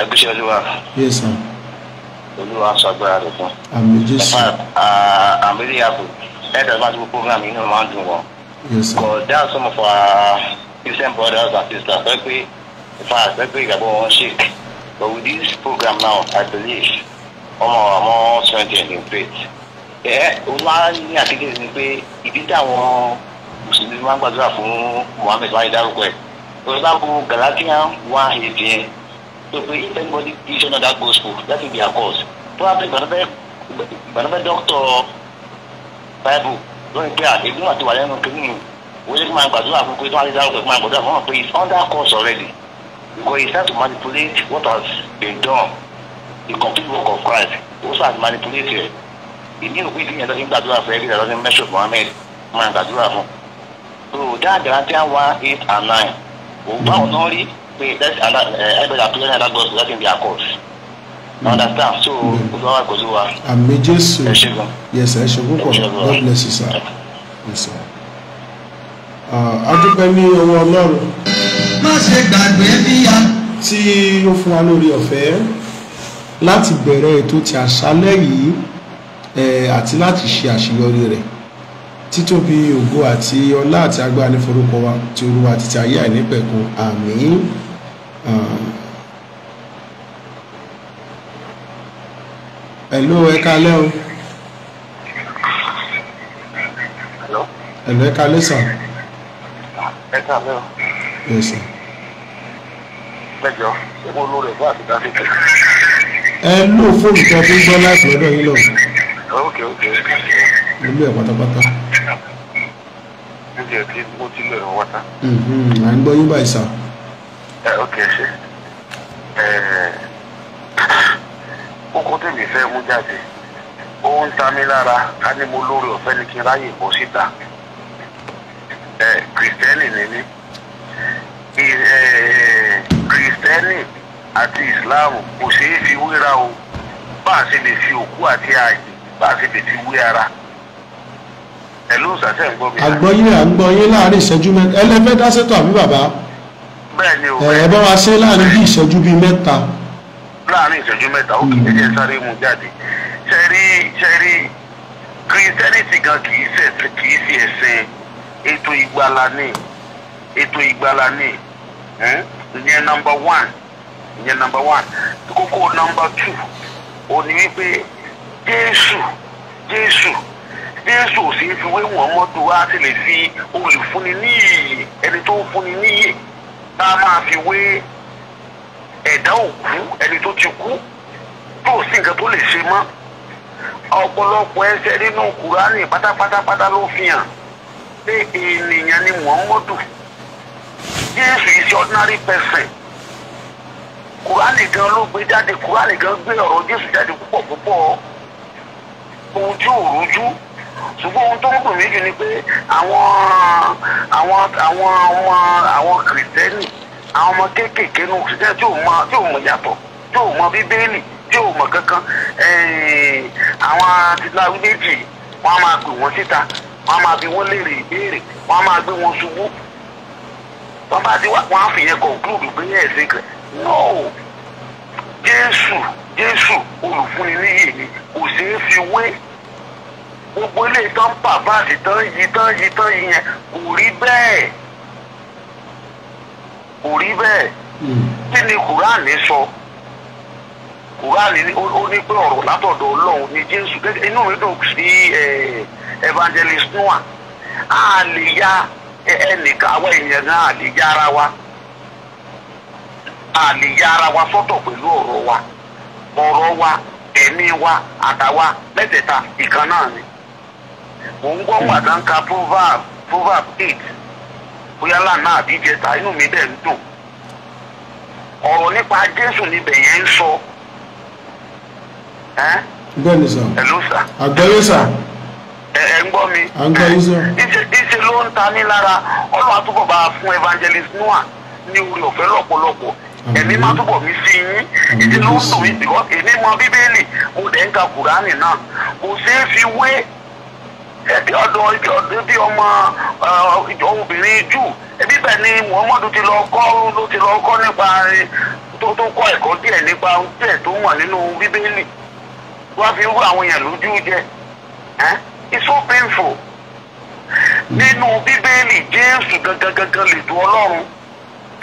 Speaker 3: ẹ gbèsè olúwa. yes sir. olúwa sọ agbára rẹ fún.
Speaker 2: àmì jésù.
Speaker 3: àmì rí àbò ẹ̀dá bá ti wọ program yìí ni wọ́n máa ń dùn wọ́n. yes sir. but that's some of our christian brothers and sisters pẹ́ pé in fact pẹ́ pé ìgbàgbọ́ wọn ṣe but with this program now i believe ọmọ àwọn twenty and great ẹ wá ní àkékèrè ni pé ìdí táwọn mùsùlùmí máa ń gbàdúrà fún Muhammed wáyé dárúkọ ẹ òrùlá bu Galatians one eighty yẹn tó pé if anybody teach another gospel that will be our cause tó wá pé gbàdúrà gbàdúrà dọ́kítọ̀ Bible lórí pé àdéhùn àti wàlẹ́ nù kéwìn wọ́n yẹ kí máa gbàdúrà fún pé tó wá lè dárúkọ ẹ̀ kí máa gbàdúrà fún wọn pé it's under course already because he start to manipulate what has been done the complete work of Christ also has manipulated èmi ò pín ìdíyẹn lọ́sìn gbàdúrà fún ẹbí lọ́sìn mẹ́sọ̀ Mohammed máa gbàdúrà man. so dáadáa tí wọ́n wá eight and nine òun báwọn náà rí pé ẹgbẹ́ ìdá pílẹ̀ náà gbọ́dọ̀ láti bí akọ́s understand so olúwa kò sí wa.
Speaker 2: àmì jésù ẹ ṣẹ́gun ẹ ṣẹ́gun pọ̀ God bless you sir. Yes, sir adúpẹ́ ah, ní ọwọ́ ọlọ́run. má ṣe gbàgbé níyà. tí ó fún wa lórí ọ̀fẹ́ láti bẹ̀rẹ̀ ètò ti àṣálẹ́ yìí àti láti ṣe àṣeyọrí rẹ̀ títóbi ògo àti ọlá àti agbára ní forúkọ wa ti olúwa àti ti ayé àìnípẹ̀kun àmín. hello ẹ kálẹ́ o. hello ẹ kálẹ́ sàn.
Speaker 3: ẹ kálẹ́ o. ṣé mo lóore fún àtúntà fífi
Speaker 2: ẹ lò fóònù tó fi ń gbọ́ láti ọ̀dọ̀ yín lọ. nílò ẹ̀ pátápátá. níbi ẹ̀ tí mo ti lò ẹ̀ wọ́tá. Mm-hmm. à ń gbọ́ yín báyìí sá.
Speaker 3: ok ṣe kókó tèmi fẹ́ mú jáde ó ń ta mí lára ká ní mo lórí ọ̀fẹ́ ni kí n ráyè bọ́ síta kìrìtẹ́nì ni mí
Speaker 1: kìrìtẹ́nì àti islam kò ṣeé fi wéra o bá a ṣe lè fi òkú
Speaker 3: àti ààyè bá a ṣe lè fi wé ara ẹ̀lú sàṣẹ̀ ń gbọ́ mi. àgbọ́yé
Speaker 2: à ń gbọ́yé láàrin ìṣẹ́jú mẹ́ta ẹlẹ́fẹ́ dáṣẹ́tọ̀ àbí bàbá. bẹ́ẹ̀ ni o bẹ́ẹ̀ ẹ bá wa ṣe láàrin bí ìṣẹ́jú bíi mẹ́ta. láàrin
Speaker 3: ìṣẹ́jú mẹ́ta ó kì í jẹ́ sáré mu jáde ṣẹ́rí ṣẹ́rí kírísítẹ́nìtì gan kì í ṣe kì í ṣe ẹ̀sìn ètò ìgbàlá ni ètò ìgbàlá ni hm? ìyẹn nọmba one ìyẹn nọmba one kókó nọmba two ò ní wípé jésù jésù jésù ò sì fi wé wọn mọ́tò á sì lè fi olùfúnni ní ìyè ẹni tó ń fúnni ní ìyè tá a máa fi wé ẹ̀dá òkú ẹni tó ti kú tó sí nǹkan tó lè ṣe mọ́ ọ̀pọ̀lọpọ̀ ẹsẹ̀ nínú kùránì pátápátápátá ló fi hàn pé ènìyàn ni mọ̀ọ́mọ́dù jésù is ordinary person kúránì gan ló gbé jáde kúránì gan gbé ọ̀rọ̀ jésù jáde púpọ̀ púpọ̀ ohun tí ò rújú ṣùgbọ́n ohun tó ń dùn méjì ni pé àwọn àwọn àwọn ọmọ àwọn kìrìtẹ́nì àwọn ọmọ kéékèèké nu kìrìtẹ́nì tí ò mọ tí ò mọ yàtọ̀ tí ò mọ bíbélì tí ò mọ kankan eh, àwọn tìláwí méjì wọn a máa gbé wọn síta wọn a máa bi wọn léèrè ìbéèrè wọn a máa gbé wọn ṣubú wọn bá ti wá wọn á fìyẹn kọ̀ gúrùdù pé ẹ̀sìn kẹ̀kẹ́. no jesu jesu olùfúnni níyì ni kò fi wé gbogbo ilé tán tán tán tán bẹ́ẹ̀ kò bẹ́ẹ̀ hmm. kí ni kùránì sọ kùránì ó ní pé ọ̀rọ̀ látọ̀dọ̀ ọlọ́run ni jésù inú mi dùn sí evangelist noah a lè ya a lè ara wa sọ́tọ̀ pẹ̀lú ọ̀rọ̀ wa ọ̀rọ̀ wa ẹ̀mí wa àtàwa mẹ́tẹ̀ẹ̀ta ìkan náà ni mò ń gbọ́ pàtàkà proverb proverb eight bóyá lánàá inú mi bẹ́ẹ̀ ń dùn ọ̀rọ̀ nípa jésù níbẹ̀ yẹn ń sọ.
Speaker 2: bẹ́ẹ̀ni sà. sà.
Speaker 3: ẹ ń gbọ́ mi. à ń gbọ́ ló ní fún evangelist noah ní orí ọ̀fẹ́ ẹ̀mí mm-hmm. máa túbọ̀ mí sí yín mm-hmm. ìdí ló ń dùn mí bìkọ́ èmi mọ bíbélì mo dẹ̀ ń ka kùránì náà kò ṣeé fi wé ẹbí ọ̀dọ̀ ẹbí ọmọ uh, obìnrin jù ẹbí bẹ́ẹ̀ ni muhammadu ti lọ kọ́ ló ti lọ kọ́ nípa tó tó kọ́ ẹ̀kọ́ díẹ̀ nípa díẹ̀ tó wà nínú bíbélì wá fi wú àwọn èèyàn lójú jẹ it's so mm-hmm. nínú bíbélì jésù gangan gangan lè du ọlọ́run.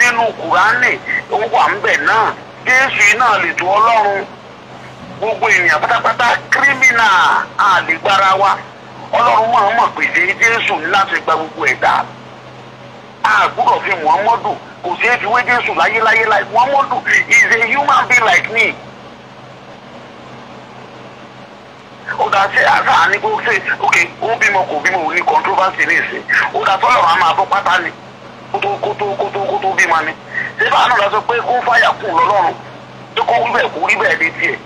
Speaker 3: nínú kùránì ó wà ń bẹ̀ náà jésù iná àlètò ọlọ́run gbogbo ènìyàn pátápátá kírímìnà àlègbára wa ọlọ́run máa mọ̀ pé ṣe jésù láti gba gbogbo ẹ̀dá àgbúrò fi muhammadu kò sí èfiwé jésù láyéláyé láì muhammadu is a human being like me. ó dá sí àgbà ní kó ṣe ok ó bímọ kò bímọ òní controversy ní ìsìn ó dá sọ́lọ́run á máa bọ́ pátá ni. kó tó kó tó kó tó kó tó bímọ ni ṣé báà náà lọ sọ pé kó fàyà kù lọ́lọ́run tó kó rí bẹ́ẹ̀ rí bẹ́ẹ̀ létí ẹ̀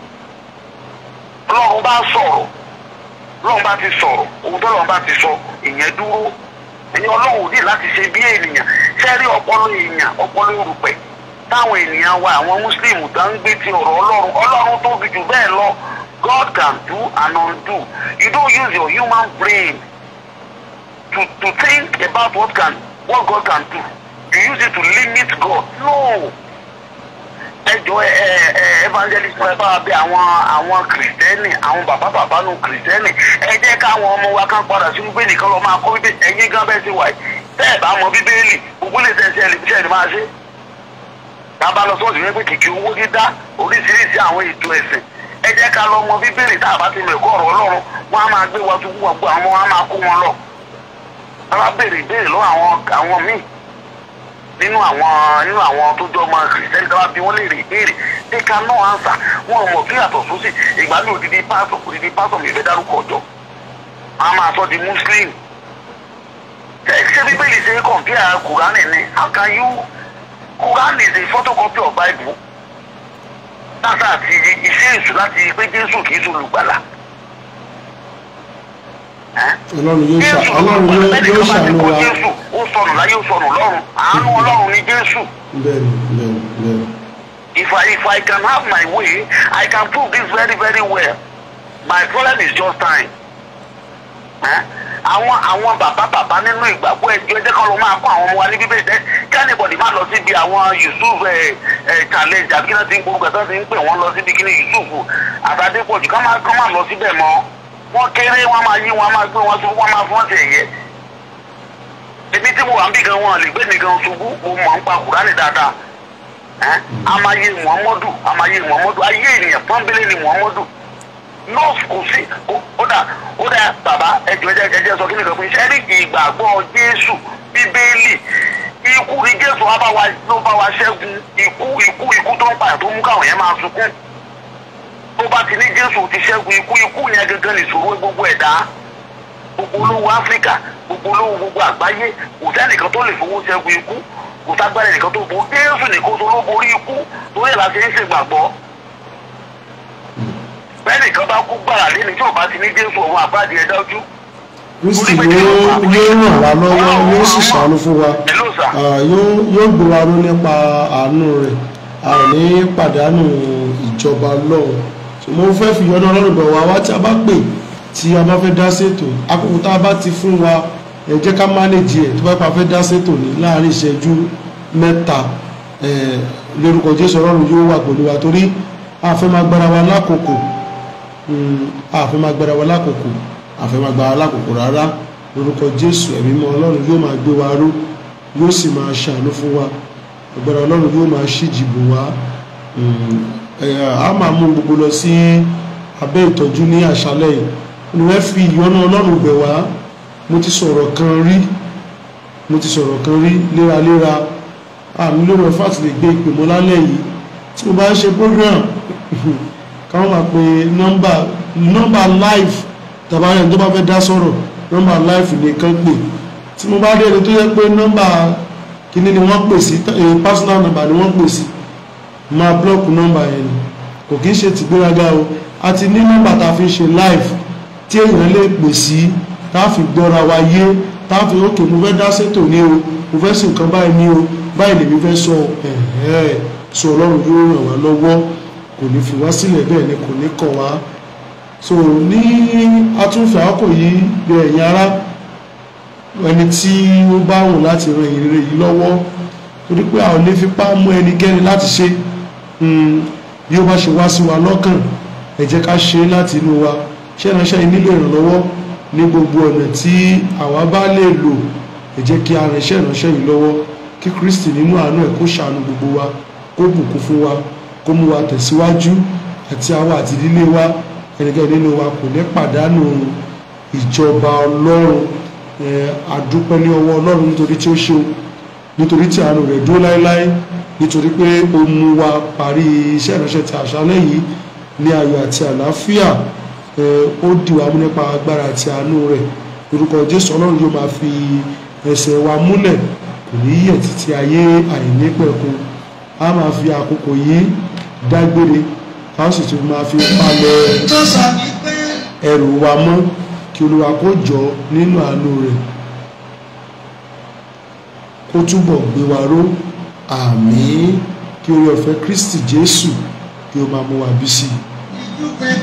Speaker 3: lọ́run bá sọ̀rọ̀ lọ́run bá ti sọ̀rọ̀ òun tó lọ́run bá ti sọ ìyẹn dúró ẹ̀yin ọlọ́run ò ní láti ṣe bí ènìyàn ṣé ọpọlọ èèyàn ọpọlọ erùpẹ̀ táwọn ènìyàn wa àwọn muslim tó ń gbé ti ọ̀rọ̀ ọlọ́run ọlọ́run tóbi jù bẹ́ẹ̀ lọ God can do and undo you don't use your human brain to to think about what can what God can do you use it to limit God no ẹjọ ẹ ẹ evangelist ẹ bá bẹ àwọn àwọn kìrìtẹ́nì àwọn bàbá bàbá nù kìrìtẹ́nì ẹ káwọn ọmọ wa kan padà sí bíbélì kan lọ máa kọ́ bíbélì ẹ̀yin gan bẹ́ẹ̀ ti wà yìí tẹ́ bá mọ bíbélì gbogbo lè tẹ̀sí ẹ̀ lèbi sẹ́ni máa ṣe. bàbá lọ sọ́ọ̀sì wípé kìkì owó dídá oríṣiríṣi àwọn ètò ẹ̀sìn ẹ ká lọ mọ bíbélì tá a bá ti mẹ̀kọ́ ọ̀rọ̀ ọlọ́run wọn á máa gbé wa tó gbogbo wọ́n béèrè ìbéèrè àwọn àwọn míì nínú àwọn nínú àwọn tó jọ ọmọ kìrìsìtẹ́nì tó bá bí wọ́n lè rè béèrè they cannot answer wọn ò mọ̀ kí yàtọ̀ sósì ìgbà mi ò di di pásọ̀ mi ìfẹ́ dárúkọ ọjọ́ a máa sọ di muslim ṣé bíbélì ṣe kọ̀ǹpìà kùránì ni how can you kùránì is a photocopy of bible látàtì iṣẹ́ èṣù láti pé jésù kìí ṣe olùgbàlà
Speaker 2: ọlọ́run yóò ṣà ọlọ́run yóò ṣàánú wa. jésù ó sọnù láyé ó sọnù lọ́run àánú ọlọ́run ni jésù. bẹ́ẹ̀ni bẹ́ẹ̀ni bẹ́ẹ̀ni.
Speaker 3: if i if i can have my way i can prove this very very well my problem is just time. àwọn àwọn bàbá bàbá nínú ìgbàgbọ́ ẹjọ́ ẹjẹ́ kan ló máa kọ́ àwọn ọmọ wa ní bíbélì jẹ́ kí anybody má lọ síbi àwọn yusuf ẹ challenge àbí kí wọ́n ti ń gbórúkọ tí wọ́n ti ń pè wọ́n lọ síbi kí ni yusuf àtàdépọ̀jù ká má lọ síbẹ̀ mọ́. wọ́n kéré wọ́n máa yí wọ́n máa gbé wọn tó wọ́n máa fọ́n ṣe yẹ. Ebi tí mo wà ń bí gan wọn lè gbé mi gan ṣubú mo mọ̀ ń pa kùránì dáadáa. amáyé muhammadu amáyé muhammadu ayé ènìyàn pọ́nbélé ni muhammadu. nọ́ọ̀sì kò sí ó dà ó dà bàbá ẹjọ ẹjẹ ẹjẹ sọ kí ni ìdọ̀kùn iṣẹ́ ní ìgbàgbọ́ jésù bíbélì ikú ni jésù ló bá wa ṣẹ́gun ikú ikú ikú tó ń tó mú bá ti ní jésù ti ṣẹ́gun ikú ikú yẹn gangan nìṣòro gbogbo ẹ̀dá gbogbo olówó áfíríkà gbogbo olówó gbogbo àgbáyé kò sẹ́nìkan tó lè fowó ṣẹ́gun ikú kò ságbára nìkan tó fowó jésù nìkan tó ló borí ikú torí ẹ̀ la ṣe ń ṣègbàgbọ́ bẹ́ẹ̀ni kan bá kú gbàrà lẹ́ni tí ò bá ti ní jésù ọ̀hún àbáde
Speaker 2: ẹ̀ dájú. kristi yóò ràn wá lọ́wọ́ yóò sì ṣàánú fún wa yóò gbé wa ró nípa àánú rẹ̀ àní pàdánù ìjọba lọ́wọ́ so mo fẹ́ fi yọ́nà ọlọ́run gbọ̀ wá wá tí a bá pè tí a bá fẹ́ dá ṣètò àkókò tá a bá ti fún wa ẹ jẹ́ ká mánéjì ẹ̀ tó bá pa fẹ́ dá ṣètò ní láàrin ìṣẹ́jú mẹ́ta lórúkọ jésù ọlọ́run yóò wà pẹ̀lú wa torí a fẹ́ máa gbára wa lákòókò hmm, a fẹ́ máa gbára wa lákòókò a fẹ́ máa gbára wa lákòókò rárá lórúkọ jésù ẹ̀mí mọ́ ọlọ́run yóò máa gbé wa ró yóò sì máa ṣàánú fún wa agbára ọlọ́run yóò máa ṣíjì bò wá
Speaker 1: hmm.
Speaker 2: Eh, a máa mú gbogbo lọ sí abẹ́ ìtọ́jú ní àṣálẹ́ yìí olùwẹ́ fi ìyọ́nú ọlọ́run bẹ̀ wá mo ti sọ̀rọ̀ kan rí mo ti sọ̀rọ̀ kan rí léraléra àmì lórí ọ̀fà ti lè gbé ìpè mọ́ lálẹ́ yìí tí mo bá ń ṣe program káwọn máa pe nọ́mbà nọ́mbà live tàbá ẹni tó bá fẹ́ dá sọ̀rọ̀ nọ́mbà live nìkan pè tí mo bá dé ẹni tó yẹ pé nọ́mbà kíní ni wọ́n pè sí eh, personal number ni wọ́n pè sí máa blọ́ọ̀kù nọ́mbà yẹn ni kò kí ń ṣe tìgbéraga o a ti ní nọ́mbà tá fi ṣe live tí èèyàn lè pè sí tá a fi gbọ́ra wa yé tá a fi òkè mo fẹ́ dá sétò ní o mo fẹ́ sí nǹkan báyìí ní o báyìí lèmi fẹ́ sọ sọ ọlọ́run yóò ràn wá lọ́wọ́ kò ní fi wá sílẹ̀ bẹ́ẹ̀ ni kò ní kọ̀ wá so ní atúnfẹ́ àkókò yìí bẹ ẹ̀yin ará ẹni tí ó bá wù láti ran ìrere yìí lọ́wọ́ torí pé àwọn lè fipá mú ẹnikẹ́ni láti ṣe Hmm, bí ó bá ṣe wá sí wa lọ́kàn ẹ jẹ́ ká ṣe é láti inú wa ṣé ìránṣẹ́ yìí nílò ìrànlọ́wọ́ ní gbogbo ọ̀nà tí àwa bá lè lò ẹ jẹ́ kí a ránṣẹ́ ìránṣẹ́ yìí lọ́wọ́ kí Kristi nínú àánú ẹ̀ kó ṣàánú gbogbo wa kó bùkún fún wa kó mú wa tẹ̀síwájú àti àwa àti ìdílé wa ẹnikẹ́ni nínú wa kò ní pàdánù ìjọba Ọlọ́run àdúpẹ́ ní ọwọ́ Ọlọ́run nítorí tí ó ṣeun nítorí tí àánú rẹ̀ dúró láéláé nítorí pé ó mú wa parí iṣẹ́ ìránṣẹ́ ti àṣálẹ́ yìí ní ayọ̀ àti àlàáfíà ó dì wá mú nípa agbára àti àánú rẹ̀ orúkọ Jésù Ọlọ́run yóò máa fi ẹsẹ̀ wa múlẹ̀ kò ní yẹ̀ títí ayé àìnípẹ̀kun a máa fi àkókò yìí dágbére a ó sì tún máa fi palẹ̀ ẹrù wa mọ́ kí Olúwa kó jọ nínú àánú rẹ̀ kó túbọ̀ gbé wa ró àmín kí oore ọ̀fẹ́ Kristi Jésù kí ó máa mú wa bí sí i.